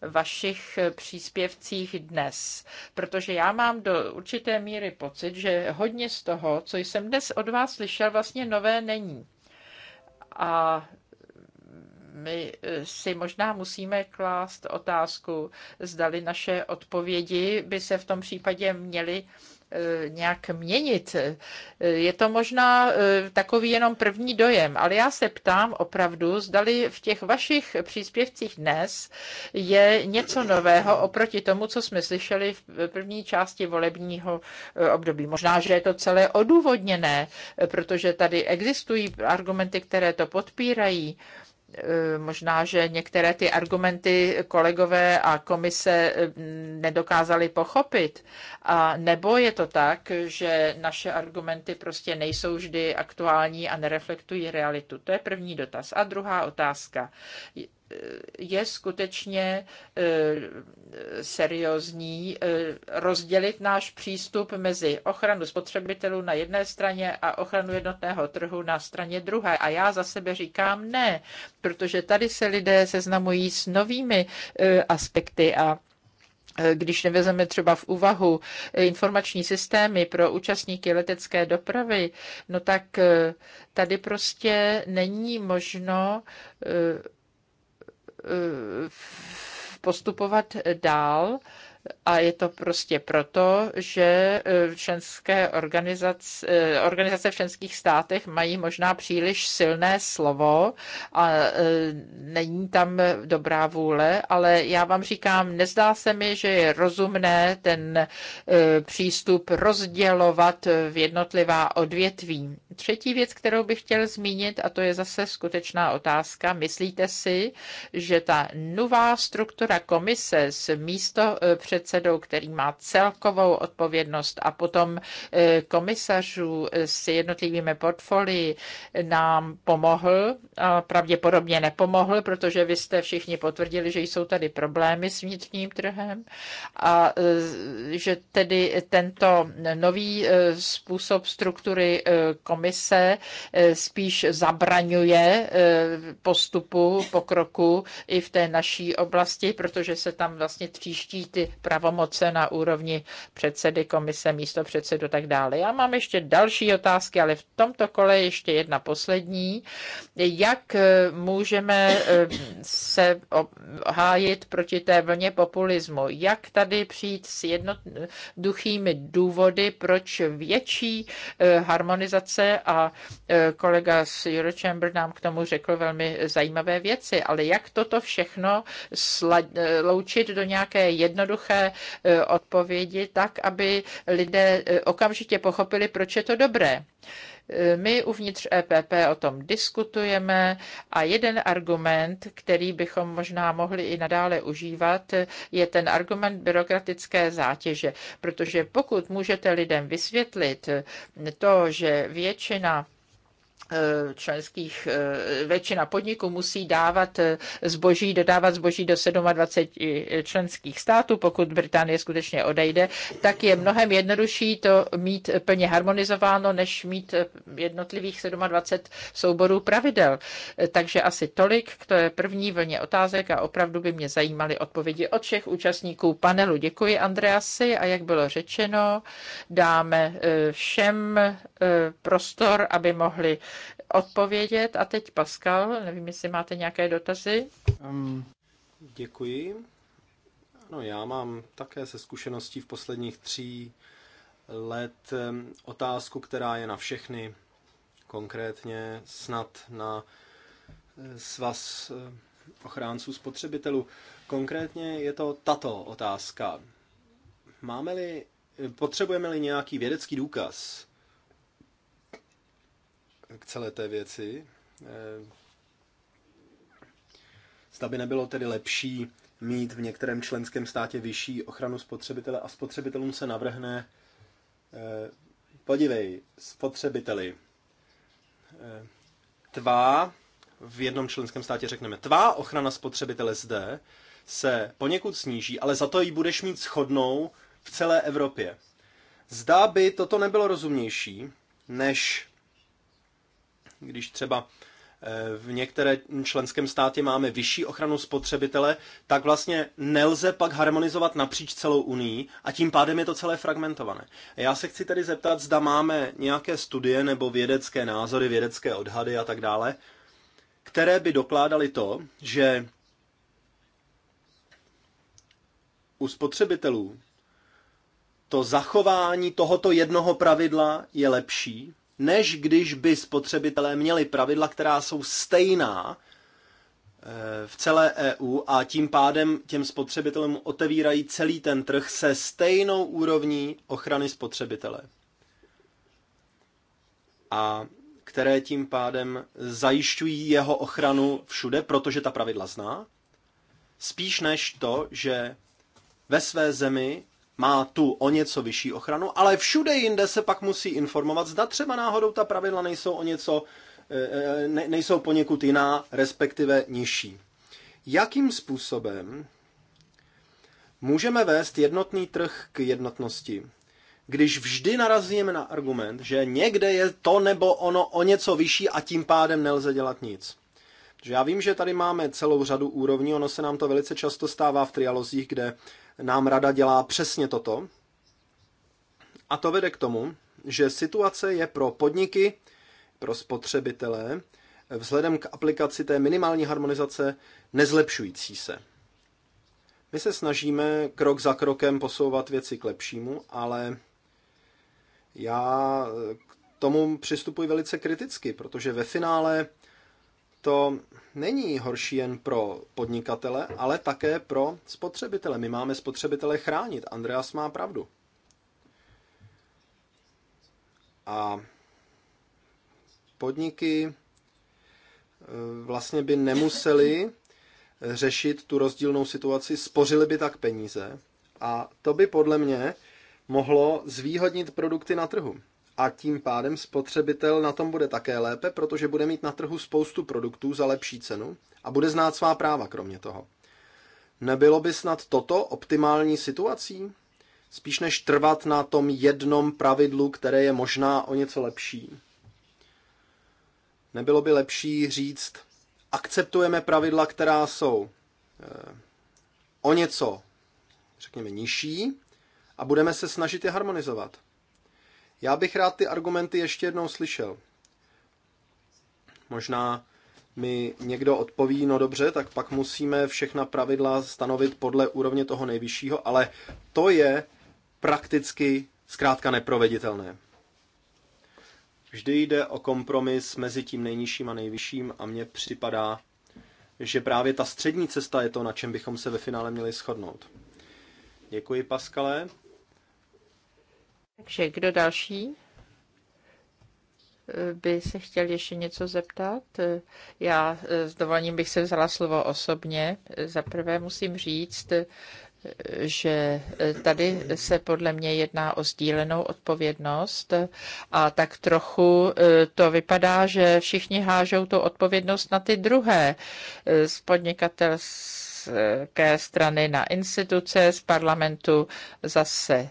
vašich příspěvcích dnes. Protože já mám do určité míry pocit, že hodně z toho, co jsem dnes od vás slyšel, vlastně nové není. A my si možná musíme klást otázku, zdali naše odpovědi by se v tom případě měly Eh, nějak měnit. Eh, je to možná eh, takový jenom první dojem, ale já se ptám opravdu, zdali v těch vašich příspěvcích dnes je něco nového oproti tomu, co jsme slyšeli v první části volebního období. Možná, že je to celé odůvodněné, protože tady existují argumenty, které to podpírají. Eh, možná, že některé ty argumenty kolegové a komise eh, nedokázali pochopit. A nebo je to tak, že naše argumenty prostě nejsou vždy aktuální a nereflektují realitu. To je první dotaz. A druhá otázka je skutečně e, seriózní e, rozdělit náš přístup mezi ochranu spotřebitelů na jedné straně a ochranu jednotného trhu na straně druhé. A já za sebe říkám ne, protože tady se lidé seznamují s novými e, aspekty a když nevezeme třeba v úvahu informační systémy pro účastníky letecké dopravy, no tak tady prostě není možno Eh, postupovat dál a je to prostě proto, že e, členské organizace, e, organizace v členských státech mají možná příliš silné slovo a e, není tam dobrá vůle, ale já vám říkám, nezdá se mi, že je rozumné ten přístup rozdělovat v jednotlivá odvětví. Třetí věc, kterou bych chtěl zmínit, a to je zase skutečná otázka, myslíte si, že ta nová struktura komise s místo předsedou, který má celkovou odpovědnost a potom eh, komisařů s jednotlivými portfolii nám pomohl, a pravděpodobně nepomohl, protože vy jste všichni potvrdili, že jsou tady problémy s vnitřním trhem a eh, že tedy tento nový eh, způsob struktury komise spíš zabraňuje postupu, pokroku i v té naší oblasti, protože se tam vlastně tříští ty pravomoce na úrovni předsedy komise, místo předsedu tak dále. Já mám ještě další otázky, ale v tomto kole ještě jedna poslední. Jak eh, můžeme eh, se hájit proti té vlně populismu? Jak tady přijít s jednoduchými důvody, proč větší eh, harmonizace a kolega z Eurochamber nám k tomu řekl velmi zajímavé věci, ale jak toto všechno sloučit do nějaké jednoduché jednoduché e, odpovědi tak, aby lidé e, okamžitě pochopili, proč je to dobré. E, my uvnitř EPP o tom diskutujeme a jeden argument, který bychom možná mohli i nadále užívat, je ten argument byrokratické zátěže. Protože pokud můžete lidem vysvětlit to, že většina Eh, členských, eh, většina podniků musí dávat eh, zboží, dodávat zboží do 27 členských států, pokud Británie skutečně odejde, tak je mnohem jednodušší to mít plně harmonizováno, než mít jednotlivých 27 souborů pravidel. Takže asi tolik to je první vlně otázek a opravdu by mě zajímaly odpovědi od všech účastníků panelu. Děkuji Andreasi a jak bylo řečeno, dáme všem prostor, aby mohli odpovědět. A teď Pascal, nevím, jestli máte nějaké dotazy. Um, děkuji. No, já mám také se zkušeností v posledních tří let otázku, která je na všechny, konkrétně snad na eh, svaz eh, ochránců spotřebitelů. Konkrétně je to tato otázka. Máme-li, eh, potřebujeme-li nějaký vědecký důkaz k celé té věci. Eh, zda by nebylo tedy lepší mít v některém členském státě vyšší ochranu spotřebitele a spotřebitelům se navrhne, eh, podívej, spotřebiteli, eh, tvá, v jednom členském státě řekneme, tvá ochrana spotřebitele zde se poněkud sníží, ale za to ji budeš mít schodnou v celé Evropě. Zdá by toto nebylo rozumnější, než když třeba eh, v některém členském státě máme vyšší ochranu spotřebitele, tak vlastně nelze pak harmonizovat napříč celou unii a tím pádem je to celé fragmentované. Já se chci tedy zeptat, zda máme nějaké studie nebo vědecké názory, vědecké odhady a tak dále, které by dokládaly to, že u spotřebitelů to zachování tohoto jednoho pravidla je lepší než když by spotřebitelé měli pravidla, která jsou stejná eh, v celé EU a tím pádem těm spotřebitelům otevírají celý ten trh se stejnou úrovní ochrany spotřebitele. A které tím pádem zajišťují jeho ochranu všude, protože ta pravidla zná, spíš než to, že ve své zemi má tu o něco vyšší ochranu, ale všude jinde se pak musí informovat, zda třeba náhodou ta pravidla nejsou o něco, e, e, ne, nejsou poněkud jiná, respektive nižší. Jakým způsobem můžeme vést jednotný trh k jednotnosti? když vždy narazíme na argument, že někde je to nebo ono o něco vyšší a tím pádem nelze dělat nic. já vím, že tady máme celou řadu úrovní, ono se nám to velice často stává v trialozích, kde nám rada dělá přesně toto. A to vede k tomu, že situace je pro podniky, pro spotřebitele, vzhledem k aplikaci té minimální harmonizace nezlepšující se. My se snažíme krok za krokem posouvat věci k lepšímu, ale já k tomu přistupuji velice kriticky, protože ve finále to není horší jen pro podnikatele, ale také pro spotřebitele. My máme spotřebitele chránit. Andreas má pravdu. A podniky eh, vlastně by nemuseli řešit tu rozdílnou situaci, spořili by tak peníze a to by podle mě mohlo zvýhodnit produkty na trhu a tím pádem spotřebitel na tom bude také lépe, protože bude mít na trhu spoustu produktů za lepší cenu a bude znát svá práva kromě toho. Nebylo by snad toto optimální situací? Spíš než trvat na tom jednom pravidlu, které je možná o něco lepší. Nebylo by lepší říct, akceptujeme pravidla, která jsou eh, o něco, řekněme, nižší a budeme se snažit je harmonizovat. Já bych rád ty argumenty ještě jednou slyšel. Možná mi někdo odpoví, no dobře, tak pak musíme všechna pravidla stanovit podle úrovně toho nejvyššího, ale to je prakticky zkrátka neproveditelné. Vždy jde o kompromis mezi tím nejnižším a nejvyšším a mně připadá, že právě ta střední cesta je to, na čem bychom se ve finále měli shodnout. Děkuji, Paskale. Takže kdo další eh, by se chtěl ještě něco zeptat? Eh, já eh, s dovolením bych se vzala slovo osobně. Za prvé musím říct, že tady se podle mě jedná o sdílenou odpovědnost a tak trochu to vypadá, že všichni hážou tu odpovědnost na ty druhé z podnikatelské strany na instituce, z parlamentu zase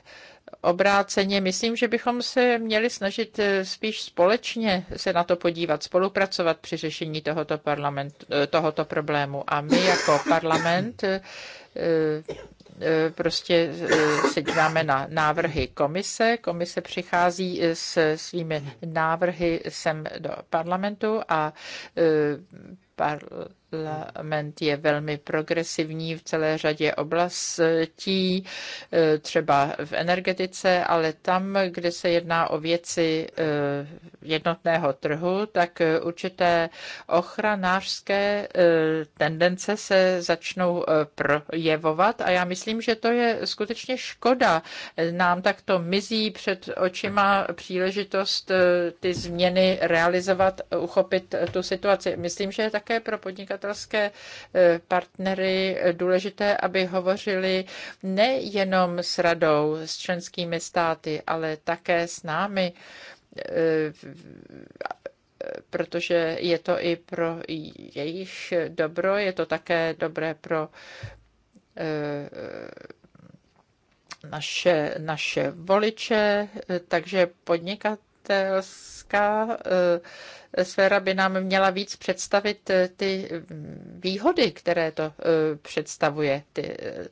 obráceně. Myslím, že bychom se měli snažit eh, spíš společně se na to podívat, spolupracovat při řešení tohoto, parlament, eh, tohoto problému. A my jako parlament eh, E, prostě e, se díváme na návrhy komise. Komise přichází e, s svými návrhy sem do parlamentu a parlament je velmi progresivní v celé řadě oblastí, třeba v energetice, ale tam, kde se jedná o věci jednotného trhu, tak určité ochranářské tendence se začnou projevovat a já myslím, myslím, že to je skutečně škoda. Nám takto mizí před očima příležitost eh, ty změny realizovat, uchopit eh, tu situaci. Myslím, že je také pro podnikatelské eh, partnery důležité, aby hovořili nejenom s radou, s členskými státy, ale také s námi protože je to i pro jejich dobro, je to také dobré pro Eh, naše, naše voliče, eh, takže podnikatelská eh, sféra by nám měla víc představit eh, ty mm, výhody, které to eh, představuje, ty eh,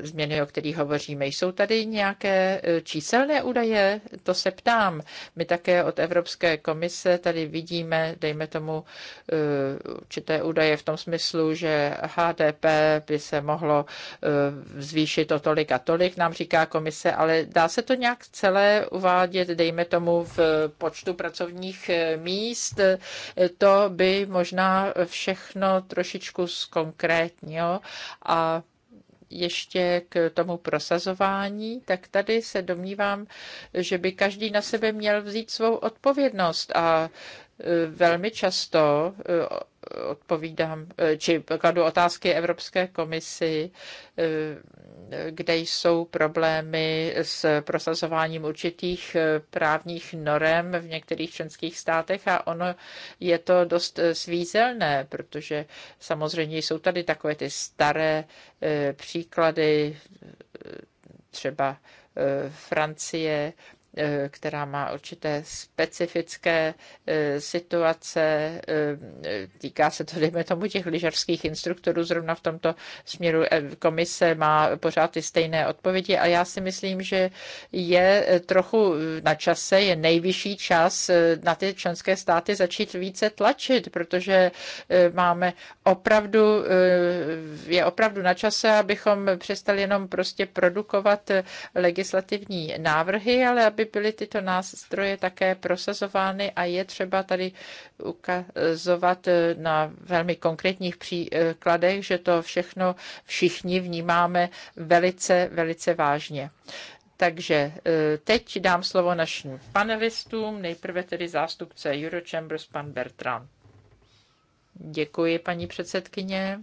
změny, o kterých hovoříme. Jsou tady nějaké číselné údaje? To se ptám. My také od Evropské komise tady vidíme, dejme tomu, určité údaje v tom smyslu, že HDP by se mohlo zvýšit o tolik a tolik, nám říká komise, ale dá se to nějak celé uvádět, dejme tomu, v počtu pracovních míst? míst, to by možná všechno trošičku zkonkrétnilo a ještě k tomu prosazování, tak tady se domnívám, že by každý na sebe měl vzít svou odpovědnost a Eh, velmi často eh, odpovídám, eh, či kladu otázky Evropské komisi, kde jsou problémy s prosazováním určitých právních norem v některých členských státech a ono je to dost svízelné, protože samozřejmě jsou tady takové ty staré příklady třeba Francie, Eh, která má určité specifické eh, situace. Eh, týká se to, dejme tomu, těch lyžařských instruktorů. Zrovna v tomto směru komise má pořád ty stejné odpovědi a já si myslím, že je trochu na čase, je nejvyšší čas na ty členské státy začít více tlačit, protože máme opravdu, je opravdu na čase, abychom přestali jenom prostě produkovat legislativní návrhy, ale aby byly tyto nástroje také prosazovány a je třeba tady ukazovat eh, na velmi konkrétních příkladech, že to všechno všichni vnímáme velice, velice vážně. Takže eh, teď dám slovo našim panelistům, nejprve tedy zástupce Eurochambers, pan Bertrand. Děkuji, paní předsedkyně.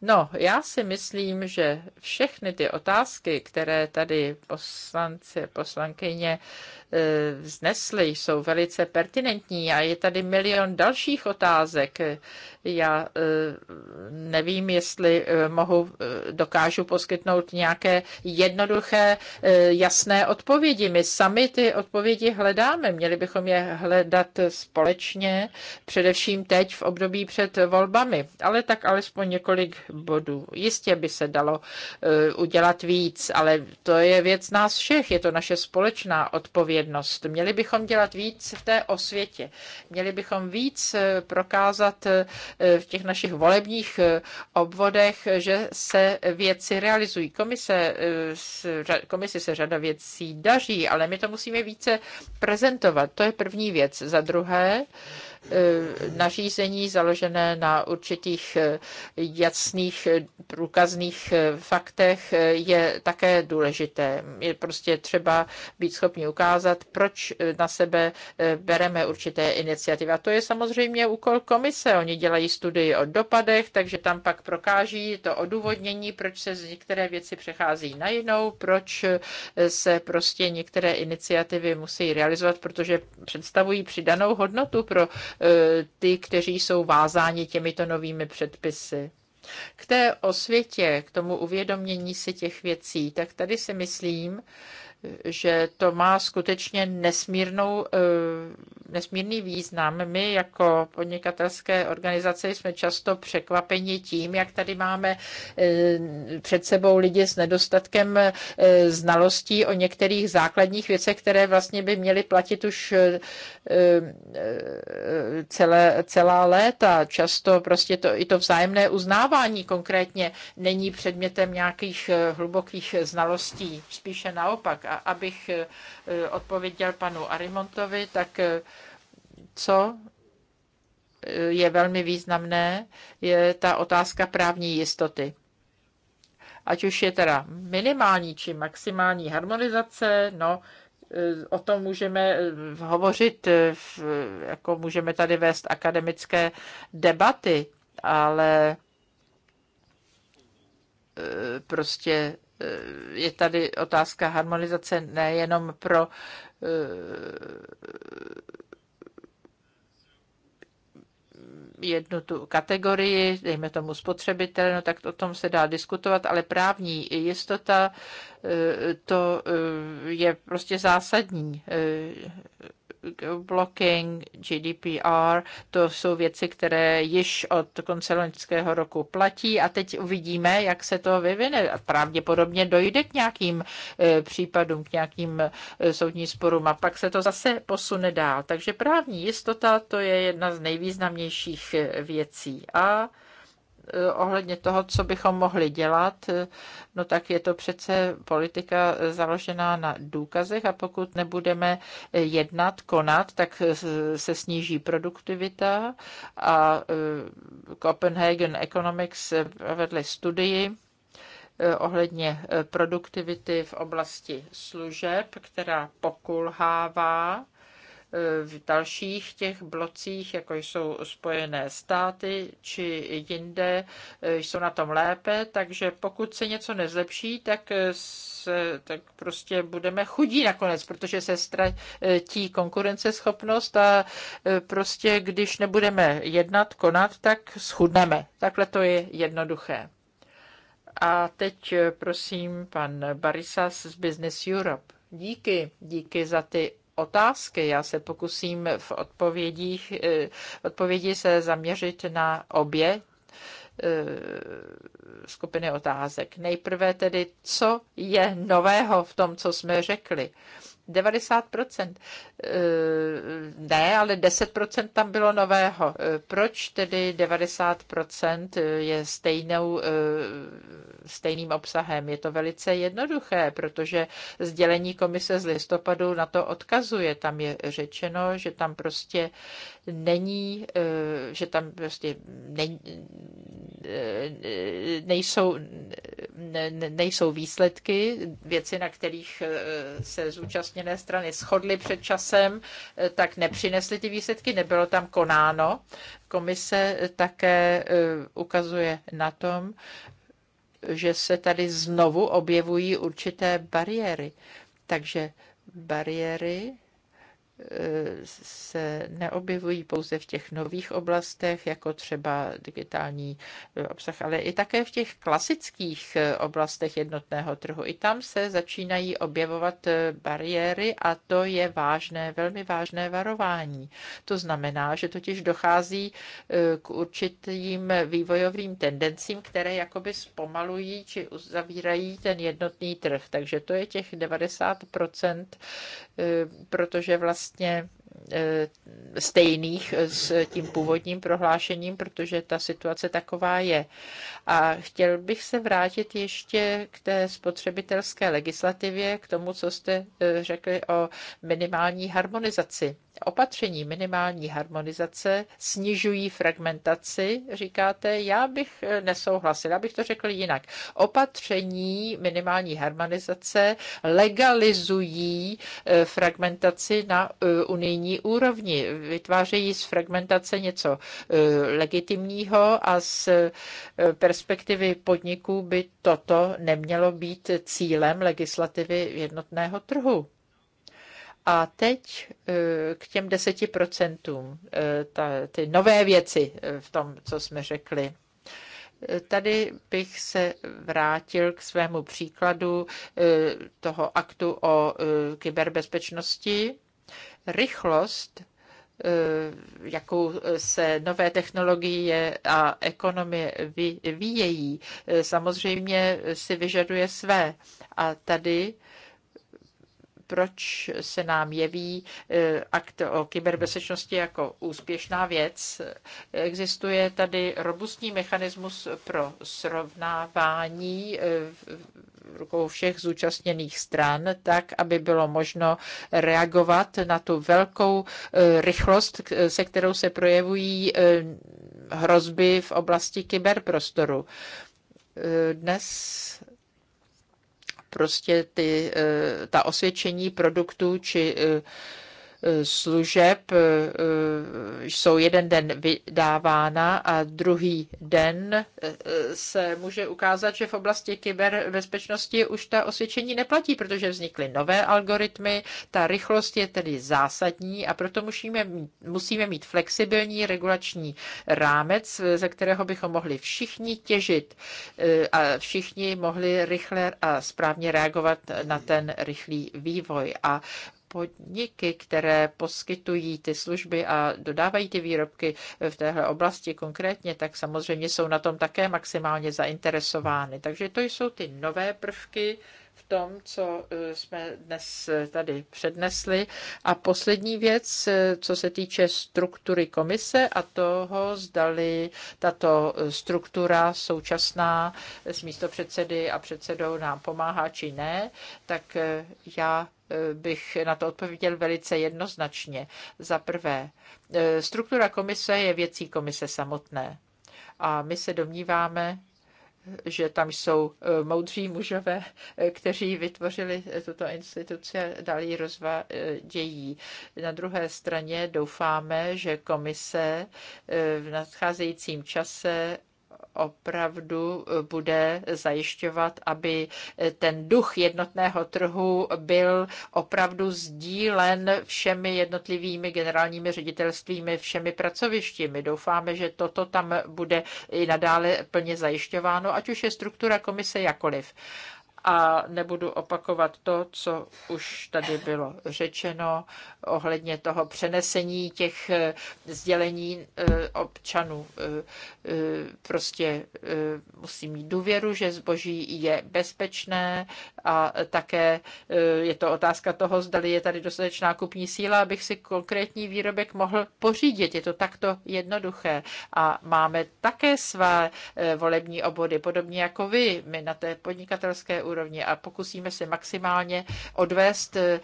No, já si myslím, že všechny ty otázky, které tady poslanci, poslankyně E, vznesli, jsou velice pertinentní a je tady milion dalších otázek. Já e, nevím, jestli e, mohu, dokážu poskytnout nějaké jednoduché, jasné odpovědi. My sami ty odpovědi hledáme, měli bychom je hledat společně, především teď v období před volbami, ale tak alespoň několik bodů. Jistě by se dalo udělat víc, ale to je věc nás všech, je to naše společná odpověď odpovědnost. Měli bychom dělat víc v té osvětě. Měli bychom víc eh, prokázat eh, v těch našich volebních eh, obvodech, že se věci realizují. Komise, komisi se řada věcí daří, ale my to musíme více prezentovat. To je první věc. Za druhé, Eh, nařízení založené na určitých eh, jasných průkazných eh, faktech je také důležité. Je prostě třeba být schopni ukázat, proč na sebe bereme určité iniciativy. A to je samozřejmě úkol komise. Oni dělají studii o dopadech, takže tam pak prokáží to odůvodnění, proč se z některé věci přechází na jinou, proč se prostě některé iniciativy musí realizovat, protože představují přidanou hodnotu pro E, ty, kteří jsou vázáni těmito novými předpisy. K té osvětě, k tomu uvědomění si těch věcí, tak tady si myslím, že to má skutečně nesmírnou, eh, nesmírný význam. My jako podnikatelské organizace jsme často překvapeni tím, jak tady máme eh, před sebou lidi s nedostatkem eh, znalostí o některých základních věcech, které vlastně by měly platit už celé, celá léta. Často prostě to, i to vzájemné uznávání konkrétně není předmětem nějakých hlubokých znalostí, spíše naopak. A abych eh, odpověděl panu Arimontovi, tak eh, co eh, je velmi významné, je ta otázka právní jistoty. Ať už je teda minimální či maximální harmonizace, no, o tom můžeme hovořit, jako můžeme tady vést akademické debaty, ale prostě Eh, je tady otázka harmonizace nejenom pro eh, jednu tu kategorii, dejme tomu spotřebitele, no tak o tom se dá diskutovat, ale právní jistota eh, to je prostě zásadní blocking, GDPR, to jsou věci, které již od konce loňského roku platí a teď uvidíme, jak se to vyvine. Pravděpodobně dojde k nějakým eh, případům, k nějakým eh, soudním sporům a pak se to zase posune dál. Takže právní jistota to je jedna z nejvýznamnějších eh, věcí. A Eh, ohledně toho, co bychom mohli dělat, eh, no tak je to přece politika eh, založená na důkazech a pokud nebudeme jednat, konat, tak se sníží produktivita a Copenhagen Economics vedli studii, ohledně produktivity v oblasti služeb, která pokulhává v dalších těch blocích, jako jsou Spojené státy či jinde, jsou na tom lépe, takže pokud se něco nezlepší, tak se, tak prostě budeme chudí nakonec, protože se ztratí konkurenceschopnost a e, prostě když nebudeme jednat, konat, tak schudneme. Takhle to je jednoduché. A teď e, prosím pan Barisas z Business Europe. Díky, díky za ty otázky. Já se pokusím v odpovědích, eh, odpovědi se zaměřit na obě eh, skupiny otázek. Nejprve tedy, co je nového v tom, co jsme řekli. 90%. Eh, ne, ale 10% tam bylo nového. Eh, proč tedy 90% eh, je stejnou, stejným obsahem? Je to velice jednoduché, protože sdělení komise z listopadu na to odkazuje. Tam je řečeno, že tam prostě není, že tam prostě nejsou, nejsou výsledky věci, na kterých se zúčastní zúčastněné strany shodly před časem, eh, tak nepřinesly ty výsledky, nebylo tam konáno. Komise také eh, ukazuje na tom, že se tady znovu objevují určité bariéry. Takže bariéry se neobjevují pouze v těch nových oblastech, jako třeba digitální eh, obsah, ale i také v těch klasických eh, oblastech jednotného trhu. I tam se začínají objevovat eh, bariéry a to je vážné, velmi vážné varování. To znamená, že totiž dochází k určitým vývojovým tendencím, které jakoby zpomalují či uzavírají ten jednotný trh. Takže to je těch 90%, protože vlastně vlastně e, stejných s tím původním prohlášením, protože ta situace taková je. A chtěl bych se vrátit ještě k té spotřebitelské legislativě, k tomu, co jste e, řekli o minimální harmonizaci opatření minimální harmonizace snižují fragmentaci, říkáte, já bych eh, nesouhlasil, já bych to řekl jinak. Opatření minimální harmonizace legalizují eh, fragmentaci na eh, unijní úrovni, vytvářejí z fragmentace něco legitimního a z perspektivy podniků by toto nemělo být cílem legislativy jednotného trhu. A teď eh, k těm deseti procentům, eh, ty nové věci eh, v tom, co jsme řekli. Tady bych se vrátil k svému příkladu toho aktu o kyberbezpečnosti. Rychlost, jakou se nové technologie a ekonomie vyvíjejí, samozřejmě si vyžaduje své. A tady proč se nám jeví eh, akt o kyberbezpečnosti jako úspěšná věc. Existuje tady robustní mechanismus pro srovnávání eh, rukou všech zúčastněných stran, tak, aby bylo možno reagovat na tu velkou eh, rychlost, se kterou se projevují hrozby v oblasti kyberprostoru. Dnes Prostě ty, eh, ta osvědčení produktů či eh, služeb eh, eh, jsou jeden den vydávána a druhý den eh, se může ukázat, že v oblasti kyberbezpečnosti už ta osvědčení neplatí, protože vznikly nové algoritmy, ta rychlost je tedy zásadní a proto musíme, musíme mít flexibilní regulační rámec, ze kterého bychom mohli všichni těžit a všichni mohli rychle a správně reagovat na ten rychlý vývoj. A podniky, které poskytují ty služby a dodávají ty výrobky v téhle oblasti konkrétně, tak samozřejmě jsou na tom také maximálně zainteresovány. Takže to jsou ty nové prvky, v tom, co eh, jsme dnes eh, tady přednesli. A poslední věc, eh, co se týče struktury komise a toho, zdali tato struktura současná s místopředsedy a předsedou nám pomáhá či ne, tak já bych na to odpověděl velice jednoznačně. Za prvé, struktura komise je věcí komise samotné. A my se domníváme, že tam jsou eh, moudří mužové, eh, kteří vytvořili eh, tuto instituci a dali ji rozvádějí. Na druhé straně doufáme, že komise v nadcházejícím čase opravdu eh, bude zajišťovat, aby eh, ten duch jednotného trhu byl opravdu sdílen všemi jednotlivými generálními ředitelstvími, všemi pracovišti. doufáme, že toto tam bude i nadále plně zajišťováno, ať už je struktura komise jakoliv a nebudu opakovat to, co už tady bylo řečeno ohledně toho přenesení těch eh, sdělení eh, občanů. Eh, prostě musí mít důvěru, že zboží je bezpečné a také je to otázka toho, zda je tady dostatečná kupní síla, abych si konkrétní výrobek mohl pořídit. Je to takto jednoduché a máme také své volební obody, podobně jako vy. My na té podnikatelské úrovni a pokusíme se maximálně odvést eh,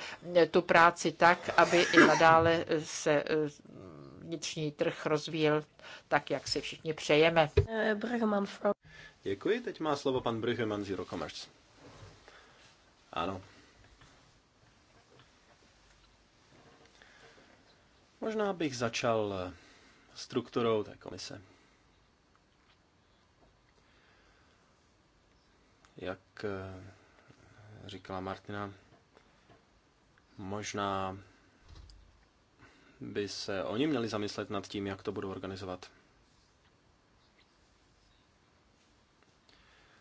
tu práci tak, aby i nadále eh, se eh, vnitřní trh rozvíjel tak, jak si všichni přejeme. Děkuji, teď má slovo pan Brüggemann z Eurocommerce. Ano. Možná bych začal strukturou té komise. Jak eh, říkala Martina, možná by se oni měli zamyslet nad tím, jak to budou organizovat.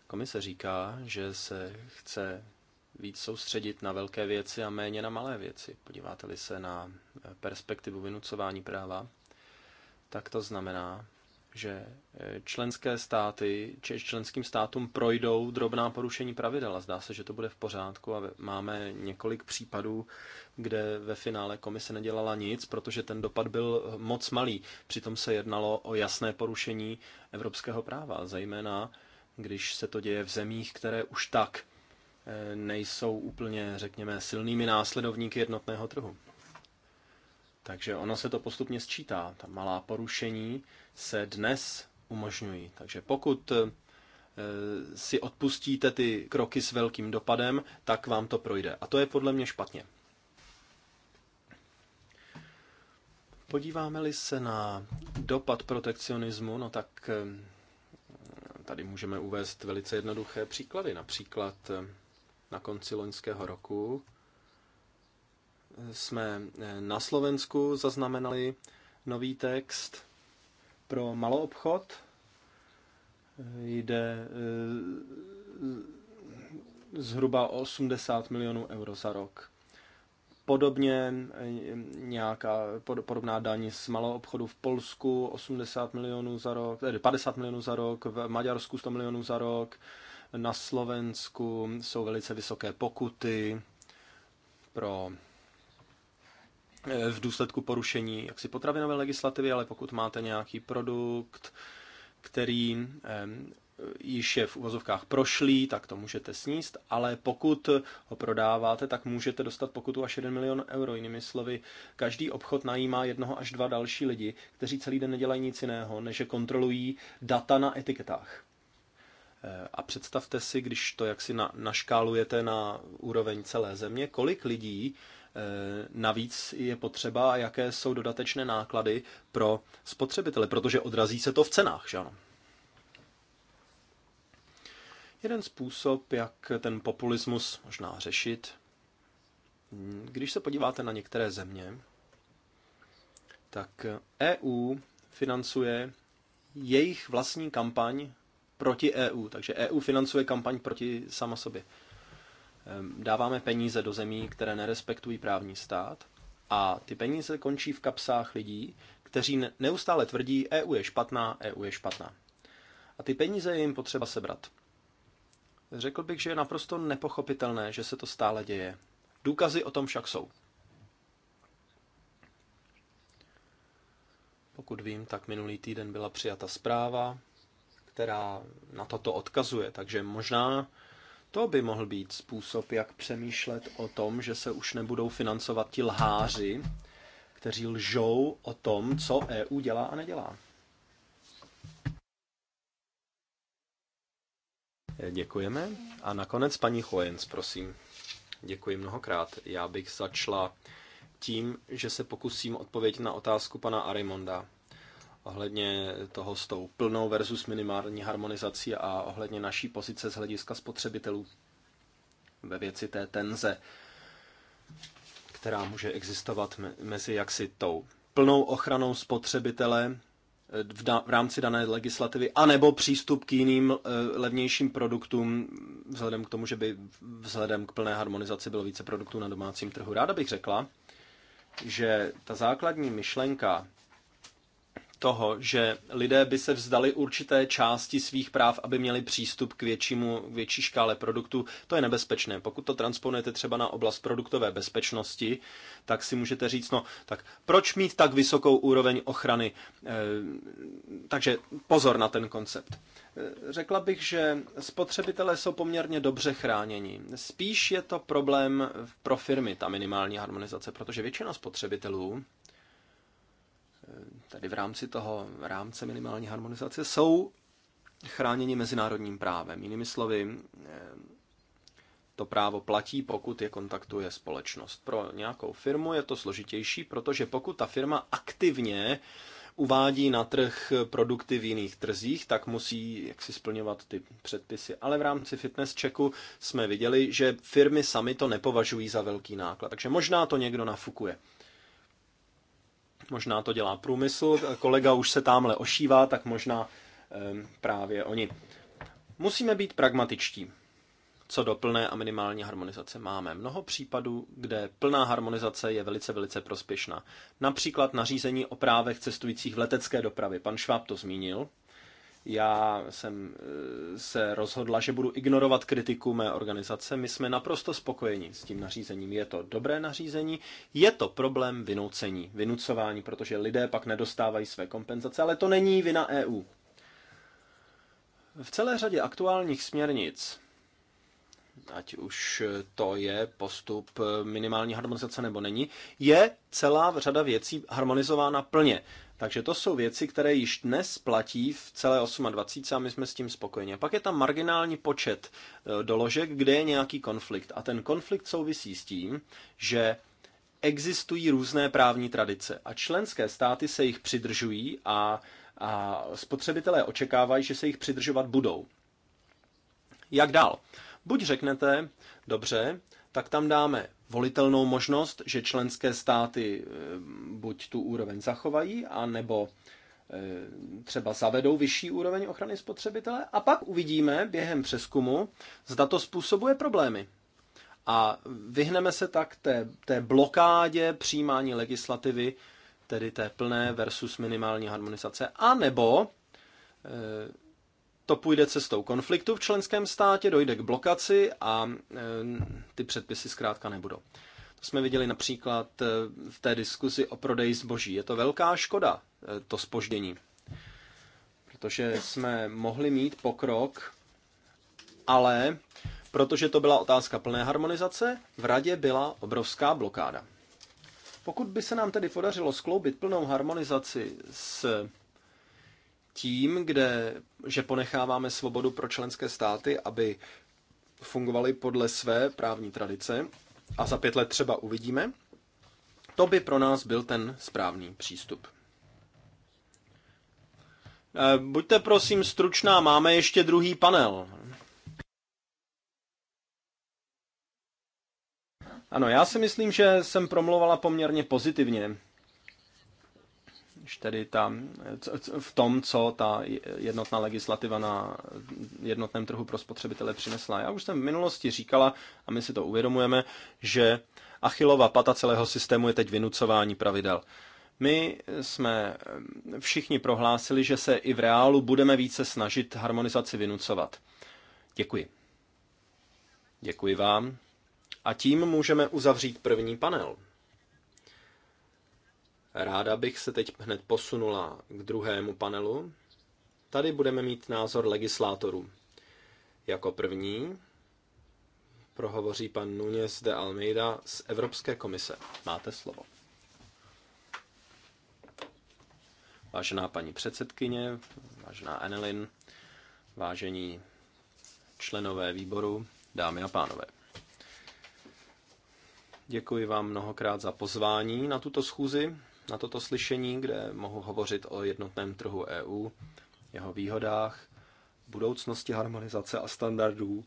Komise říká, že se chce víc soustředit na velké věci a méně na malé věci. Podíváte-li se na perspektivu vynucování práva, tak to znamená, že eh, členské státy, či členským státům projdou drobná porušení pravidel a zdá se, že to bude v pořádku a máme několik případů, kde ve finále komise nedělala nic, protože ten dopad byl moc malý. Přitom se jednalo o jasné porušení evropského práva, zejména když se to děje v zemích, které už tak eh, nejsou úplně, řekněme, silnými následovníky jednotného trhu. Takže ono se to postupně sčítá. Ta malá porušení se dnes umožňují. Takže pokud eh, si odpustíte ty kroky s velkým dopadem, tak vám to projde. A to je podle mě špatně. Podíváme-li se na dopad protekcionismu, no tak eh, tady můžeme uvést velice jednoduché příklady. Například eh, na konci loňského roku jsme eh, na Slovensku zaznamenali nový text pro maloobchod. Eh, jde eh, zhruba 80 milionů euro za rok. Podobně nějaká podobná daň z maloobchodu obchodu v Polsku 80 milionů za rok, tedy 50 milionů za rok, v Maďarsku 100 milionů za rok, na Slovensku jsou velice vysoké pokuty pro Eh, v důsledku porušení jaksi potravinové legislativy, ale pokud máte nějaký produkt, který eh, již je v uvozovkách prošlý, tak to můžete sníst, ale pokud ho prodáváte, tak můžete dostat pokutu až 1 milion euro. Jinými slovy, každý obchod najímá jednoho až dva další lidi, kteří celý den nedělají nic jiného, než že kontrolují data na etiketách. Eh, a představte si, když to jaksi na, naškálujete na úroveň celé země, kolik lidí Eh, navíc je potřeba, jaké jsou dodatečné náklady pro spotřebitele, protože odrazí se to v cenách, že ano? Jeden způsob, jak ten populismus možná řešit, když se podíváte na některé země, tak EU financuje jejich vlastní kampaň proti EU. Takže EU financuje kampaň proti sama sobě. Ehm, dáváme peníze do zemí, které nerespektují právní stát a ty peníze končí v kapsách lidí, kteří neustále tvrdí, EU je špatná, EU je špatná. A ty peníze je jim potřeba sebrat. Řekl bych, že je naprosto nepochopitelné, že se to stále děje. Důkazy o tom však jsou. Pokud vím, tak minulý týden byla přijata zpráva, která na toto odkazuje, takže možná to by mohl být způsob, jak přemýšlet o tom, že se už nebudou financovat ti lháři, kteří lžou o tom, co EU dělá a nedělá. Děkujeme. A nakonec paní Chojens, prosím. Děkuji mnohokrát. Já bych začala tím, že se pokusím odpovědět na otázku pana Arimonda ohledně toho s tou plnou versus minimální harmonizací a ohledně naší pozice z hlediska spotřebitelů ve věci té tenze, která může existovat mezi jaksi tou plnou ochranou spotřebitele eh, v, rámci dané legislativy, anebo přístup k jiným eh, levnějším produktům, vzhledem k tomu, že by vzhledem k plné harmonizaci bylo více produktů na domácím trhu. Ráda bych řekla, že ta základní myšlenka toho, že lidé by se vzdali určité části svých práv, aby měli přístup k většímu, větší škále produktů, to je nebezpečné. Pokud to transponujete třeba na oblast produktové bezpečnosti, tak si můžete říct, no tak proč mít tak vysokou úroveň ochrany? Eh, takže pozor na ten koncept. Eh, řekla bych, že spotřebitelé jsou poměrně dobře chráněni. Spíš je to problém pro firmy, ta minimální harmonizace, protože většina spotřebitelů tedy v rámci toho v rámce minimální harmonizace, jsou chráněni mezinárodním právem. Jinými slovy, to právo platí, pokud je kontaktuje společnost. Pro nějakou firmu je to složitější, protože pokud ta firma aktivně uvádí na trh produkty v jiných trzích, tak musí jaksi splňovat ty předpisy. Ale v rámci fitness checku jsme viděli, že firmy sami to nepovažují za velký náklad. Takže možná to někdo nafukuje. Možná to dělá průmysl, kolega už se tamhle ošívá, tak možná právě oni. Musíme být pragmatičtí. Co do plné a minimální harmonizace máme mnoho případů, kde plná harmonizace je velice, velice prospěšná. Například nařízení o právech cestujících v letecké dopravě. Pan Šváb to zmínil. Já jsem eh, se rozhodla, že budu ignorovat kritiku mé organizace. My jsme naprosto spokojeni s tím nařízením. Je to dobré nařízení, je to problém vynucení, vynucování, protože lidé pak nedostávají své kompenzace, ale to není vina EU. V celé řadě aktuálních směrnic, ať už to je postup minimální harmonizace nebo není, je celá řada věcí harmonizována plně. Takže to jsou věci, které již dnes platí v celé 28 a my jsme s tím spokojeni. A pak je tam marginální počet eh, doložek, kde je nějaký konflikt. A ten konflikt souvisí s tím, že existují různé právní tradice a členské státy se jich přidržují a, a spotřebitelé očekávají, že se jich přidržovat budou. Jak dál? Buď řeknete, dobře, tak tam dáme volitelnou možnost, že členské státy eh, buď tu úroveň zachovají, anebo eh, třeba zavedou vyšší úroveň ochrany spotřebitele a pak uvidíme během přeskumu, zda to způsobuje problémy. A vyhneme se tak té, té blokádě přijímání legislativy, tedy té plné versus minimální harmonizace, a nebo eh, to půjde cestou konfliktu v členském státě, dojde k blokaci a e, ty předpisy zkrátka nebudou. To jsme viděli například e, v té diskuzi o prodeji zboží. Je to velká škoda, e, to spoždění, protože jsme mohli mít pokrok, ale protože to byla otázka plné harmonizace, v radě byla obrovská blokáda. Pokud by se nám tedy podařilo skloubit plnou harmonizaci s tím, kde, že ponecháváme svobodu pro členské státy, aby fungovaly podle své právní tradice a za pět let třeba uvidíme, to by pro nás byl ten správný přístup. Eh, buďte prosím stručná, máme ještě druhý panel. Ano, já si myslím, že jsem promluvala poměrně pozitivně tedy ta, v tom, co ta jednotná legislativa na jednotném trhu pro spotřebitele přinesla. Já už jsem v minulosti říkala, a my si to uvědomujeme, že Achilova pata celého systému je teď vynucování pravidel. My jsme eh, všichni prohlásili, že se i v reálu budeme více snažit harmonizaci vynucovat. Děkuji. Děkuji vám. A tím můžeme uzavřít první panel. Ráda bych se teď hned posunula k druhému panelu. Tady budeme mít názor legislátorů. Jako první prohovoří pan Nunes de Almeida z Evropské komise. Máte slovo. Vážená paní předsedkyně, vážená Enelin, vážení členové výboru, dámy a pánové. Děkuji vám mnohokrát za pozvání na tuto schůzi na toto slyšení, kde mohu hovořit o jednotném trhu EU, jeho výhodách, budoucnosti harmonizace a standardů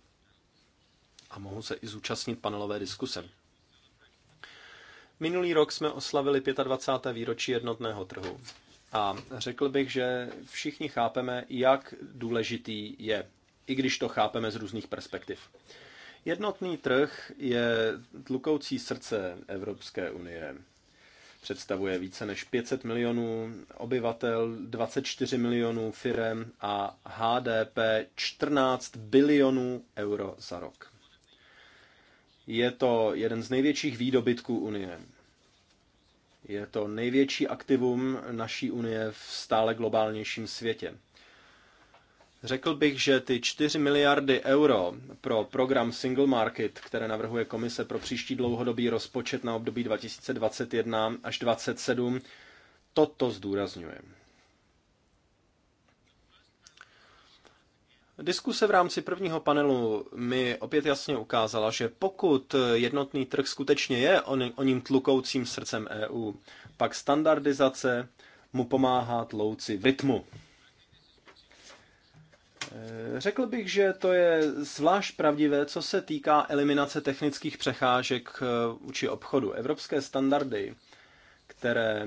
a mohu se i zúčastnit panelové diskuse. Minulý rok jsme oslavili 25. výročí jednotného trhu a řekl bych, že všichni chápeme, jak důležitý je, i když to chápeme z různých perspektiv. Jednotný trh je tlukoucí srdce Evropské unie představuje více než 500 milionů obyvatel, 24 milionů firem a HDP 14 bilionů euro za rok. Je to jeden z největších výdobytků Unie. Je to největší aktivum naší Unie v stále globálnějším světě. Řekl bych, že ty 4 miliardy euro pro program Single Market, které navrhuje komise pro příští dlouhodobý rozpočet na období 2021 až 2027, toto zdůrazňuje. Diskuse v rámci prvního panelu mi opět jasně ukázala, že pokud jednotný trh skutečně je oním tlukoucím srdcem EU, pak standardizace mu pomáhá tlouci v rytmu. Eh, řekl bych, že to je zvlášť pravdivé, co se týká eliminace technických přecházek eh, vůči obchodu. Evropské standardy, které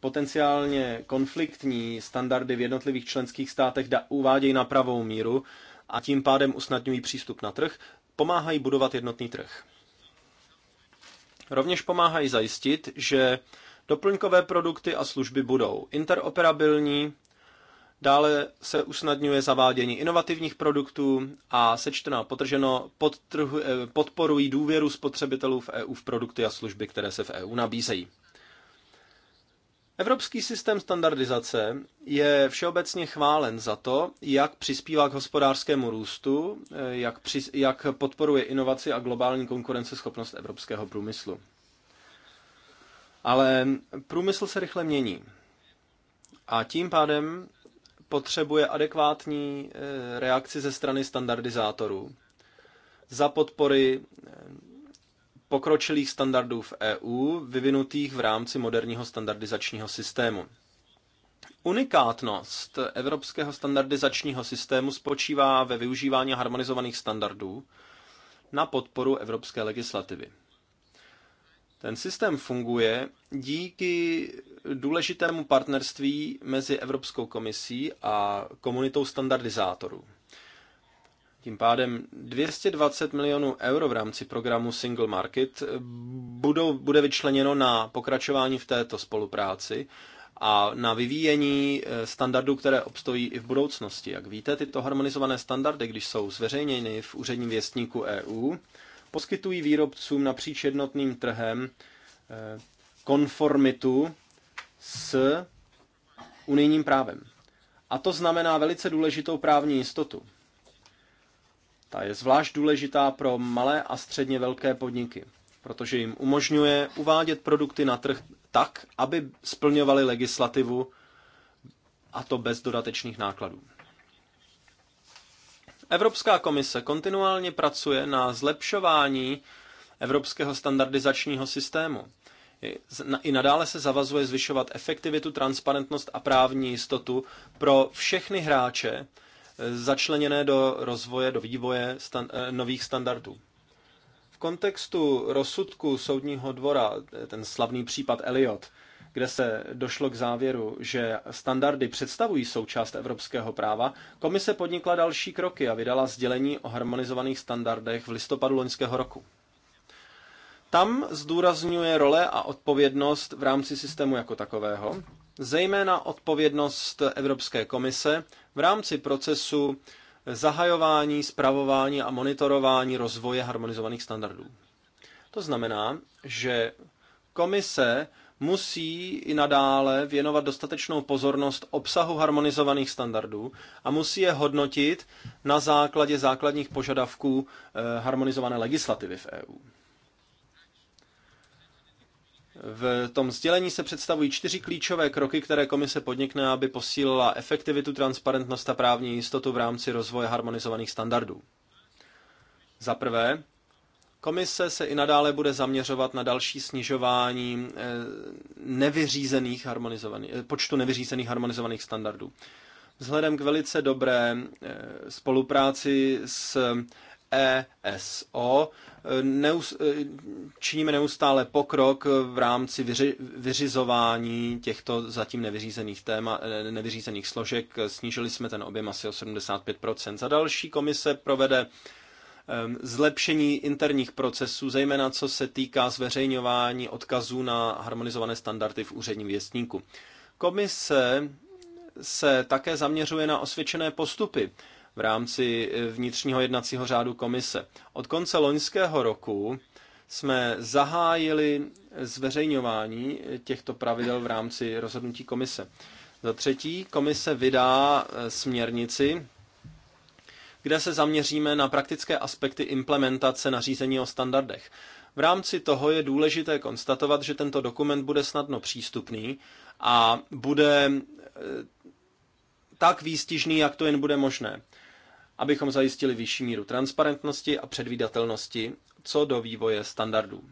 potenciálně konfliktní standardy v jednotlivých členských státech da, uvádějí na pravou míru a tím pádem usnadňují přístup na trh, pomáhají budovat jednotný trh. Rovněž pomáhají zajistit, že doplňkové produkty a služby budou interoperabilní, Dále se usnadňuje zavádění inovativních produktů a sečteno a potrženo podtrhu, eh, podporují důvěru spotřebitelů v EU v produkty a služby, které se v EU nabízejí. Evropský systém standardizace je všeobecně chválen za to, jak přispívá k hospodářskému růstu, eh, jak, při, jak podporuje inovaci a globální konkurenceschopnost evropského průmyslu. Ale průmysl se rychle mění. A tím pádem potřebuje adekvátní eh, reakci ze strany standardizátorů. Za podpory eh, pokročilých standardů v EU, vyvinutých v rámci moderního standardizačního systému. Unikátnost evropského standardizačního systému spočívá ve využívání harmonizovaných standardů na podporu evropské legislativy. Ten systém funguje díky důležitému partnerství mezi Evropskou komisí a komunitou standardizátorů. Tím pádem 220 milionů euro v rámci programu Single Market budou, bude vyčleněno na pokračování v této spolupráci a na vyvíjení eh, standardů, které obstojí i v budoucnosti. Jak víte, tyto harmonizované standardy, když jsou zveřejněny v úředním věstníku EU, poskytují výrobcům napříč jednotným trhem eh, konformitu s unijním právem. A to znamená velice důležitou právní jistotu. Ta je zvlášť důležitá pro malé a středně velké podniky, protože jim umožňuje uvádět produkty na trh tak, aby splňovali legislativu a to bez dodatečných nákladů. Evropská komise kontinuálně pracuje na zlepšování evropského standardizačního systému i nadále se zavazuje zvyšovat efektivitu, transparentnost a právní jistotu pro všechny hráče eh, začleněné do rozvoje, do vývoje stan- eh, nových standardů. V kontextu rozsudku soudního dvora, eh, ten slavný případ Elliot, kde se došlo k závěru, že standardy představují součást evropského práva, komise podnikla další kroky a vydala sdělení o harmonizovaných standardech v listopadu loňského roku. Tam zdůrazňuje role a odpovědnost v rámci systému jako takového, zejména odpovědnost Evropské komise v rámci procesu zahajování, zpravování a monitorování rozvoje harmonizovaných standardů. To znamená, že komise musí i nadále věnovat dostatečnou pozornost obsahu harmonizovaných standardů a musí je hodnotit na základě základních požadavků eh, harmonizované legislativy v EU. V tom sdělení se představují čtyři klíčové kroky, které komise podnikne, aby posílila efektivitu, transparentnost a právní jistotu v rámci rozvoje harmonizovaných standardů. Za prvé, komise se i nadále bude zaměřovat na další snižování eh, nevyřízených harmonizovaných, eh, počtu nevyřízených harmonizovaných standardů. Vzhledem k velice dobré eh, spolupráci s ESO. Neus, e, činíme neustále pokrok v rámci vyři, vyřizování těchto zatím nevyřízených, téma, e, nevyřízených složek. Snížili jsme ten objem asi o 75%. Za další komise provede e, zlepšení interních procesů, zejména co se týká zveřejňování odkazů na harmonizované standardy v úředním věstníku. Komise se také zaměřuje na osvědčené postupy v rámci eh, vnitřního jednacího řádu komise. Od konce loňského roku jsme zahájili zveřejňování eh, těchto pravidel v rámci rozhodnutí komise. Za třetí, komise vydá eh, směrnici, kde se zaměříme na praktické aspekty implementace nařízení o standardech. V rámci toho je důležité konstatovat, že tento dokument bude snadno přístupný a bude tak výstižný, jak to jen bude možné abychom zajistili vyšší míru transparentnosti a předvídatelnosti co do vývoje standardů.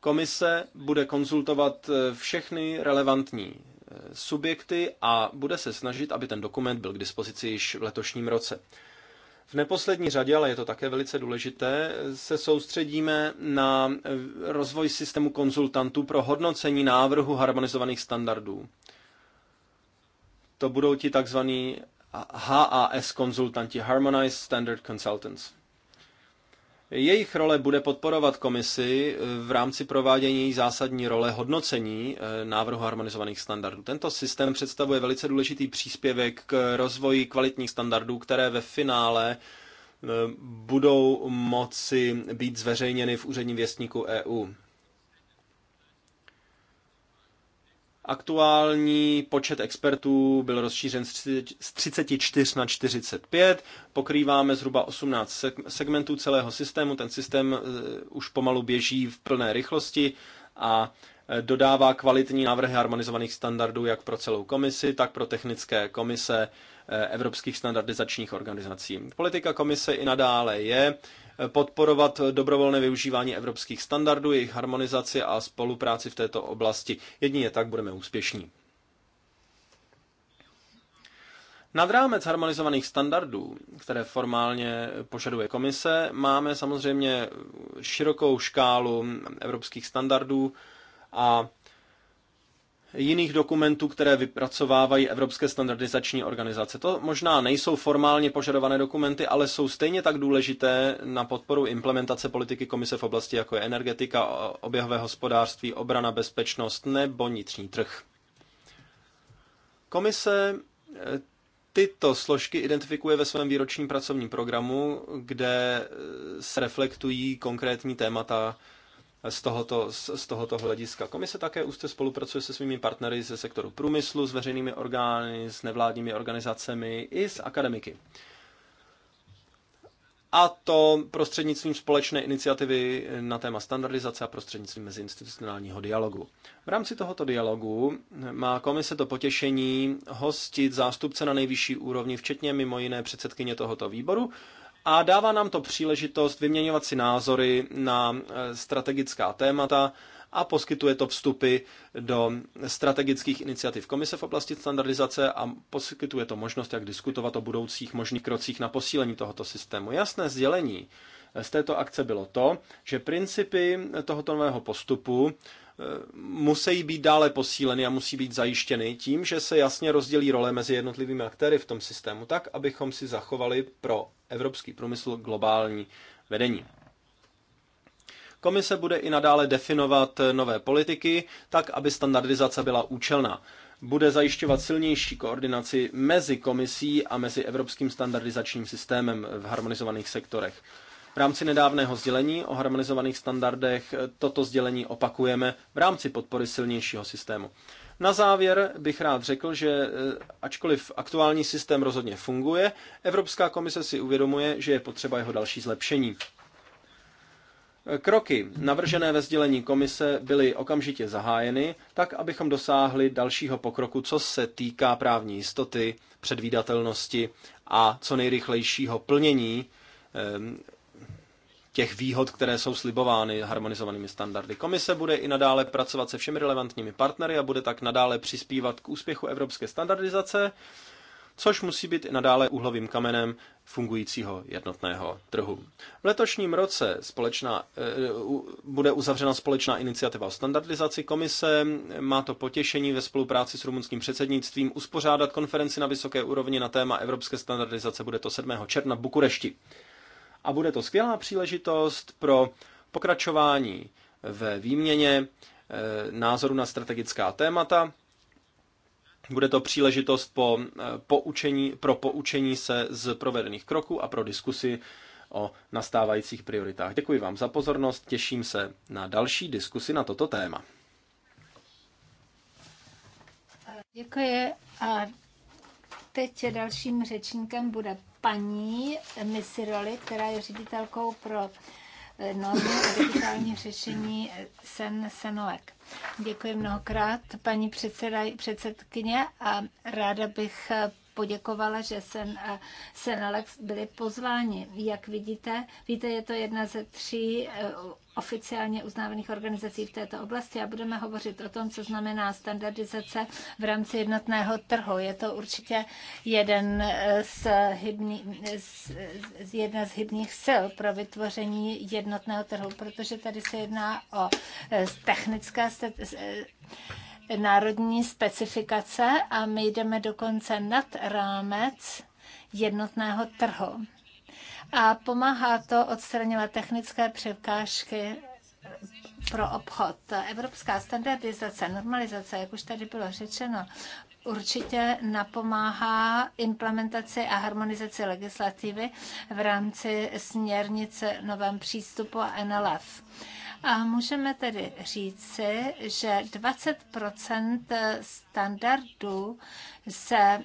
Komise bude konzultovat eh, všechny relevantní eh, subjekty a bude se snažit, aby ten dokument byl k dispozici již v letošním roce. V neposlední řadě, ale je to také velice důležité, se soustředíme na eh, rozvoj systému konzultantů pro hodnocení návrhu harmonizovaných standardů. To budou ti takzvaní HAS konzultanti Harmonized Standard Consultants. Jejich role bude podporovat komisi v rámci provádění její zásadní role hodnocení eh, návrhu harmonizovaných standardů. Tento systém představuje velice důležitý příspěvek k rozvoji kvalitních standardů, které ve finále eh, budou moci být zveřejněny v úředním věstníku EU. Aktuální počet expertů byl rozšířen z 34 na 45. Pokrýváme zhruba 18 segmentů celého systému. Ten systém eh, už pomalu běží v plné rychlosti a eh, dodává kvalitní návrhy harmonizovaných standardů jak pro celou komisi, tak pro technické komise eh, evropských standardizačních organizací. Politika komise i nadále je podporovat dobrovolné využívání evropských standardů, jejich harmonizaci a spolupráci v této oblasti. Jedině tak budeme úspěšní. Nad rámec harmonizovaných standardů, které formálně požaduje komise, máme samozřejmě širokou škálu evropských standardů a jiných dokumentů, které vypracovávají evropské standardizační organizace. To možná nejsou formálně požadované dokumenty, ale jsou stejně tak důležité na podporu implementace politiky komise v oblasti jako je energetika, oběhové hospodářství, obrana, bezpečnost nebo vnitřní trh. Komise eh, tyto složky identifikuje ve svém výročním pracovním programu, kde eh, se reflektují konkrétní témata z tohoto, z tohoto hlediska. Komise také úzce spolupracuje se svými partnery ze sektoru průmyslu, s veřejnými orgány, s nevládními organizacemi i s akademiky. A to prostřednictvím společné iniciativy na téma standardizace a prostřednictvím meziinstitucionálního dialogu. V rámci tohoto dialogu má komise to potěšení hostit zástupce na nejvyšší úrovni, včetně mimo jiné předsedkyně tohoto výboru, a dává nám to příležitost vyměňovat si názory na e, strategická témata a poskytuje to vstupy do strategických iniciativ Komise v oblasti standardizace a poskytuje to možnost, jak diskutovat o budoucích možných krocích na posílení tohoto systému. Jasné sdělení z této akce bylo to, že principy tohoto nového postupu musí být dále posíleny a musí být zajištěny tím, že se jasně rozdělí role mezi jednotlivými aktéry v tom systému tak, abychom si zachovali pro evropský průmysl globální vedení. Komise bude i nadále definovat nové politiky tak, aby standardizace byla účelná. Bude zajišťovat silnější koordinaci mezi komisí a mezi evropským standardizačním systémem v harmonizovaných sektorech. V rámci nedávného sdělení o harmonizovaných standardech toto sdělení opakujeme v rámci podpory silnějšího systému. Na závěr bych rád řekl, že eh, ačkoliv aktuální systém rozhodně funguje, Evropská komise si uvědomuje, že je potřeba jeho další zlepšení. Eh, kroky navržené ve sdělení komise byly okamžitě zahájeny, tak abychom dosáhli dalšího pokroku, co se týká právní jistoty, předvídatelnosti a co nejrychlejšího plnění eh, těch výhod, které jsou slibovány harmonizovanými standardy. Komise bude i nadále pracovat se všemi relevantními partnery a bude tak nadále přispívat k úspěchu evropské standardizace, což musí být i nadále úhlovým kamenem fungujícího jednotného trhu. V letošním roce společná, eh, bude uzavřena společná iniciativa o standardizaci komise. Eh, má to potěšení ve spolupráci s rumunským předsednictvím uspořádat konferenci na vysoké úrovni na téma evropské standardizace. Bude to 7. června v Bukurešti a bude to skvělá příležitost pro pokračování ve výměně eh, názoru na strategická témata. Bude to příležitost po eh, poučení, pro poučení se z provedených kroků a pro diskusi o nastávajících prioritách. Děkuji vám za pozornost, těším se na další diskusi na toto téma. Děkuji a teď dalším řečníkem bude paní Misiroli, která je ředitelkou pro eh, normy a digitální řešení eh, Sen Senolek. Děkuji mnohokrát, paní předseda, předsedkyně, a ráda bych eh, poděkovala, že Sen a Senolek byli pozváni. Jak vidíte, víte, je to jedna ze tří oficiálně uznávaných organizací v této oblasti a budeme hovořit o tom, co znamená standardizace v rámci jednotného trhu. Je to určitě jeden z, hybný, z, jedna z hybných sil pro vytvoření jednotného trhu, protože tady se jedná o eh, technické eh, národní specifikace a my jdeme dokonce nad rámec jednotného trhu a pomáhá to odstraňovat technické překážky pro obchod. Evropská standardizace, normalizace, jak už tady bylo řečeno, určitě napomáhá implementaci a harmonizaci legislativy v rámci směrnice novém přístupu a NLF. A můžeme tedy říci, že 20 standardů se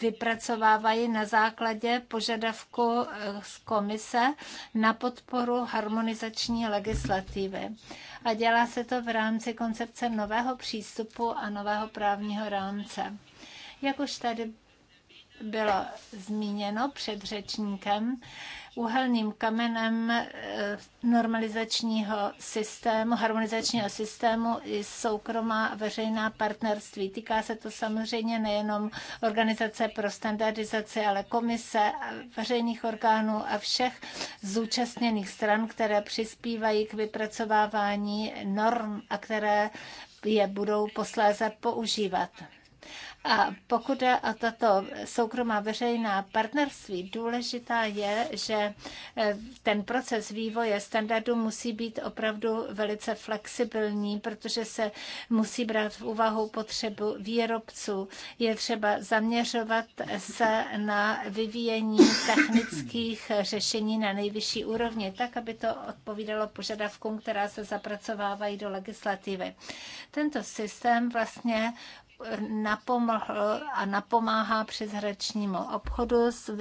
vypracovávají na základě požadavku eh, z komise na podporu harmonizační legislativy. A dělá se to v rámci koncepce nového přístupu a nového právního rámce. Jak už tady bylo zmíněno před řečníkem, úhelným kamenem eh, normalizačního systému, harmonizačního systému i soukromá a veřejná partnerství. Týká se to samozřejmě nejenom organizace pro standardizaci, ale komise, veřejných orgánů a všech zúčastněných stran, které přispívají k vypracovávání norm a které je budou posléze používat. A pokud je o tato soukromá veřejná partnerství, důležitá je, že eh, ten proces vývoje standardu musí být opravdu velice flexibilní, protože se musí brát v úvahu potřebu výrobců. Je třeba zaměřovat se na vyvíjení technických řešení na nejvyšší úrovni, tak, aby to odpovídalo požadavkům, která se zapracovávají do legislativy. Tento systém vlastně napomohl a napomáhá přeshraničnímu obchodu,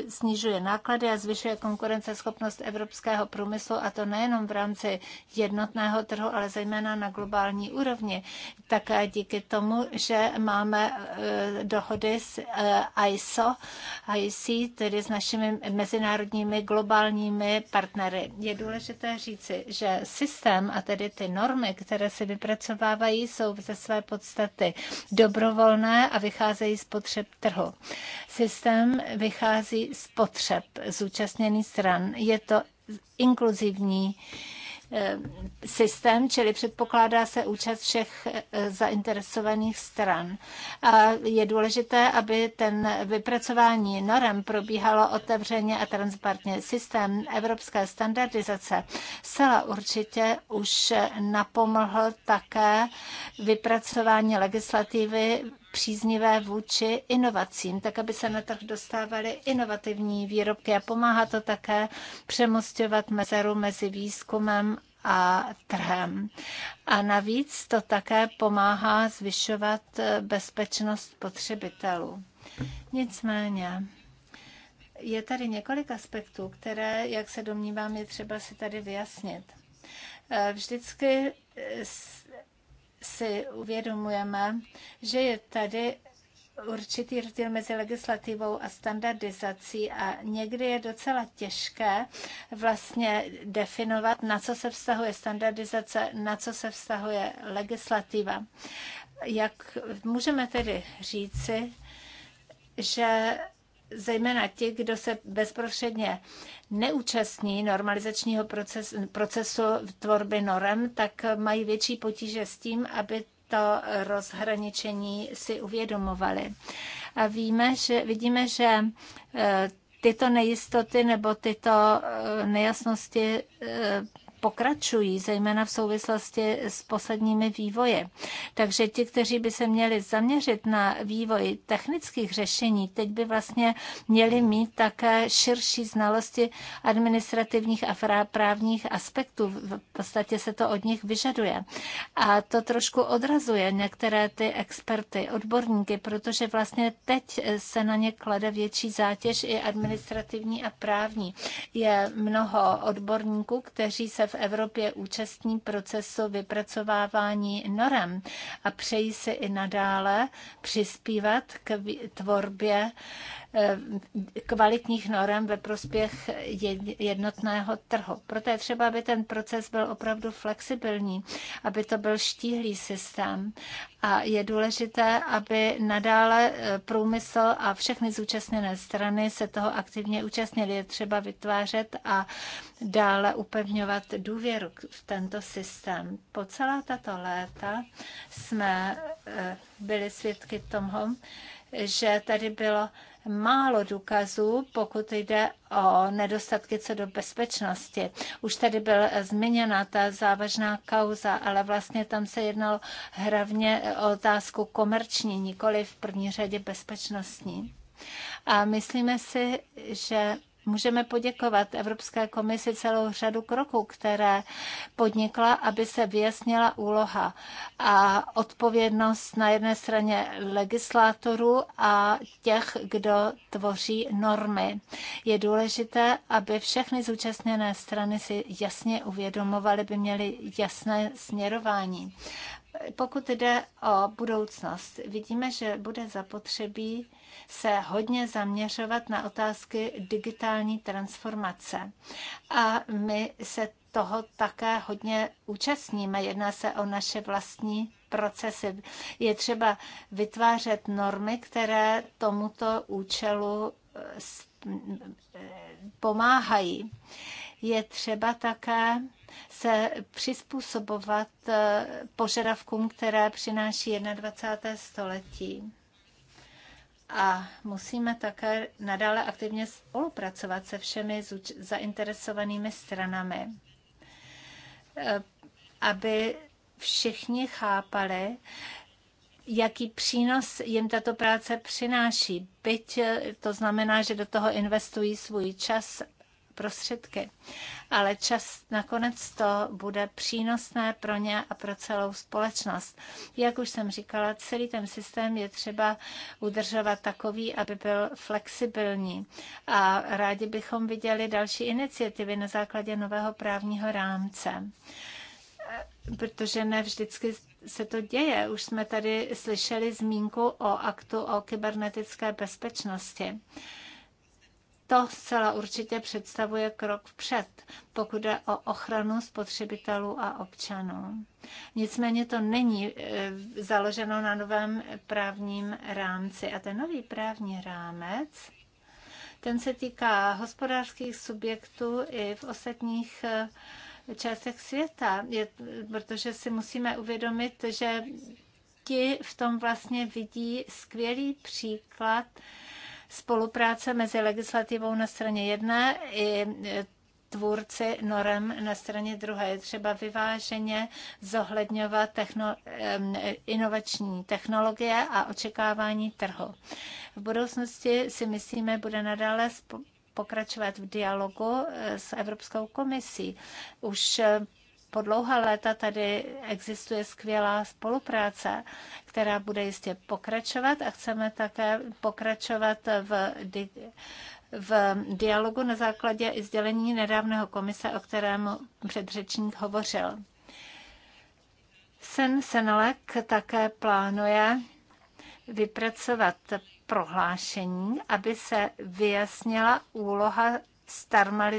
snižuje náklady a zvyšuje konkurenceschopnost evropského průmyslu a to nejenom v rámci jednotného trhu, ale zejména na globální úrovni. Také díky tomu, že máme eh, dohody s eh, ISO, IC, tedy s našimi mezinárodními globálními partnery. Je důležité říci, že systém a tedy ty normy, které se vypracovávají, jsou ze své podstaty dobro dobrovolné a vycházejí z potřeb trhu. Systém vychází z potřeb zúčastněných stran. Je to inkluzivní systém, čili předpokládá se účast všech eh, zainteresovaných stran. A je důležité, aby ten vypracování norem probíhalo otevřeně a transparentně. Systém evropské standardizace zcela určitě už napomohl také vypracování legislativy příznivé vůči inovacím, tak aby se na trh dostávaly inovativní výrobky a pomáhá to také přemostovat mezeru mezi výzkumem a trhem. A navíc to také pomáhá zvyšovat eh, bezpečnost potřebitelů. Nicméně, je tady několik aspektů, které, jak se domnívám, je třeba si tady vyjasnit. Eh, vždycky si uvědomujeme, že je tady určitý rozdíl mezi legislativou a standardizací a někdy je docela těžké vlastně definovat, na co se vztahuje standardizace, na co se vztahuje legislativa. Jak můžeme tedy říci, že zejména ti, kdo se bezprostředně neúčastní normalizačního procesu, procesu tvorby norem, tak mají větší potíže s tím, aby to rozhraničení si uvědomovali. A víme, že, vidíme, že eh, tyto nejistoty nebo tyto eh, nejasnosti eh, pokračují, zejména v souvislosti s posledními vývoji. Takže ti, kteří by se měli zaměřit na vývoj technických řešení, teď by vlastně měli mít také širší znalosti administrativních a právních aspektů. V podstatě se to od nich vyžaduje. A to trošku odrazuje některé ty experty, odborníky, protože vlastně teď se na ně klade větší zátěž i administrativní a právní. Je mnoho odborníků, kteří se v Evropě účastní procesu vypracovávání norem a přejí si i nadále přispívat k tvorbě kvalitních norm ve prospěch jednotného trhu. Proto je třeba, aby ten proces byl opravdu flexibilní, aby to byl štíhlý systém a je důležité, aby nadále eh, průmysl a všechny zúčastněné strany se toho aktivně účastnili. Je třeba vytvářet a dále upevňovat důvěru v tento systém. Po celá tato léta jsme eh, byli svědky tomu, že tady bylo málo důkazů, pokud jde o nedostatky co do bezpečnosti. Už tady byla zmíněna ta závažná kauza, ale vlastně tam se jednalo hlavně o otázku komerční, nikoli v první řadě bezpečnostní. A myslíme si, že Můžeme poděkovat Evropské komisi celou řadu kroků, které podnikla, aby se vyjasnila úloha a odpovědnost na jedné straně legislátorů a těch, kdo tvoří normy. Je důležité, aby všechny zúčastněné strany si jasně uvědomovaly, by měly jasné směrování pokud jde o budoucnost, vidíme, že bude zapotřebí se hodně zaměřovat na otázky digitální transformace. A my se toho také hodně účastníme. Jedná se o naše vlastní procesy. Je třeba vytvářet normy, které tomuto účelu eh, eh, pomáhají je třeba také se přizpůsobovat eh, požadavkům, které přináší 21. století. A musíme také nadále aktivně spolupracovat se všemi zainteresovanými stranami, eh, aby všichni chápali, jaký přínos jim tato práce přináší. Byť eh, to znamená, že do toho investují svůj čas prostředky. Ale čas nakonec to bude přínosné pro ně a pro celou společnost. Jak už jsem říkala, celý ten systém je třeba udržovat takový, aby byl flexibilní. A rádi bychom viděli další iniciativy na základě nového právního rámce protože ne vždycky se to děje. Už jsme tady slyšeli zmínku o aktu o kybernetické bezpečnosti to zcela určitě představuje krok vpřed, pokud jde o ochranu spotřebitelů a občanů. Nicméně to není e, založeno na novém právním rámci. A ten nový právní rámec ten se týká hospodářských subjektů i v ostatních e, částech světa, je, protože si musíme uvědomit, že ti v tom vlastně vidí skvělý příklad spolupráce mezi legislativou na straně jedné i e, tvůrci norem na straně druhé. Je třeba vyváženě zohledňovat techno, inovační technologie a očekávání trhu. V budoucnosti si myslíme, bude nadále pokračovat v dialogu e, s Evropskou komisí. Už e, po dlouhá léta tady existuje skvělá spolupráce, která bude jistě pokračovat a chceme také pokračovat v v dialogu na základě i sdělení nedávného komise, o kterém předřečník hovořil. Sen Senelek také plánuje vypracovat prohlášení, aby se vyjasnila úloha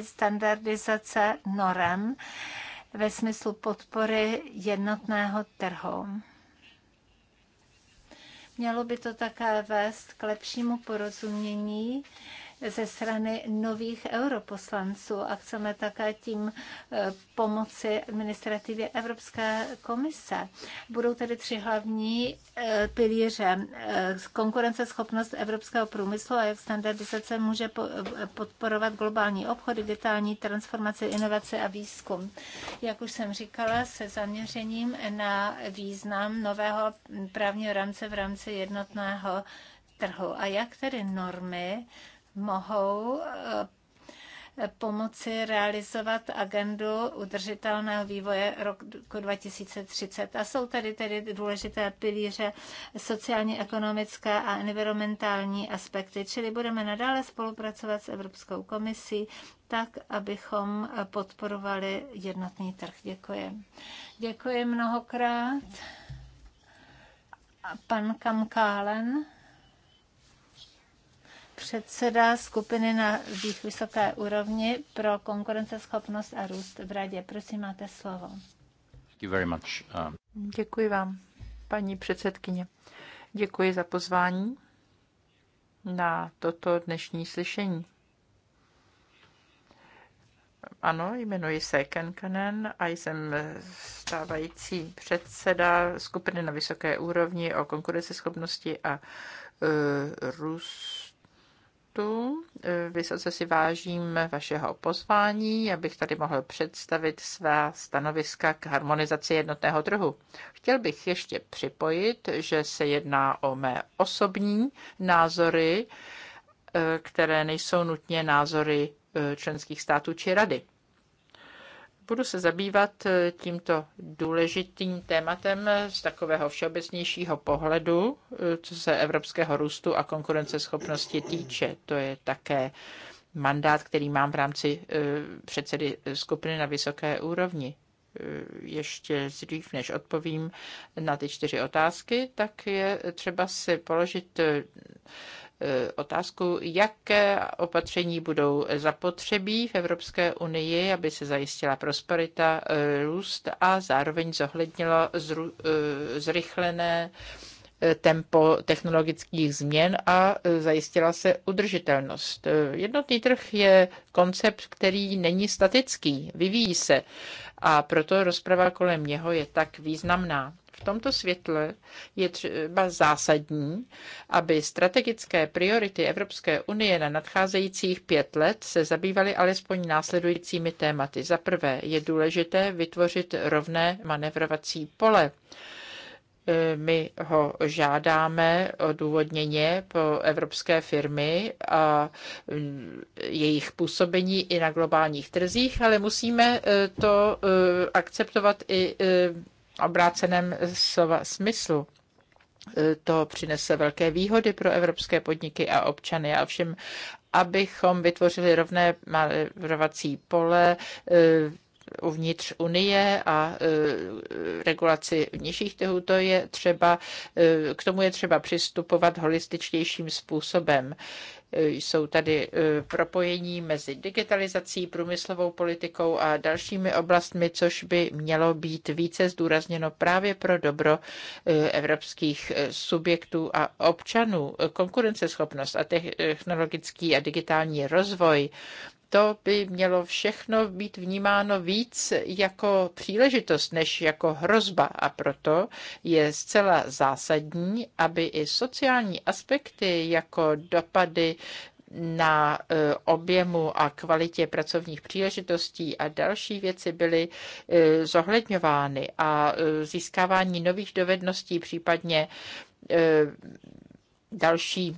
standardizace norem ve smyslu podpory jednotného trhu. Mělo by to také vést k lepšímu porozumění ze strany nových europoslanců a chceme také tím eh, pomoci administrativě Evropské komise. Budou tedy tři hlavní eh, pilíře. Eh, konkurenceschopnost evropského průmyslu a jak standardizace může podporovat globální obchod, digitální transformaci, inovace a výzkum. Jak už jsem říkala, se zaměřením na význam nového právního rámce v rámci jednotného trhu. A jak tedy normy mohou eh, pomoci realizovat agendu udržitelného vývoje roku 2030. A jsou tady tedy důležité pilíře sociálně, ekonomické a environmentální aspekty, čili budeme nadále spolupracovat s Evropskou komisí tak, abychom podporovali jednotný trh. Děkuji. Děkuji mnohokrát. A pan Kamkálen předseda skupiny na vysoké úrovni pro konkurenceschopnost a růst v radě. Prosím, máte slovo. Um, Děkuji vám, paní předsedkyně. Děkuji za pozvání na toto dnešní slyšení. Ano, jmenuji se Ken Kanen a jsem stávající předseda skupiny na vysoké úrovni o konkurenceschopnosti a uh, růst tématu. E, Vysoce si vážím vašeho pozvání, abych tady mohl představit svá stanoviska k harmonizaci jednotného trhu. Chtěl bych ještě připojit, že se jedná o mé osobní názory, e, které nejsou nutně názory e, členských států či rady. Budu se zabývat eh, tímto důležitým tématem z takového všeobecnějšího pohledu, eh, co se evropského růstu a konkurenceschopnosti týče. To je také mandát, který mám v rámci eh, předsedy skupiny na vysoké úrovni. Ještě dřív, než odpovím na ty čtyři otázky, tak je třeba si položit Eh, otázku, jaké opatření budou zapotřebí v Evropské unii, aby se zajistila prosperita, eh, růst a zároveň zohlednilo eh, zrychlené tempo technologických změn a zajistila se udržitelnost. Jednotný trh je koncept, který není statický, vyvíjí se a proto rozprava kolem něho je tak významná. V tomto světle je třeba zásadní, aby strategické priority Evropské unie na nadcházejících pět let se zabývaly alespoň následujícími tématy. Za prvé je důležité vytvořit rovné manevrovací pole my ho žádáme odůvodněně po evropské firmy a jejich působení i na globálních trzích, ale musíme to eh, akceptovat i eh, obráceném slova smyslu e, to přinese velké výhody pro evropské podniky a občany. A všem, abychom vytvořili rovné manevrovací pole, e, uvnitř Unie a e, regulaci vnějších trhů, to je třeba, k tomu je třeba přistupovat holističtějším způsobem. Jsou tady e, propojení mezi digitalizací, průmyslovou politikou a dalšími oblastmi, což by mělo být více zdůrazněno právě pro dobro e, evropských e, subjektů a občanů. Konkurenceschopnost a technologický a digitální rozvoj to by mělo všechno být vnímáno víc jako příležitost než jako hrozba a proto je zcela zásadní, aby i sociální aspekty jako dopady na e, objemu a kvalitě pracovních příležitostí a další věci byly e, zohledňovány a e, získávání nových dovedností, případně další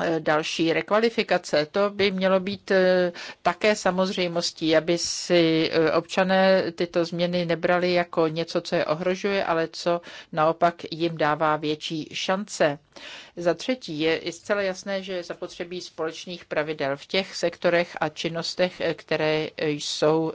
Eh, další rekvalifikace, to by mělo být eh, také samozřejmostí, aby si eh, občané tyto změny nebrali jako něco, co je ohrožuje, ale co naopak jim dává větší šance. Za třetí je zcela jasné, že je zapotřebí společných pravidel v těch sektorech a činnostech, které jsou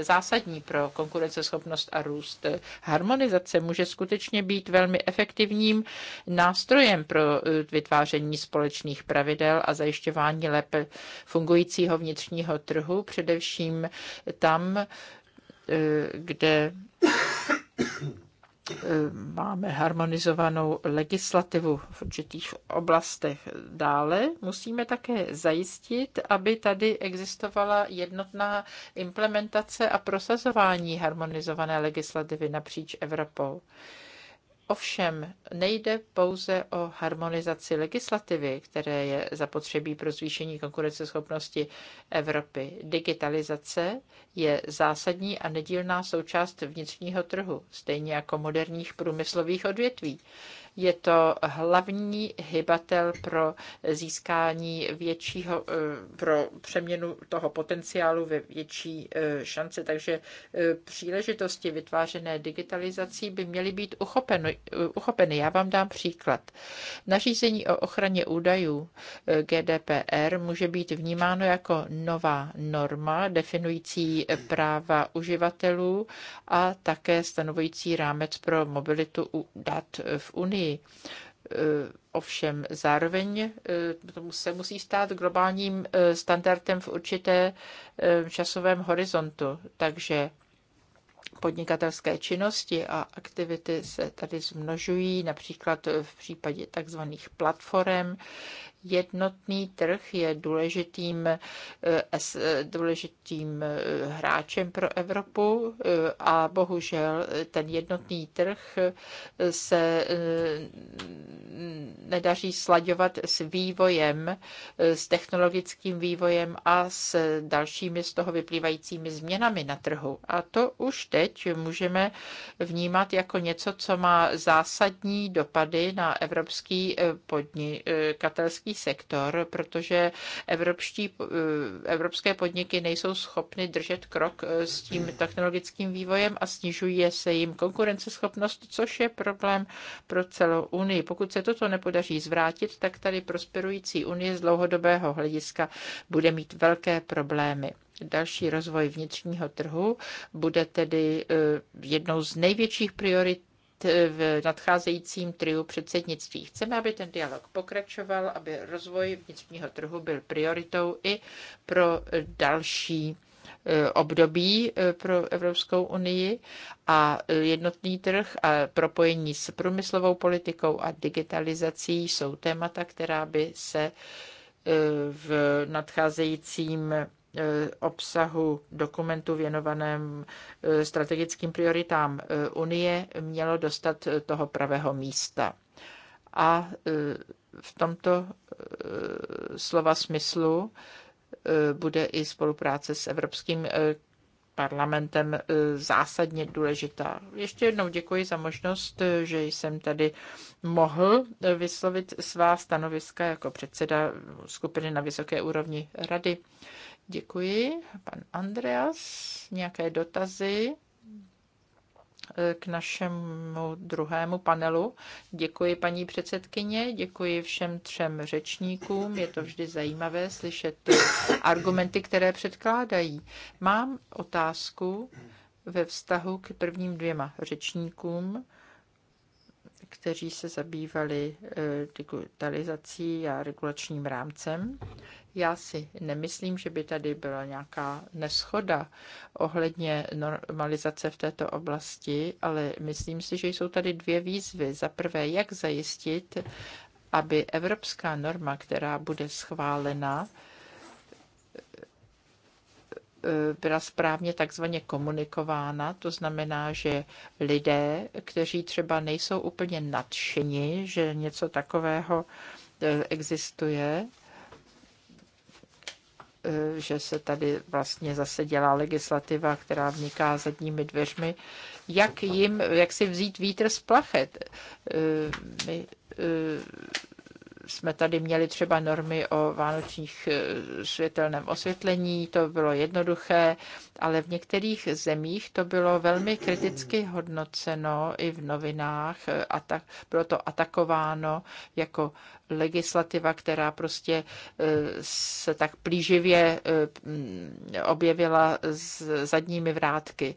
zásadní pro konkurenceschopnost a růst. Harmonizace může skutečně být velmi efektivním nástrojem pro eh, vytváření společných pravidel a zajišťování lépe fungujícího vnitřního trhu, především tam, eh, kde máme harmonizovanou legislativu v určitých oblastech. Dále musíme také zajistit, aby tady existovala jednotná implementace a prosazování harmonizované legislativy napříč Evropou. Ovšem nejde pouze o harmonizaci legislativy, které je zapotřebí pro zvýšení konkurenceschopnosti Evropy. Digitalizace je zásadní a nedílná součást vnitřního trhu, stejně jako moderních průmyslových odvětví. Je to hlavní hybatel pro získání většího, eh, pro přeměnu toho potenciálu ve větší eh, šance. Takže eh, příležitosti vytvářené digitalizací by měly být uchopeny. uchopeny. Já vám dám příklad. Nařízení o ochraně údajů GDPR může být vnímáno jako nová norma definující práva uživatelů a také stanovující rámec pro mobilitu dat v Unii. Eh, ovšem zároveň eh, tomu se musí stát globálním eh, standardem v určité časovém horizontu. Takže podnikatelské činnosti a aktivity se tady zmnožují, například v případě takzvaných platform, Jednotný trh je důležitým, eh, eh, důležitým eh, hráčem pro Evropu a bohužel ten jednotný trh se nedaří slaďovat s vývojem, s technologickým vývojem a s dalšími z toho vyplývajícími změnami na trhu. A to už teď můžeme vnímat jako něco, co má zásadní dopady na evropský podnikatelský evropský sektor, protože evropští, eh, evropské podniky nejsou schopny držet krok eh, s tím technologickým vývojem a snižuje se jim konkurenceschopnost, což je problém pro celou Unii. Pokud se toto nepodaří zvrátit, tak tady prosperující Unie z dlouhodobého hlediska bude mít velké problémy. Další rozvoj vnitřního trhu bude tedy eh, jednou z největších priorit v nadcházejícím triu předsednictví. Chceme, aby ten dialog pokračoval, aby rozvoj vnitřního trhu byl prioritou i pro další e, období e, pro Evropskou unii a jednotný trh a propojení s průmyslovou politikou a digitalizací jsou témata, která by se e, v nadcházejícím Eh, obsahu dokumentu věnovaném eh, strategickým prioritám eh, Unie mělo dostat toho pravého místa. A v tomto slova smyslu bude i spolupráce s Evropským parlamentem zásadně důležitá. Ještě jednou děkuji za možnost, že jsem tady mohl vyslovit svá stanoviska jako předseda skupiny na vysoké úrovni rady. Děkuji. Pan Andreas, nějaké dotazy eh, k našemu druhému panelu. Děkuji paní předsedkyně, děkuji všem třem řečníkům. Je to vždy zajímavé slyšet ty argumenty, které předkládají. Mám otázku ve vztahu k prvním dvěma řečníkům kteří se zabývali eh, digitalizací a regulačním rámcem. Já si nemyslím, že by tady byla nějaká neschoda ohledně normalizace v této oblasti, ale myslím si, že jsou tady dvě výzvy. Za prvé, jak zajistit, aby evropská norma, která bude schválena, E, byla správně takzvaně komunikována. To znamená, že lidé, kteří třeba nejsou úplně nadšeni, že něco takového e, existuje, e, že se tady vlastně zase dělá legislativa, která vniká zadními dveřmi, jak jim, jak si vzít vítr z plachet. My jsme tady měli třeba normy o vánočních e, světelném osvětlení, to bylo jednoduché, ale v některých zemích to bylo velmi kriticky hodnoceno i v novinách e, a tak, bylo to atakováno jako legislativa, která prostě e, se tak plíživě objevila s zadními vrátky.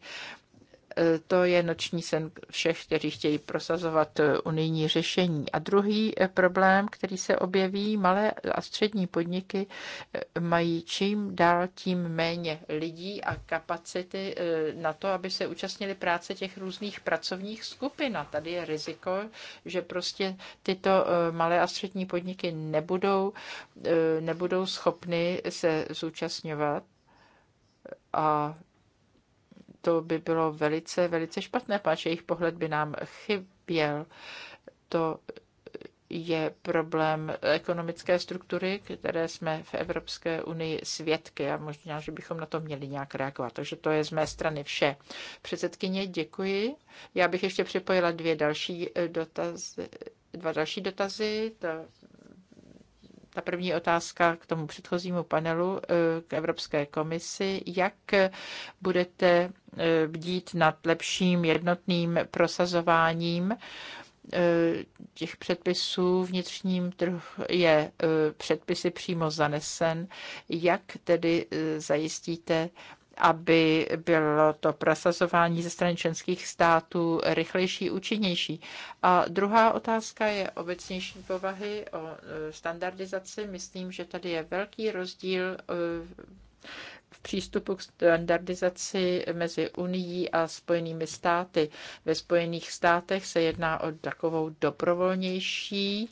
Eh, to je noční sen všech, kteří chtějí prosazovat eh, unijní řešení. A druhý eh, problém, který se objeví, malé a střední podniky mají čím dál tím méně lidí a kapacity na to, aby se účastnili práce těch různých pracovních skupin. A tady je riziko, že prostě tyto malé a střední podniky nebudou, nebudou schopny se zúčastňovat a to by bylo velice, velice špatné, páč jejich pohled by nám chyběl. To je problém ekonomické struktury, které jsme v Evropské unii svědky a možná, že bychom na to měli nějak reagovat. Takže to je z mé strany vše. Předsedkyně, děkuji. Já bych ještě připojila dvě další dotazy, dva další dotazy. Ta první otázka k tomu předchozímu panelu, eh, k Evropské komisi. Jak eh, budete eh, bdít nad lepším jednotným prosazováním těch předpisů vnitřním trh je předpisy přímo zanesen. Jak tedy zajistíte aby bylo to prosazování ze strany členských států rychlejší, účinnější. A druhá otázka je obecnější povahy o e, standardizaci. Myslím, že tady je velký rozdíl e, v přístupu k standardizaci mezi Unií a Spojenými státy. Ve Spojených státech se jedná o takovou dobrovolnější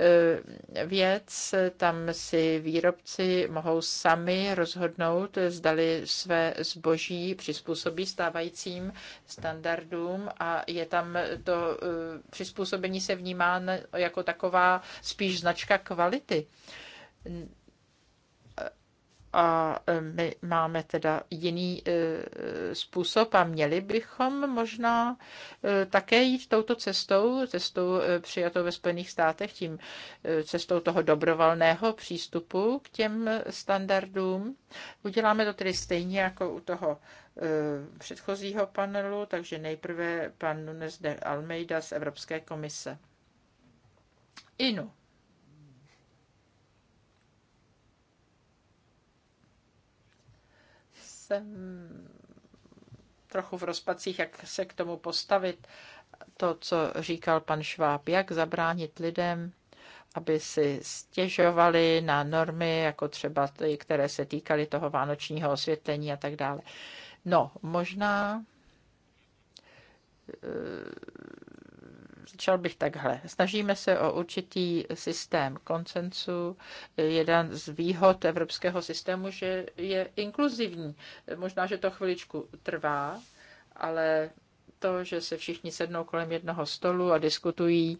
Eh, věc. Tam si výrobci mohou sami rozhodnout, zdali své zboží přizpůsobí stávajícím standardům a je tam to eh, přizpůsobení se vnímá jako taková spíš značka kvality a e, my máme teda jiný e, způsob a měli bychom možná e, také jít touto cestou, cestou přijatou ve Spojených státech, tím cestou toho dobrovolného přístupu k těm standardům. Uděláme to tedy stejně jako u toho předchozího panelu, takže nejprve pan Nunes de Almeida z Evropské komise. Inu. jsem mm, trochu v rozpacích, jak se k tomu postavit. To, co říkal pan Šváb, jak zabránit lidem, aby si stěžovali na normy, jako třeba ty, které se týkaly toho vánočního osvětlení a tak dále. No, možná začal bych takhle. Snažíme se o určitý systém koncensu. Jeden z výhod evropského systému, že je inkluzivní. Možná, že to chviličku trvá, ale to, že se všichni sednou kolem jednoho stolu a diskutují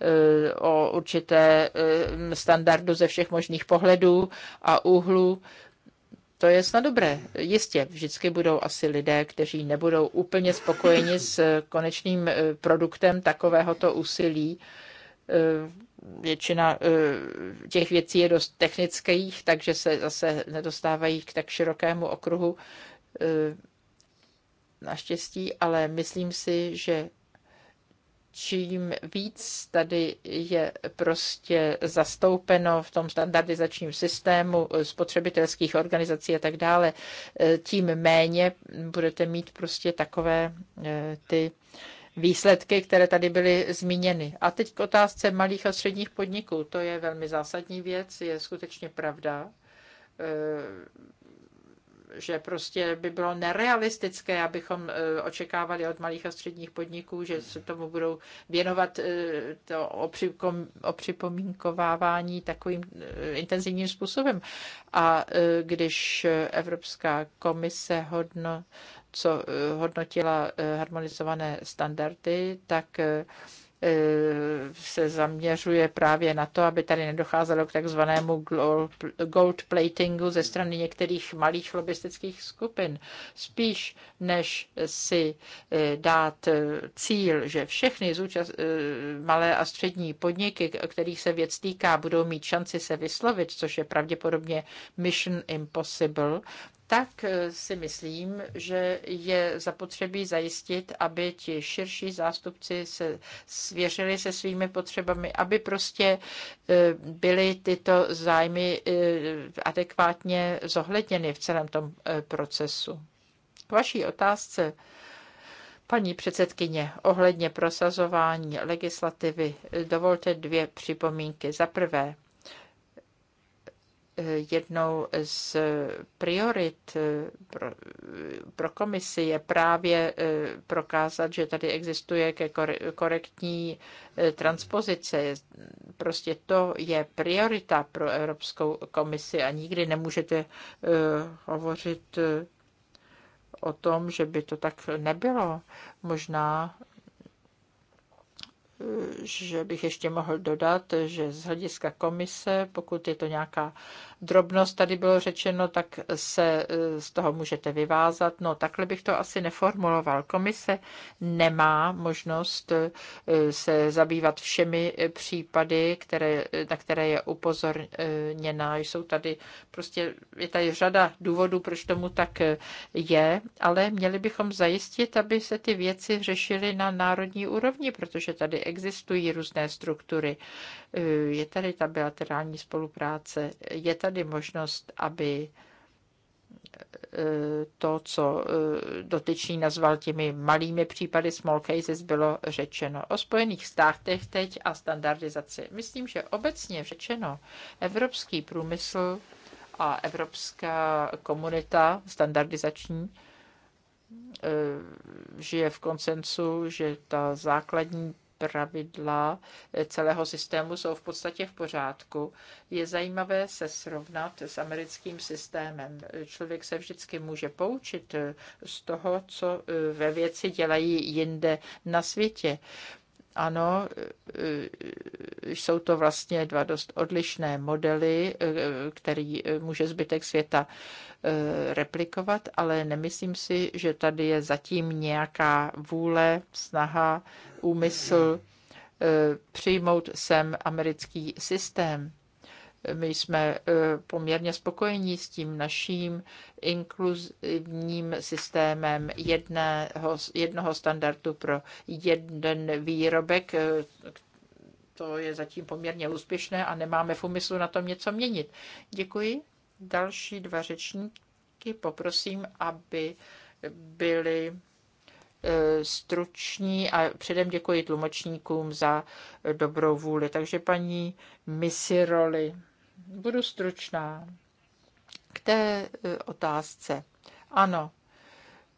eh, o určité eh, standardu ze všech možných pohledů a úhlů, to je snad dobré. Jistě, vždycky budou asi lidé, kteří nebudou úplně spokojeni s konečným eh, produktem takovéhoto úsilí. Eh, většina eh, těch věcí je dost technických, takže se zase nedostávají k tak širokému okruhu naštěstí, ale myslím si, že čím víc tady je prostě zastoupeno v tom standardizačním systému eh, spotřebitelských organizací a tak dále, eh, tím méně budete mít prostě takové eh, ty výsledky, které tady byly zmíněny. A teď k otázce malých a středních podniků. To je velmi zásadní věc, je skutečně pravda že prostě by bylo nerealistické, abychom e, očekávali od malých a středních podniků, že se tomu budou věnovat e, to opřipomínkovávání takovým e, intenzivním způsobem. A když Evropská komise hodno, co hodnotila harmonizované standardy, tak Eh, se zaměřuje právě na to, aby tady nedocházelo k takzvanému gold platingu ze strany některých malých lobistických skupin. Spíš než si eh, dát eh, cíl, že všechny zúčast, malé a střední podniky, kterých se věc týká, budou mít šanci se vyslovit, což je pravděpodobně mission impossible, tak eh, si myslím, že je zapotřebí zajistit, aby ti širší zástupci se svěřili se svými potřebami, aby prostě eh, byly tyto zájmy eh, adekvátně zohledněny v celém tom procesu. K vaší otázce, paní předsedkyně, ohledně prosazování legislativy, dovolte dvě připomínky. Za prvé, jednou z priorit pro, pro komisi je právě eh, prokázat, že tady existuje ke korektní eh, transpozice. Prostě to je priorita pro Evropskou komisi a nikdy nemůžete eh, hovořit o tom, že by to tak nebylo. Možná že bych ještě mohl dodat, že z hlediska komise, pokud je to nějaká drobnost, tady bylo řečeno, tak se eh, z toho můžete vyvázat. No, takhle bych to asi neformuloval. Komise nemá možnost eh, se zabývat všemi eh, případy, které, na které je upozorněná. Jsou tady prostě, je tady řada důvodů, proč tomu tak je, ale měli bychom zajistit, aby se ty věci řešily na národní úrovni, protože tady existují různé struktury, eh, je tady ta bilaterální spolupráce, je tady možnost, aby eh, to, co eh, dotyčný nazval těmi malými případy small cases, bylo řečeno. O Spojených státech teď a standardizaci. Myslím, že obecně řečeno evropský průmysl a evropská komunita standardizační žije v koncensu, že ta základní pravidla eh, celého systému jsou v podstatě v pořádku. Je zajímavé se srovnat s americkým systémem. Člověk se vždycky může poučit eh, z toho, co eh, ve věci dělají jinde na světě. Ano, e, e, jsou to vlastně dva dost odlišné modely, e, který může zbytek světa replikovat, ale nemyslím si, že tady je zatím nějaká vůle, snaha, úmysl přijmout sem americký systém. My jsme e, poměrně spokojení s tím naším inkluzivním systémem jedného, jednoho standardu pro jeden výrobek. E, to je zatím poměrně úspěšné a nemáme v úmyslu na tom něco měnit. Děkuji. Další dva řečníky poprosím, aby byli e, struční a předem děkuji tlumočníkům za dobrou vůli. Takže paní Misiroli. Budu stručná. K té e, otázce. Ano,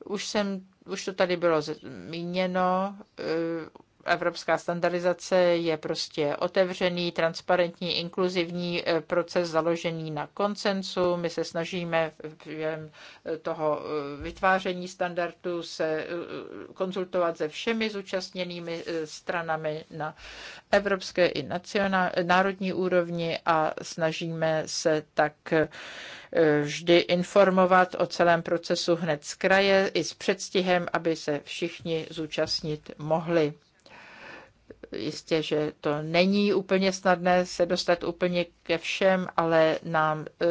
už jsem, už to tady bylo zmíněno, e, Evropská standardizace je prostě otevřený, transparentní, inkluzivní eh, proces založený na koncensu. My se snažíme během eh, toho eh, vytváření standardu se konzultovat se všemi zúčastněnými stranami na evropské i nacionál, národní úrovni a snažíme se tak vždy informovat o celém procesu hned z kraje i s předstihem, aby se všichni zúčastnit mohli. Jistě, že to není úplně snadné se dostat úplně ke všem, ale nám e,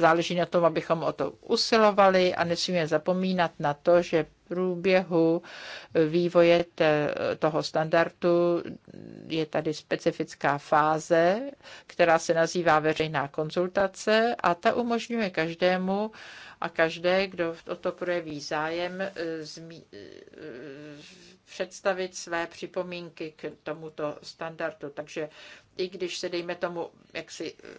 záleží na tom, abychom o to usilovali a nesmíme zapomínat na to, že průběhu vývoje te, toho standardu je tady specifická fáze, která se nazývá veřejná konzultace a ta umožňuje každému a každé, kdo o to projeví zájem, e, zmi, e, představit své připomínky k tomuto standardu. Takže i když se, dejme tomu, jak si e,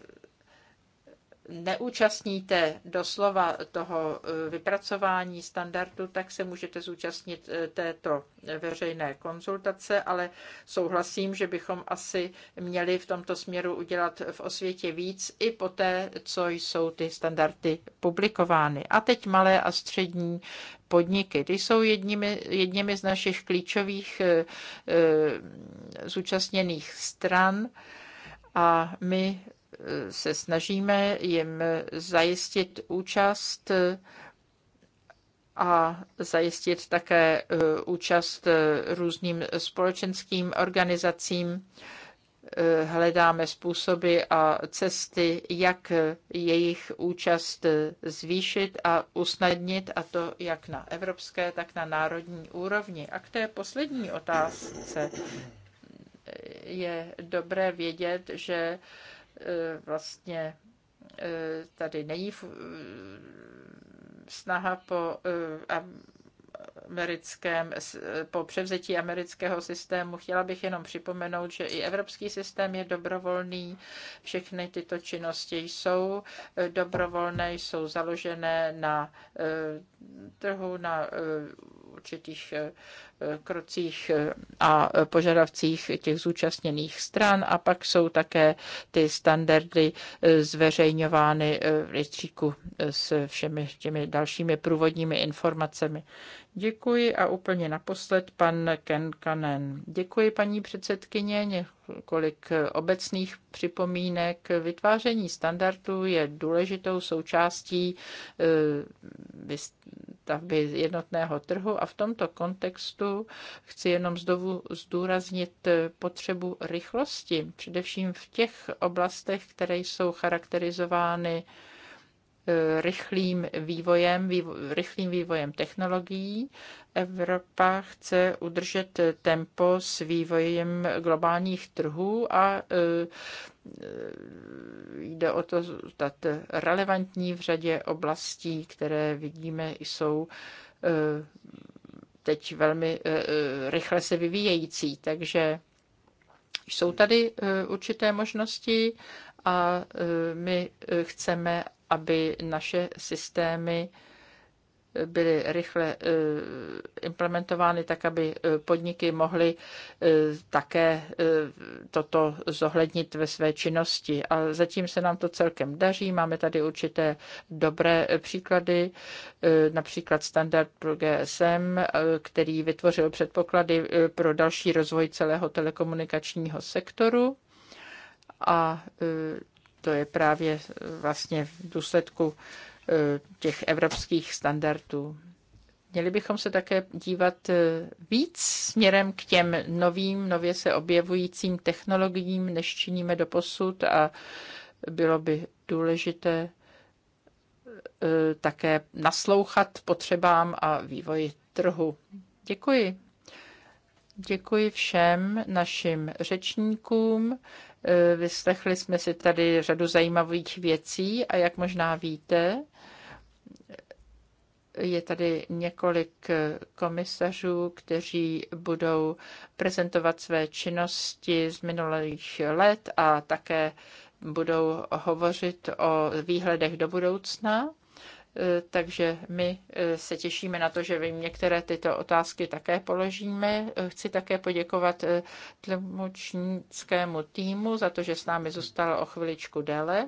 neúčastníte doslova toho eh, vypracování standardu, tak se můžete zúčastnit eh, této veřejné konzultace, ale souhlasím, že bychom asi měli v tomto směru udělat v osvětě víc i poté, co jsou ty standardy publikovány. A teď malé a střední podniky. Ty jsou jedními, jedněmi z našich klíčových e, zúčastněných stran a my se snažíme jim zajistit účast a zajistit také e, účast e, různým společenským organizacím. E, hledáme způsoby a cesty, jak jejich účast zvýšit a usnadnit, a to jak na evropské, tak na národní úrovni. A k té poslední otázce je dobré vědět, že Eh, vlastně eh, tady není snaha po eh, americkém, po převzetí amerického systému. Chtěla bych jenom připomenout, že i evropský systém je dobrovolný. Všechny tyto činnosti jsou dobrovolné, jsou založené na trhu, na eh, určitých eh, krocích eh, a požadavcích těch zúčastněných stran a pak jsou také ty standardy zveřejňovány v rejstříku s všemi těmi dalšími průvodními informacemi. Děkuji a úplně naposled pan Ken Kanen. Děkuji paní předsedkyně, kolik obecných připomínek. Vytváření standardů je důležitou součástí eh, stavby jednotného trhu a v tomto kontextu chci jenom znovu zdůraznit eh, potřebu rychlosti, především v těch oblastech, které jsou charakterizovány rychlým vývojem, vývo, rychlým vývojem technologií. Evropa chce udržet tempo s vývojem globálních trhů a e, e, jde o to zůstat relevantní v řadě oblastí, které vidíme jsou e, teď velmi rychle se vyvíjející. Takže jsou tady určité možnosti a my chceme, aby naše systémy byly rychle eh, implementovány tak, aby eh, podniky mohly eh, také toto zohlednit ve své činnosti. A zatím se nám to celkem daří. Máme tady určité dobré příklady, například standard pro GSM, který vytvořil předpoklady pro další rozvoj celého telekomunikačního sektoru. A to je právě eh, vlastně v důsledku eh, těch evropských standardů. Měli bychom se také dívat eh, víc směrem k těm novým, nově se objevujícím technologiím, než činíme do posud a bylo by důležité také naslouchat potřebám a vývoji trhu. Děkuji. Děkuji všem našim řečníkům. Eh, vyslechli jsme si tady řadu zajímavých věcí a jak možná víte, je tady několik komisařů, kteří budou prezentovat své činnosti z minulých let a také budou hovořit o výhledech do budoucna. Eh, takže my eh, se těšíme na to, že vy některé tyto otázky také položíme. Eh, chci také poděkovat tlumočnickému týmu za to, že s námi zůstalo o chviličku déle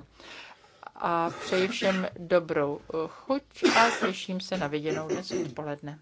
a přeji všem dobrou chuť a těším se na viděnou dnes odpoledne.